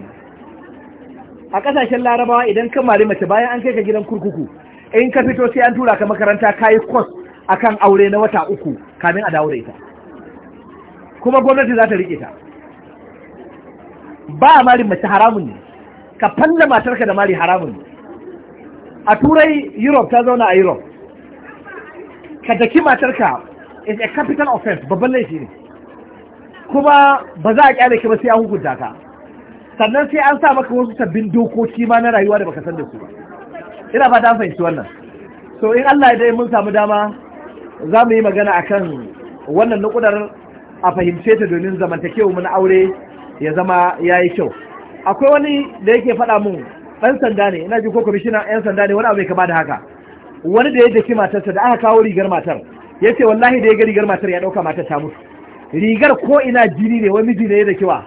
Speaker 1: a kasashen larabawa idan ka mari mace bayan an kai ka gidan kurkuku in ka fito sai an tura ka makaranta kai course akan aure na wata uku kamin a dawo da ita kuma gwamnati za ta rike ta ba a malin mace haramun ne ka falla matarka da mali haramun a turai europe ta zauna a europe ka daki matarka is a capital offense babban laifi ne kuma ba za a kyale ki ba sai an hukunta ka sannan sai an sa maka wasu sabbin dokoki ma na rayuwa da baka san da su ba ina ba ta fahimci wannan so in Allah ya dai mun samu dama za mu yi magana akan wannan nukudar a fahimce ta domin zamantakewa mun aure ya zama ya yi kyau akwai wani da yake faɗa mun ɗan sanda ne ina ji ko kwamishinan ɗan sanda ne wani abu mai kama da haka wani da ya daki matarsa da aka kawo rigar matar ya ce wallahi da ya ga rigar matar ya ɗauka matar ta mutu rigar ko ina jini ne wai miji ne ya daki wa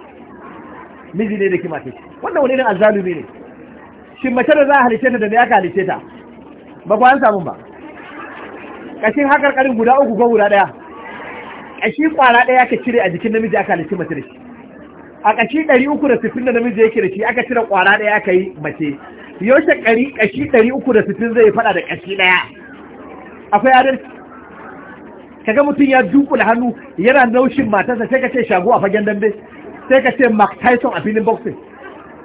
Speaker 1: miji ne ya daki matar wannan wani irin azalumi ne shin mace da za a halice ta da ya aka halice ta ba ku an samu ba kashin hakarkarin guda uku ko guda ɗaya kashi kwara ɗaya ka cire a jikin namiji aka halice mace da shi a kashi uku da da namiji yake da shi aka cire kwara daya aka yi mace yaushe uku kashi sifin zai faɗa da kashi ɗaya? akwai adalci kaga mutum ya dukula hannu yana naushin matarsa sai ka ce shago a fagen dambe sai ka ce Mark Tyson a filin boxing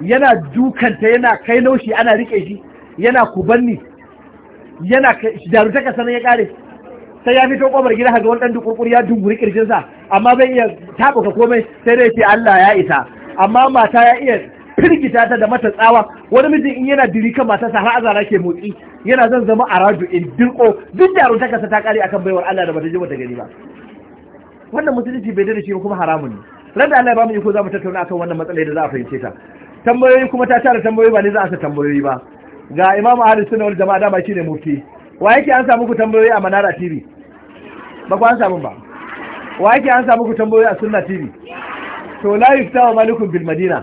Speaker 1: yana dukanta yana kai naushi ana rike shi yana kubanni yana darutaka sanan ya ƙare. sai ya fito kofar gida ga wani dan dukurkuri ya dunguri kirjin sa amma bai iya tabuka komai sai dai ce Allah ya isa amma mata ya iya firgita ta da mata tsawa wani mijin in yana diri kan mata sa har azara ke motsi yana zan zama a raju in dirko duk da ta kasa ta kare akan baiwar Allah da bata ji bata gani ba wannan musulunci bai da shi kuma haramun ne ran da Allah ya bamu iko za mu tattauna akan wannan matsalar da za a fahimce ta tambayoyi kuma ta tara tambayoyi ba ne za a sa tambayoyi ba ga imamu ahlus sunna wal jama'a shi ne mufti wa yake an samu ku tambayoyi a manara tv ba ku an samu ba wa yake an samu ku tambayoyi a sunna tv to la yuftahu malikun bil madina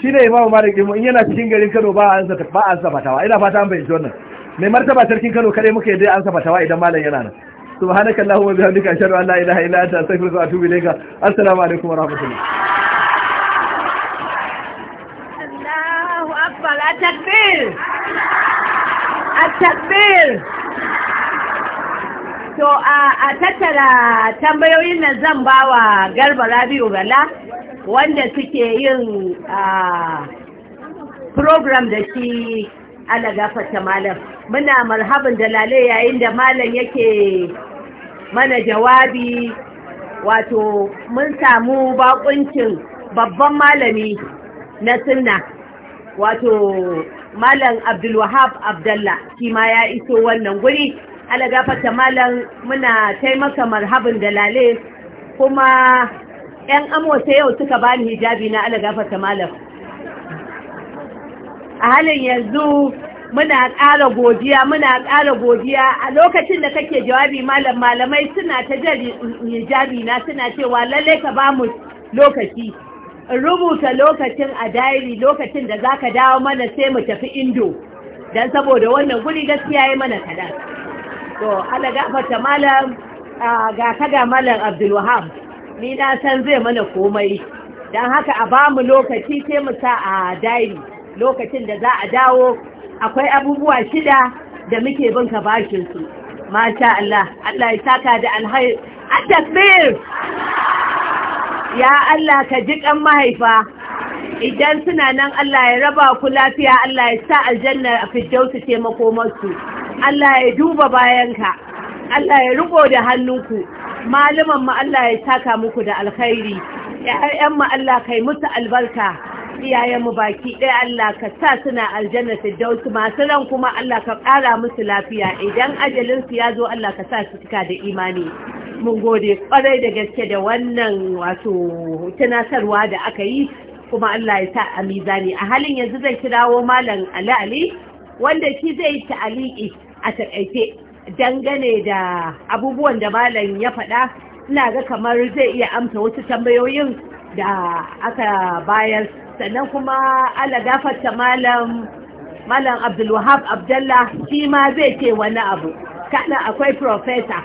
Speaker 1: shine imamu malik din in yana cikin garin Kano ba an sa ba an sa fatawa ina fata an bayyana wannan mai martaba sarkin Kano kare muka dai an sa fatawa idan malam yana nan subhanakallahu wa bihamdika ashhadu an la ilaha illa anta astaghfiruka wa atubu ilayka assalamu alaikum wa rahmatullahi
Speaker 5: Allahu akbar at-takbir at-takbir to a tattara tambayoyin nan zan ba wa garba rabi'u bala wanda suke yin program da shi ala ta malam muna marhaban da yayin da malam yake mana jawabi wato mun samu bakuncin babban malami na sunna wato malam abdulwahab abdallah shi ma ya iso wannan guri ala gafarta malam muna taimaka marhabin da lalai, kuma yan amurta yau suka bani hijabi na ala gafarta malam a halin yanzu muna ƙara godiya muna ƙara godiya a lokacin da kake jawabi malam malamai suna ta jan hijabi na suna cewa lallai ka ba mu lokaci rubuta lokacin a dairi lokacin da za ka dawo mana sai mu tafi indo don saboda wannan guri gaskiya yi mana kadan to ala gafarta malam ga ta ga malam abdulwahab ni na san zai mana komai don haka a bamu lokaci sai mu sa a dairi lokacin da za a dawo akwai abubuwa shida da muke bin ka bashin su masha Allah Allah ya saka da alhai at-takbir ya Allah ka ji kan mahaifa idan suna nan Allah ya raba ku lafiya Allah ya sa aljanna firdausu ce makomarsu Allah ya duba bayanka Allah ya riko da hannunku malaman mu Allah ya saka muku da alkhairi ƴaƴan mu Allah kai musu albarka iyayen mu baki ɗaya Allah ka sa suna aljanna firdausu masu ran kuma Allah ka ƙara musu lafiya idan ajalin su ya zo Allah ka sa su cika da imani mun gode kwarai da gaske da wannan wato tunasarwa da aka yi kuma Allah ya sa a mizani a halin yanzu zai kirawo malam Ali Ali wanda shi zai ta'aliki a takaice dangane da abubuwan da malam ya faɗa ina ga kamar zai iya amsa wasu tambayoyin da aka bayar sannan kuma ala gafarta malam malam abdulwahab abdallah shi ma zai ce wani abu kana akwai profesa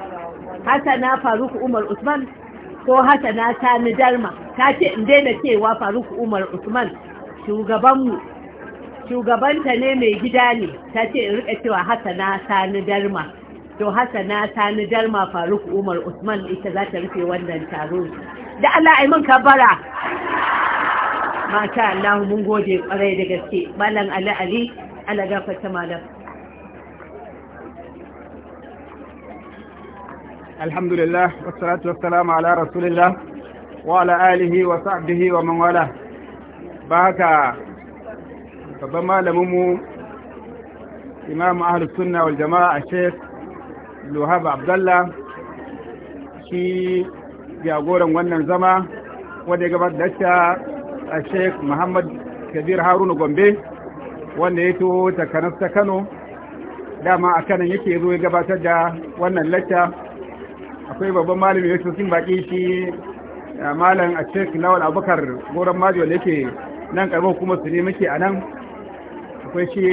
Speaker 5: Hassana faruk umar usman ko haka na ta Darma, ta ce in daina cewa faruk umar usman shugabanmu shugabanta ne mai gida ne ta ce in rika cewa na ta Darma. to na ta Darma, faruk umar usman ita za ta rufe wannan taro da allah ai mun kabara mata allah mun gode kwarai da gaske malam ali ali ala gafarta
Speaker 4: malam alhamdulillah wassalatu wassalamu ala rasulillah wa alihi wa sahbihi wa man wala baka babban malamin mu imam ahlus jama'a sheikh luhab abdullah shi jagoran wannan zama wanda ya gabatar da sheikh muhammad kabir haruna gombe wanda ya to ta kanas kano dama a kanan yake zo ya gabatar da wannan lacca akwai babban malami ya sun baki shi malam a cikin lawal abubakar goron maji wanda yake nan karbar hukumar su ne muke a nan akwai shi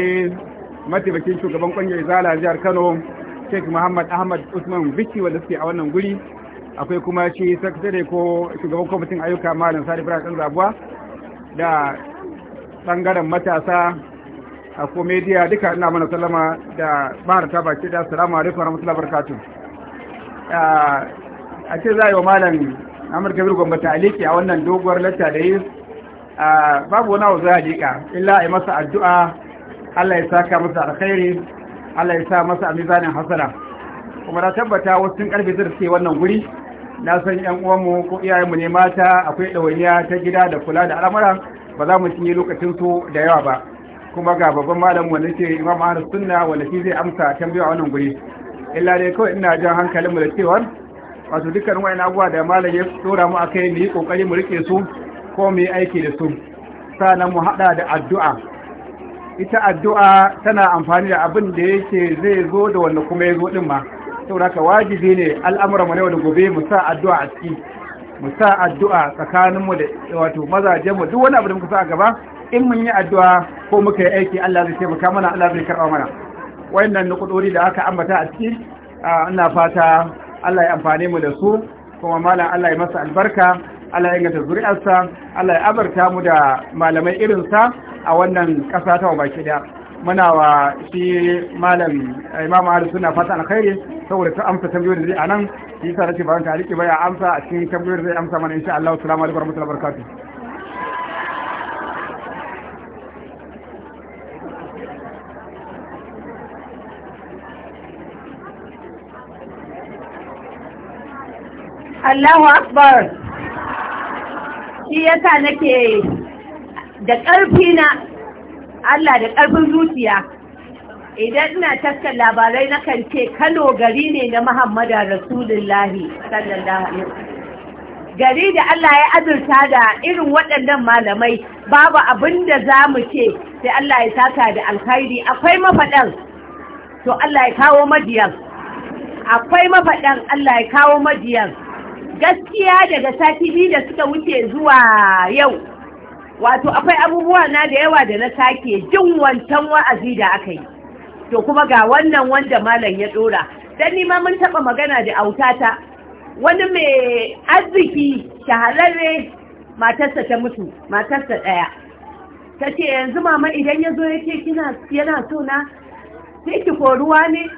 Speaker 4: mataimakin shugaban kwangiyar zala jihar kano sheik muhammad ahmad usman biki wanda suke a wannan guri akwai kuma shi sakatare ko shugaban kwamitin ayyuka malam sari bra kan zabuwa da bangaren matasa a komediya duka ina mana sallama da bahar ta baki da assalamu alaikum warahmatullahi wabarakatuh a ce za a yi wa malam amurka biyu gwamnati aliki a wannan doguwar latta da yi babu wani abu za a jika illa a yi masa addu'a allah ya saka masa alkhairi allah ya sa masa amizanin hasara kuma na tabbata wasu sun karfe zirce wannan guri na san yan uwanmu ko iyayenmu ne mata akwai ɗawainiya ta gida da kula da al'amura ba za mu cinye lokacin su da yawa ba kuma ga babban malam wanda ce imam ahlus sunna wanda shi zai amsa tambaya wannan guri illa dai kawai ina jan hankalinmu da cewar wato dukkan wa'in abubuwa da malam ya tsora mu akai mu yi kokari mu rike su ko mu yi aiki da su sannan mu hada da addu'a ita addu'a tana amfani da abin da yake zai zo da wanda kuma ya zo din ma saboda ka wajibi ne al'amuran mu ne wani gobe mu sa addu'a a ciki mu sa addu'a tsakaninmu da wato mazajen mu duk wani abu da muka sa a gaba in mun yi addu'a ko muka yi aiki Allah zai taimaka mana Allah zai karɓa mana wayannan nukudori da aka ambata a ciki ina fata Allah ya amfane mu da su kuma malam Allah ya masa albarka Allah ya inganta zuri'arsa Allah ya abarta mu da malamai irinsa a wannan ƙasa ta wa baki daya muna wa shi malam Imam Ali suna fata alkhairi saboda ta amsa tambayoyin da zai anan shi yasa nace ba ta rike ba ya amsa a cikin tambayoyin da zai amsa mana insha Allah assalamu alaikum warahmatullahi wabarakatuh
Speaker 3: Allahu Akbar shi yasa nake
Speaker 5: da ƙarfi na Allah da ƙarfin zuciya idan ina taskar labarai na kan ce Kano gari ne na Muhammadu Rasulullahi sallallahu alaihi gari da Allah ya azurta da irin waɗannan malamai babu abin da za mu ce sai Allah ya saka da alkhairi akwai mafaɗan to Allah ya kawo majiyan akwai mafaɗan Allah ya kawo majiyan gaskiya daga sati biyu da suka wuce zuwa yau wato akwai abubuwa na da yawa da na sake jin wancan wa'azi da aka yi to kuma ga wannan wanda malam ya dora dan nima mun taba magana da autata wani mai arziki shahararre matarsa ta mutu matarsa daya ta ce yanzu mama idan ya zo ya ce yana so na sai ki koruwa ne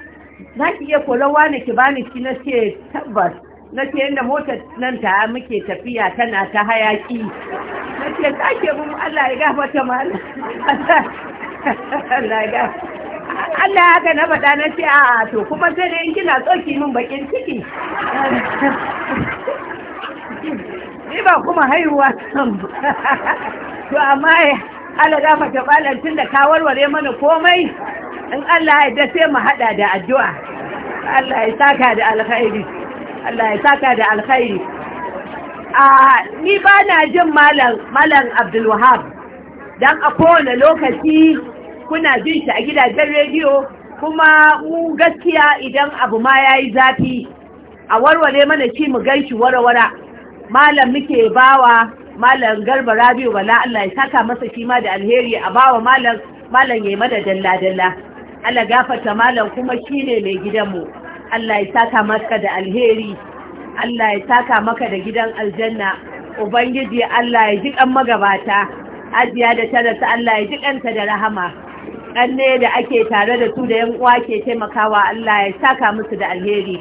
Speaker 5: za ki iya korawa ne ki bani ki na ce tabbas na ce yadda motar nan ta muke tafiya tana ta hayaki na ce sake mun Allah ya gafata mana Allah ya gafata Allah haka na faɗa na ce a to kuma sai dai kina tsoki min bakin ciki ni ba kuma haihuwa to amma Allah za mu tabalan tun da ka warware mana komai in Allah ya da sai mu hada da addu'a Allah ya saka da alkhairi Allah ya saka da alkhairi a ni ba na jin malam malam Abdul Wahab dan a kowane lokaci kuna jin shi a gidajen rediyo kuma mu gaskiya idan abu ma yayi zafi a warware mana shi mu ganshi warwara malam muke bawa malam Garba Rabiu bala Allah ya saka masa shi ma da alheri a bawa malam malam yayi mana dalla dalla Allah gafarta malam kuma shine mai gidanmu Allah ya saka maka da alheri Allah ya saka maka da gidan aljanna ubangiji Allah ya ji kan magabata ajiya da tarasa Allah ya ji kanta da rahama kanne da ake tare da su da yan uwa ke taimakawa Allah ya saka musu da alheri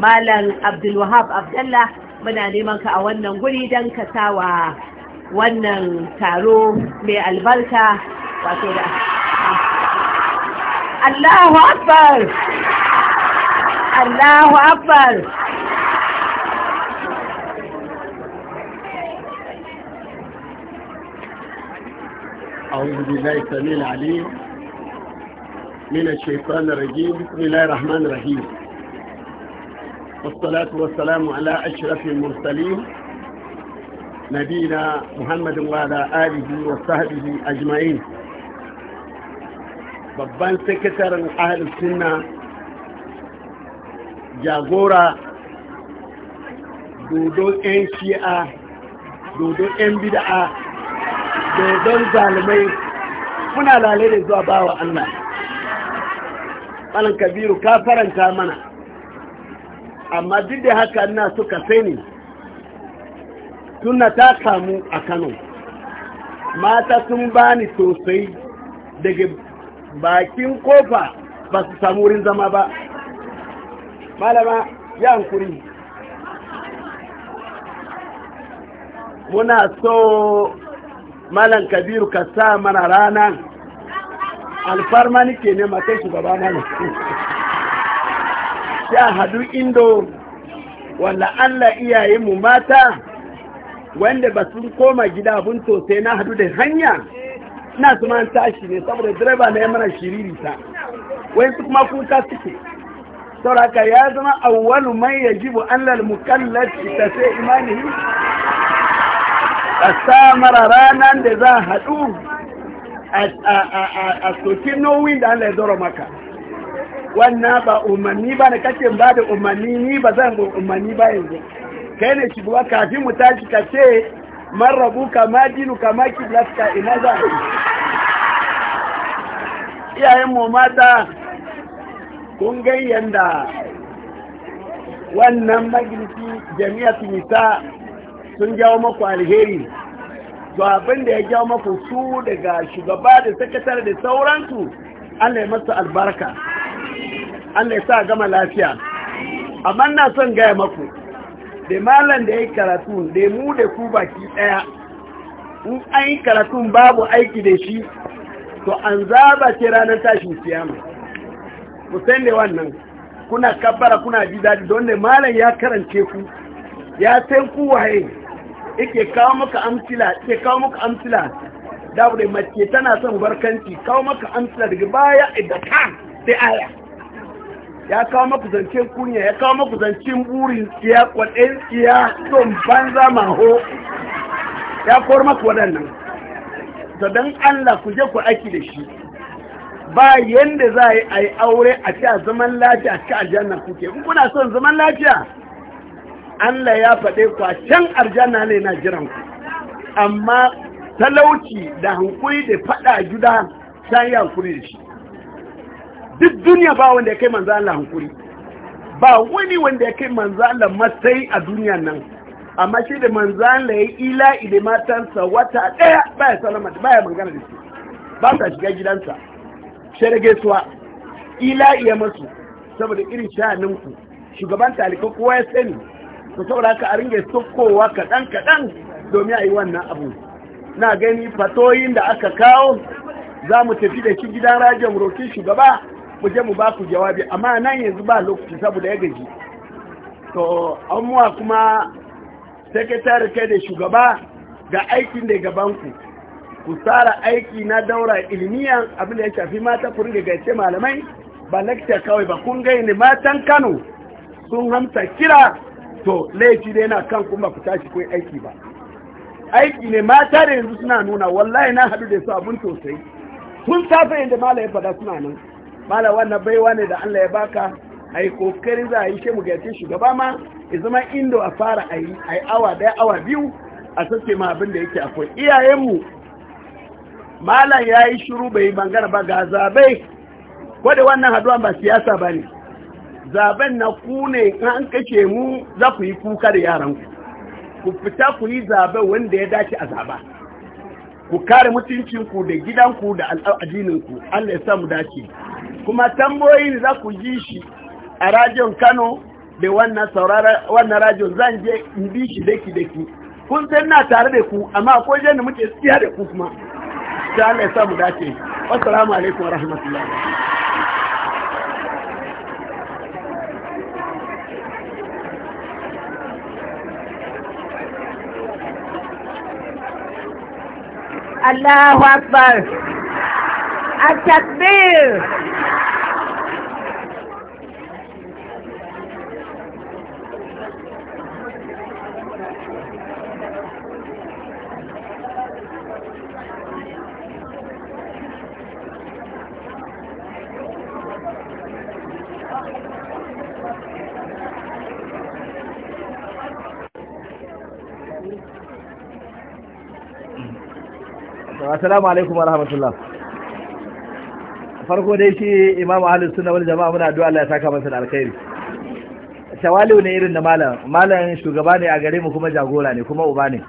Speaker 5: malam Abdulwahab Abdullah muna neman ka a wannan guri don ka sawa wannan taro mai albarka wato da
Speaker 3: Allahu Akbar الله أكبر
Speaker 2: أعوذ بالله السميع العليم من الشيطان الرجيم بسم الله الرحمن الرحيم والصلاة والسلام على أشرف المرسلين نبينا محمد وعلى آله وصحبه أجمعين ببان سكتر أهل السنة jagora dodon 'yan shi'a dodon 'yan bida'a dodon zalimai muna lalai da zuwa bawa Allah malam kabiru ka faranta mana amma duk da haka ina suka saini. tunna ta kamu a kano mata sun bani sosai daga bakin kofa ba su samu wurin zama ba malama ya hankuri
Speaker 3: muna so malam kabiru ka sa mana rana alfarma nike ne matai
Speaker 2: shugaba mana ya hadu indo wanda allah iyayenmu mata wanda ba sun koma gida abin sosai na hadu da hanya na su man tashi ne saboda direba na ya mana shiririta wai su kuma kuka suke sauraka ya zama awwalu ya jibu an lal mukallafi ta sai imanihi
Speaker 3: a samara
Speaker 2: ranar da za a haɗu a soki nauyin da Allah ya zoro maka wannan ba umarni ba da kake ba da umarni ni ba zan ba umarni ba yanzu kai ne shugaba kafin mu tashi ka ce man rabu ka ma dinu ka ma kiblatka ina za a yi iyayen mu mata kun ga yanda wannan majalisi jami'atu nisa sun jawo maku alheri to abin da ya jawo maku su daga shugaba da sakatar da sauransu an ya albarka Allah sa gama lafiya amma na son gaya maku da malam da ya karatu da mu da ku baki daya in an yi karatun babu aiki da shi to an zaba ce ranar tashin siyama ku san wannan kuna kabbara kuna ji daɗi don da malam ya karance ku ya san ku waye yake kawo maka amsila yake kawo maka amsila da bude mace tana son barkanci kawo maka amsila daga baya idan ka sai aya ya kawo maka zancen kunya ya kawo maka zancen burin tsiya kwaɗayin tsiya don banza maho ya kawo maka waɗannan to Allah ku je ku aiki da shi ba yadda za a yi a yi aure a ce a zaman lafiya ci aljanna kuke in kuna son zaman lafiya Allah ya faɗe ku a can aljanna ne na jiran
Speaker 3: ku
Speaker 2: amma talauci da hankuri da faɗa juda ta yi hankuri da shi duk duniya ba wanda ya kai manzo Allah hankuri ba wani wanda ya kai manzo Allah matsayi a duniya nan amma shi da manzo Allah ya ila ile matansa wata ɗaya baya salama baya magana da shi ba ta shiga gidansa sharage suwa ila iya masu saboda irin sha'aninku shugaban talika kowa ya sani ku saboda haka a ringa sokowa kaɗan kaɗan domin a yi wannan abu na gani fatoyin da aka kawo za mu tafi da shi gidan rajin rokin shugaba mu je mu ba ku jawabi amma nan yanzu ba lokaci saboda ya gaji to amma kuma sakatare kai da shugaba ga aikin da gaban ku. ku tsara aiki na daura ilmiya abin da ya shafi mata ku riga gaice malamai ba lecture kawai ba kun gani matan Kano sun hamsa kira to laifi dai na kan kuma ku tashi kai aiki ba aiki ne mata da yanzu suna nuna wallahi na hadu da su abun tosai sun safe inda mala ya fada suna nan mala wannan baiwa ne da Allah ya baka ai kokarin za a yi shemu gaice shugaba ma ya zama indo a fara ai ai awa daya awa biyu a sace ma abin da yake akwai iyayenmu malam ya yi shiru bai bangara ba ga zabe wadda wannan haduwa ba siyasa ba ne zaben na ku ne an kace mu za ku yi kuka da yaranku ku fita ku yi zabe wanda ya dace a zaba ku kare mutuncinku da gidanku da al'adininku allah ya sa mu dace kuma tamboyin za ku ji shi a rajon kano da wannan wannan rajon zan je in bi shi daki daki kun san na tare da ku amma ko je da muke siya da ku kuma قال لي سامو داكي والسلام عليكم ورحمة الله
Speaker 5: الله أكبر التكبير
Speaker 1: assalamu alaikum wa rahmatullah farko dai shi imamu ahlus sunna wal jama'a muna addu'a Allah ya saka masa da alkhairi tawali'u ne irin na malam malam shugaba ne a gare mu kuma jagora ne kuma uba ne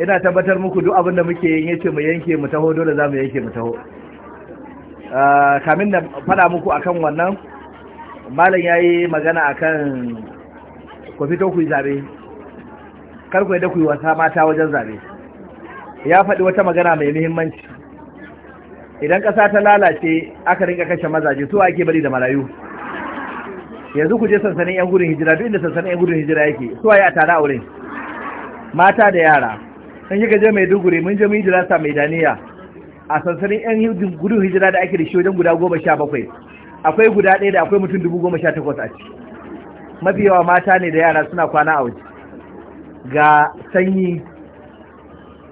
Speaker 1: ina tabbatar muku duk abin da muke yin yace mu yanke mu taho dole za mu yanke mu taho ah, kamin na faɗa muku akan wannan malam ya yi magana akan ku fito ku yi zaɓe kar ku yi da ku yi wasa mata wajen zaɓe ya faɗi wata magana mai muhimmanci idan ƙasa ta lalace aka rinka kashe mazaje to ake bari da marayu yanzu ku je sansanin yan gudun hijira duk inda sansanin yan gudun hijira yake su yi a tare a wurin mata da yara sun yi gaje mai duguri mun je mun hijira sa mai daniya a sansanin yan gudun hijira da ake da shi wajen guda goma sha bakwai akwai guda ɗaya da akwai mutum dubu goma sha takwas a ciki mafi yawa mata ne da yara suna kwana a waje ga sanyi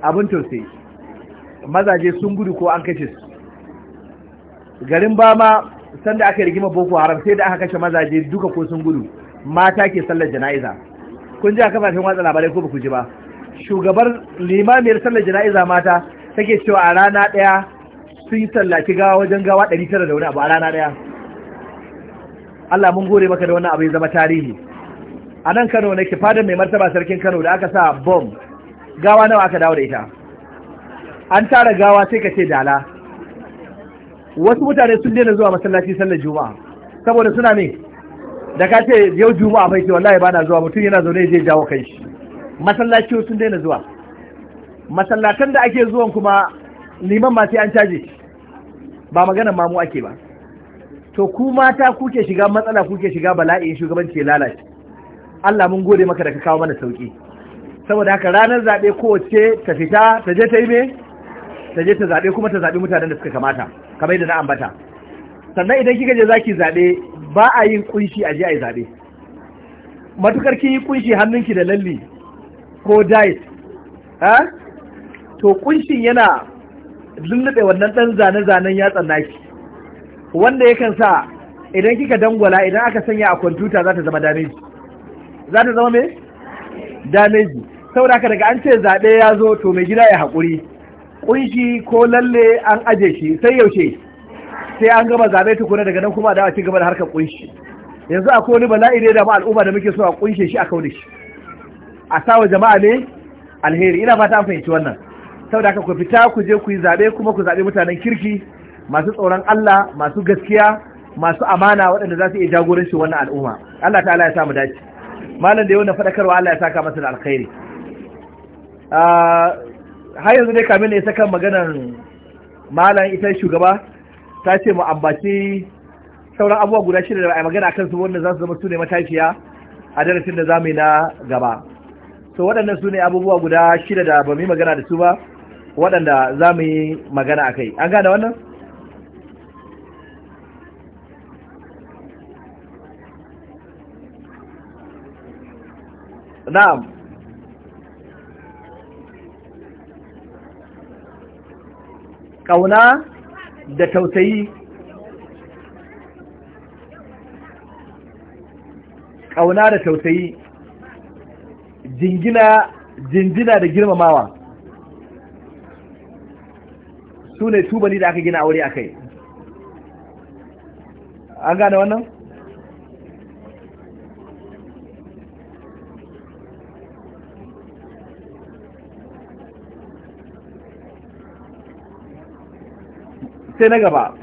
Speaker 1: abin tausayi mazaje sun gudu ko an kashe su garin ba ma sanda aka rigima boko haram sai da aka kashe mazaje duka ko sun gudu mata ke sallar jana'iza kun ji a kafafen watsa labarai ko baku ji ba shugabar limamiyar sallar jana'iza mata take cewa a rana ɗaya sun yi sallaki gawa wajen gawa ɗari tara da wani abu a rana ɗaya Allah mun gore maka da wannan abu ya zama tarihi a nan Kano nake fadar mai martaba sarkin Kano da aka sa bom. gawa nawa aka dawo da ita an tara gawa sai ka ce dala wasu mutane sun daina zuwa masallaci sallar juma'a saboda suna ne da ka ce yau juma'a bai ce wallahi bana zuwa mutum yana zaune zai jawo kai shi masallaci sun daina zuwa masallatan da ake zuwan kuma liman ma sai an caje ba magana mamu ake ba to ku mata kuke shiga matsala kuke shiga bala'i shugabanci ya lalace Allah mun gode maka da ka kawo mana sauki saboda haka ranar zaɓe kowace ta fita ta je ta yi ta je ta zaɓe kuma ta zaɓi mutanen da suka kamata kamar yadda na ambata sannan idan kika je zaki zaɓe ba a yin kunshi a je a yi zaɓe matukar kin yi kunshi hannunki da lalli ko diet ha to kunshin yana lullube wannan ɗan zane-zanen tsanna naki wanda yakan sa idan kika dangwala idan aka sanya a kwamfuta za ta zama damage. za ta zama me Damage. saboda haka daga an ce zaɓe ya zo to mai gida ya haƙuri ƙunshi ko lalle an aje shi sai yaushe sai an gama zaɓe tukuna daga nan kuma da ci gaba da harkar ƙunshi yanzu akwai wani bala'i ne da ma al'umma da muke so a ƙunshe shi a kaune shi a sawa jama'a ne alheri ina fata an fahimci wannan saboda haka ku fita ku je ku yi zaɓe kuma ku zaɓe mutanen kirki masu tsoron Allah masu gaskiya masu amana waɗanda za su iya jagoranci wannan al'umma Allah ta'ala ya samu dace malam da yau na faɗakarwa Allah ya saka masa da alkhairi har yanzu dai kamin isa kan maganar malam ita shugaba ta ce mu ambaci sauran abubuwa guda shida da a magana akan su wanda za su zama su ne matashiya a darasin da zamu yi na gaba so waɗannan su ne abubuwa guda shida da ba mu yi magana da su ba waɗanda za mu yi magana a kai an gane wannan na'am ƙauna da tausayi ƙauna da tausayi jingina jinjina da girmamawa sune ne tubali da aka gina aure a kai an gane wannan? sai na gaba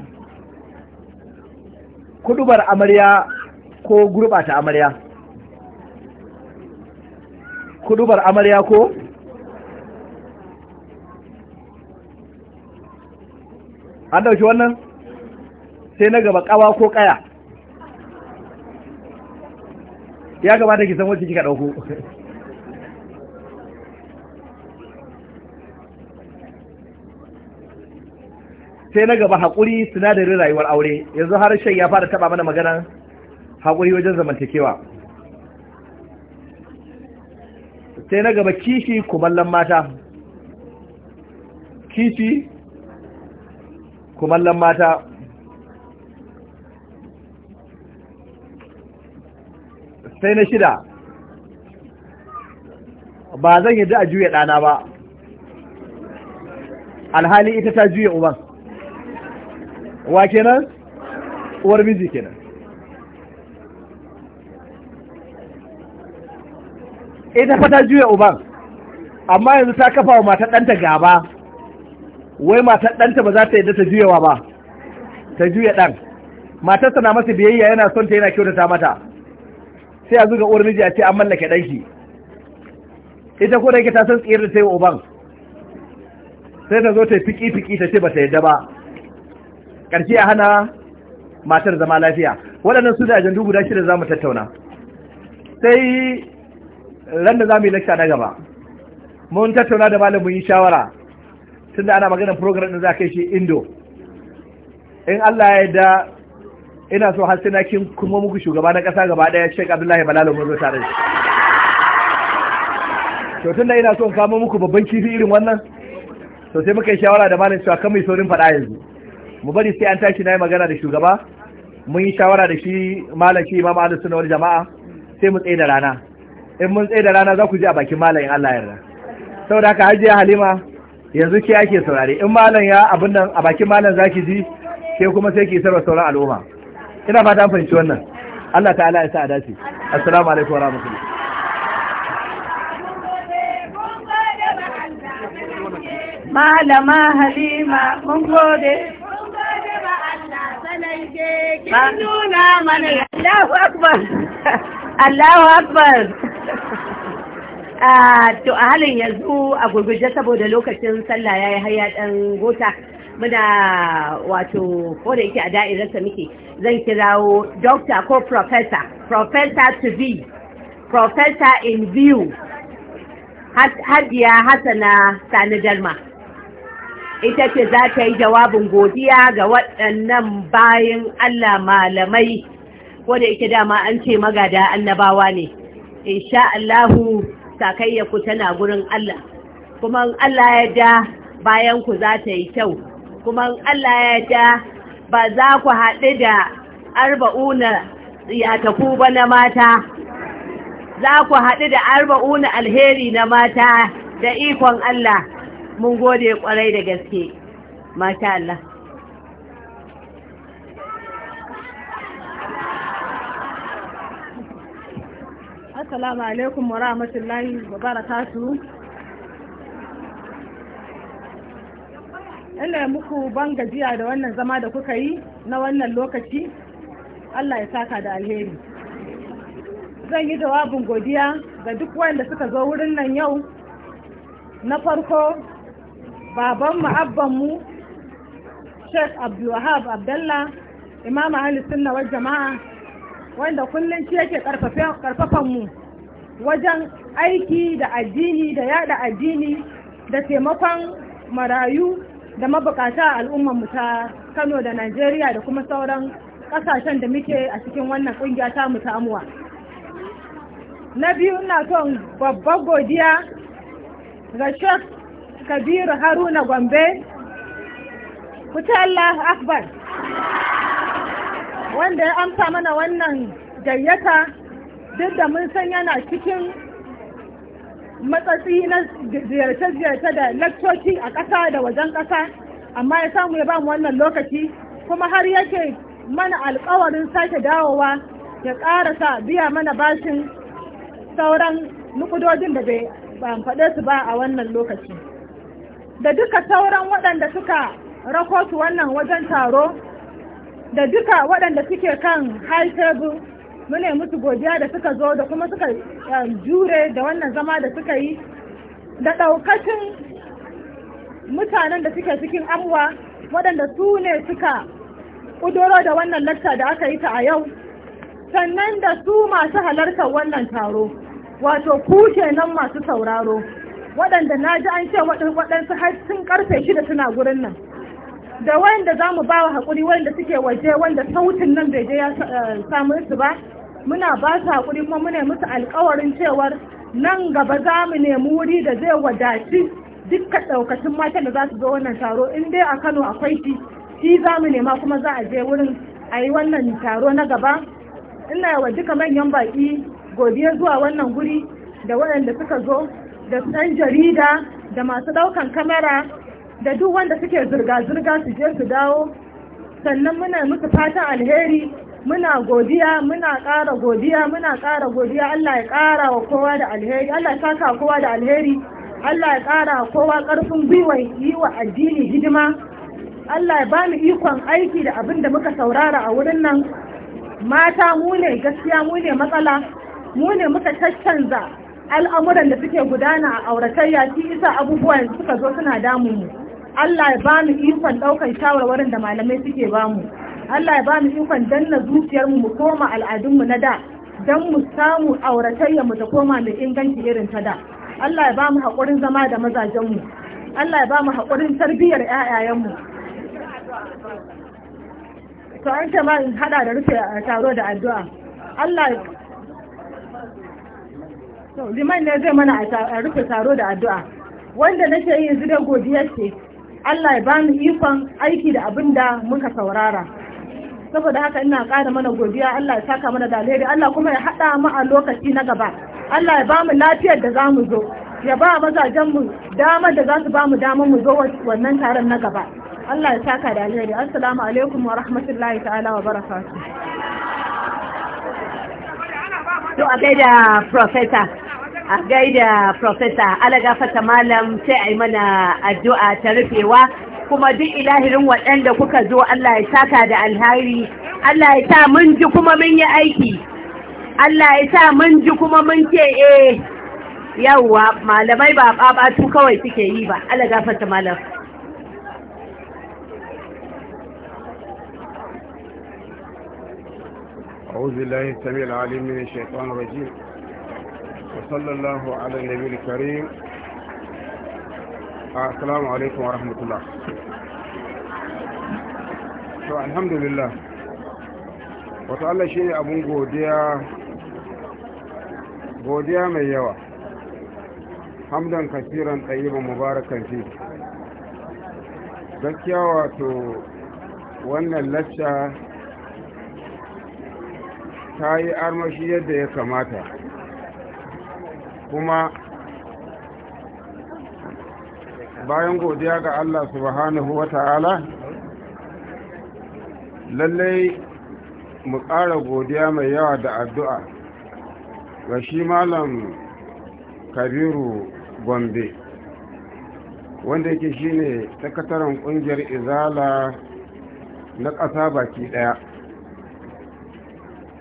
Speaker 1: kudubar amarya ko gurbata amarya kudubar amarya ko an dauki wannan sai na gaba kawa ko kaya ya gabata ki san wacce kika dauko sai na gaba haƙuri sinadarin rayuwar aure yanzu harshen ya fara taɓa mana magana haƙuri wajen zamantakewa sai na gaba kishi kumallon mata kishi kumallon mata sai na shida ba zan yi da a juya ɗana ba
Speaker 3: alhali ita ta juya uban wa
Speaker 1: kenan uwar miji kenan ita fata juya uban amma yanzu ta kafa wa matar ɗanta gaba wai matar ɗanta ba za ta yadda ta juyawa ba ta juya ɗan matarsa na masa biyayya yana son ta yana kyautata mata sai a zuga uwar miji a ce an mallake ɗanki ita ko da ta san tsiyar da ta yi uban sai ta zo ta yi fiki fiki ta ce ba ta yadda ba ƙarfi a hana matar zama lafiya waɗannan su da ajandu guda shida za mu tattauna sai ran da za mu yi lakta na gaba mun tattauna da mun yi shawara tun da ana maganar program ɗin za ka yi shi indo in allah ya yadda ina so har sai kin kuma muku shugaba na ƙasa gaba ɗaya shek abdullahi malalo mun zo tare to tun da ina so in kamo muku babban kifi irin wannan to sai muka yi shawara da malamin cewa kan mai saurin faɗa yanzu mu bari sai an tashi na yi magana da shugaba mun yi shawara da shi malam shi imam ahlus sunna wal jama'a sai mu tsaye da rana in mun tsaye da rana za ku ji a bakin malam in Allah yarda saboda haka hajiya halima yanzu ke ake saurare in malam ya abin nan a bakin malam zaki ji ke kuma sai ki sarwa sauran al'umma ina fata an fahimci wannan Allah ta'ala ya sa a dace assalamu alaikum wa rahmatullahi
Speaker 5: malama halima mun gode
Speaker 3: nuna mana Allahu
Speaker 5: Akbar Allahu Akbar ah, to a halin yanzu a gurguje saboda lokacin sallah ya yi haya ɗan gota muna wato ko da yake a da'irarsa muke zan kirawo doctor ko professor professor to be professor in view hadiya Hassana sani dalma ita ce za ta yi jawabin godiya ga waɗannan bayan Allah malamai wadda ita dama an ce magada annabawa ne insha Allahu sakayya ku tana gurin Allah kuma Allah ya da bayan ku za ta yi kyau kuma Allah ya da ba za ku haɗu da arba'una tsiyataku ba na mata za ku haɗu da arba'una alheri na mata da ikon Allah mun gode kwarai da gaske masha Allah Assalamu
Speaker 6: alaikum wa rahmatullahi wa barakatuhu Ina muku ban gajiya da wannan zama da kuka yi na wannan lokaci Allah ya saka da alheri zan yi jawabin godiya ga duk wanda suka zo wurin nan yau na farko babanmu abbanmu sheikh abdulwahab abdallah imam ahli sunna wal jama'a wanda kullum shi yake karfafan mu wajen aiki da addini da yada addini da taimakon marayu da mabukata al'ummar mu ta Kano da Najeriya da kuma sauran kasashen da muke a cikin wannan kungiya ta mu ta amuwa na biyu ina son babbar godiya ga Sheikh kabiru haruna gombe kutela allah akbar wanda ya amsa mana wannan gayyata duk da mun san yana cikin matsatsi na ziyarce-ziyarce da lakcoci a ƙasa da wajen ƙasa amma ya samu ya bamu wannan lokaci kuma har yake mana alkawarin sake dawowa ya ƙarasa biya mana bashin sauran nukudodin da bai faɗe su ba a wannan lokaci. da duka sauran waɗanda suka rakotu wannan wajen taro da duka waɗanda suke kan high table mune musu godiya da suka zo da kuma suka um, jure da wannan zama da suka yi da ɗaukacin mutanen da suke cikin amwa waɗanda su ne suka ƙudoro da wannan lacca da aka yi ta a yau sannan da su masu halartar wannan taro wato ku kenan masu sauraro waɗanda na ji an ce waɗansu har sun karfe shida suna gurin nan da wanda za mu ba wa haƙuri wanda suke waje wanda sautin nan bai je ya eh, samu su ba muna ba su haƙuri kuma muna musu alƙawarin cewar nan gaba za mu nemi wuri da zai wadaci dukkan ɗaukacin matan da za su zo wannan taro in dai a kano akwai shi shi za mu nema kuma za a je wurin a yi wannan taro na gaba ina wa duka manyan baƙi godiya zuwa wannan guri da waɗanda suka zo da ɗan jarida da masu ɗaukan kamera da duk wanda suke zirga-zirga su je su dawo sannan muna musu fatan alheri muna godiya muna ƙara godiya muna ƙara godiya Allah ya ƙara wa kowa da alheri Allah ya saka kowa da alheri Allah ya ƙara wa kowa ƙarfin gwiwa yi wa addini hidima Allah ya bani ikon aiki da abin da muka saurara a wurin nan mata mu ne gaskiya mu ne matsala mu ne muka tattanza al'amuran da suke gudana a auratayya shi isa abubuwan suka zo suna damu mu Allah ya ba mu ikon ɗaukar shawarwarin da malamai suke ba mu Allah ya ba mu ikon danna zuciyarmu mu koma al'adunmu na da don mu samu auratayya mu ta koma mai inganci irin ta da Allah ya ba mu haƙurin zama da mazajenmu Allah ya ba mu haƙurin tarbiyyar 'ya'yayenmu
Speaker 3: to an ce ma in hada da rufe taro da addu'a Allah liman ne zai mana a rufe taro
Speaker 6: da addu'a wanda nake yi yin da godiya ce Allah ya bani ikon aiki da abin da muka saurara saboda haka ina ƙara mana godiya Allah ya saka mana dalilai Allah kuma ya haɗa mu a lokaci na gaba Allah ya bamu lafiyar da za mu zo ya ba mazajen mu dama da za su bamu damar mu zo wannan taron na gaba Allah ya saka da alheri assalamu alaikum wa rahmatullahi ta'ala wa
Speaker 5: barakatuh
Speaker 3: to a gaida
Speaker 5: profesa, a gaida alaga fata malam sai a yi mana addu'a ta rufewa kuma duk ilahirin waɗanda kuka zo Allah ya saka da alhari Allah ya sa mun ji kuma mun yi aiki Allah ya sa mun ji kuma mun ce eh yawwa malamai ba tu kawai suke yi ba Allah fata malam
Speaker 3: أعوذ
Speaker 7: بالله العليم من الشيطان الرجيم وصلى الله على النبي الكريم السلام عليكم ورحمة الله wata Allah shi ne godiya mai yawa hamdan kasiran ɗayyiban mubarakan fi wato wannan lacca ta yi armashi yadda ya kamata
Speaker 3: kuma bayan godiya
Speaker 7: ga Allah subhanahu wa ta'ala lallai mu ƙara godiya mai yawa da addu'a ga shi malam kabiru gombe wanda yake shine sakataren ƙungiyar izala na ƙasa baki ɗaya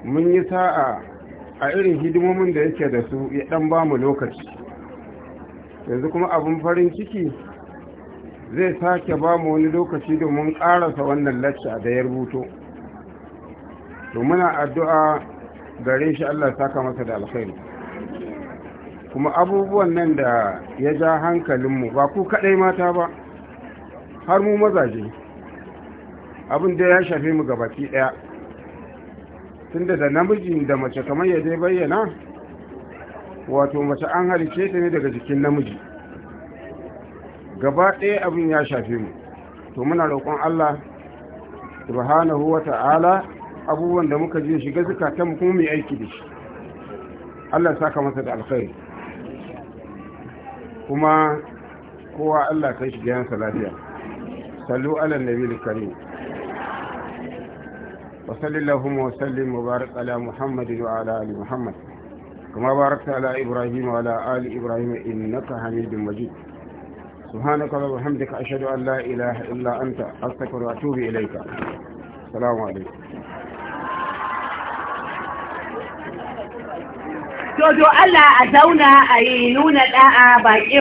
Speaker 7: mun yi sa'a a irin hidimomin da yake da su ya ɗan ba mu lokaci yanzu kuma abin farin ciki zai sake ba mu wani lokaci domin karasa wannan lacca da ya rubuto to muna addu'a gare shi Allah saka masa da alkhairi kuma abubuwan nan da ya ja hankalinmu ba ku kaɗai mata ba har mu mazaje abin da ya shafi mu gabaki ɗaya tunda da namiji da mace kamar ya dai bayyana wato mace an halice ta ne daga jikin namiji gaba ɗaya abin ya shafe mu to muna roƙon Allah subhanahu wa ta'ala abubuwan da muka je shiga ta mu kuma mu aiki da shi Allah saka masa da alkhairi kuma kowa Allah kai shi gidansa lafiya sallu ala nabiyil karim وصل اللهم وسلم وبارك على محمد وعلى آل محمد كما باركت على إبراهيم وعلى آل إبراهيم إنك حميد مجيد سبحانك اللهم وبحمدك أشهد أن لا إله إلا أنت أستغفرك وأتوب إليك السلام عليكم
Speaker 3: Jojo
Speaker 5: Allah a zauna a yi nuna ɗa'a baƙi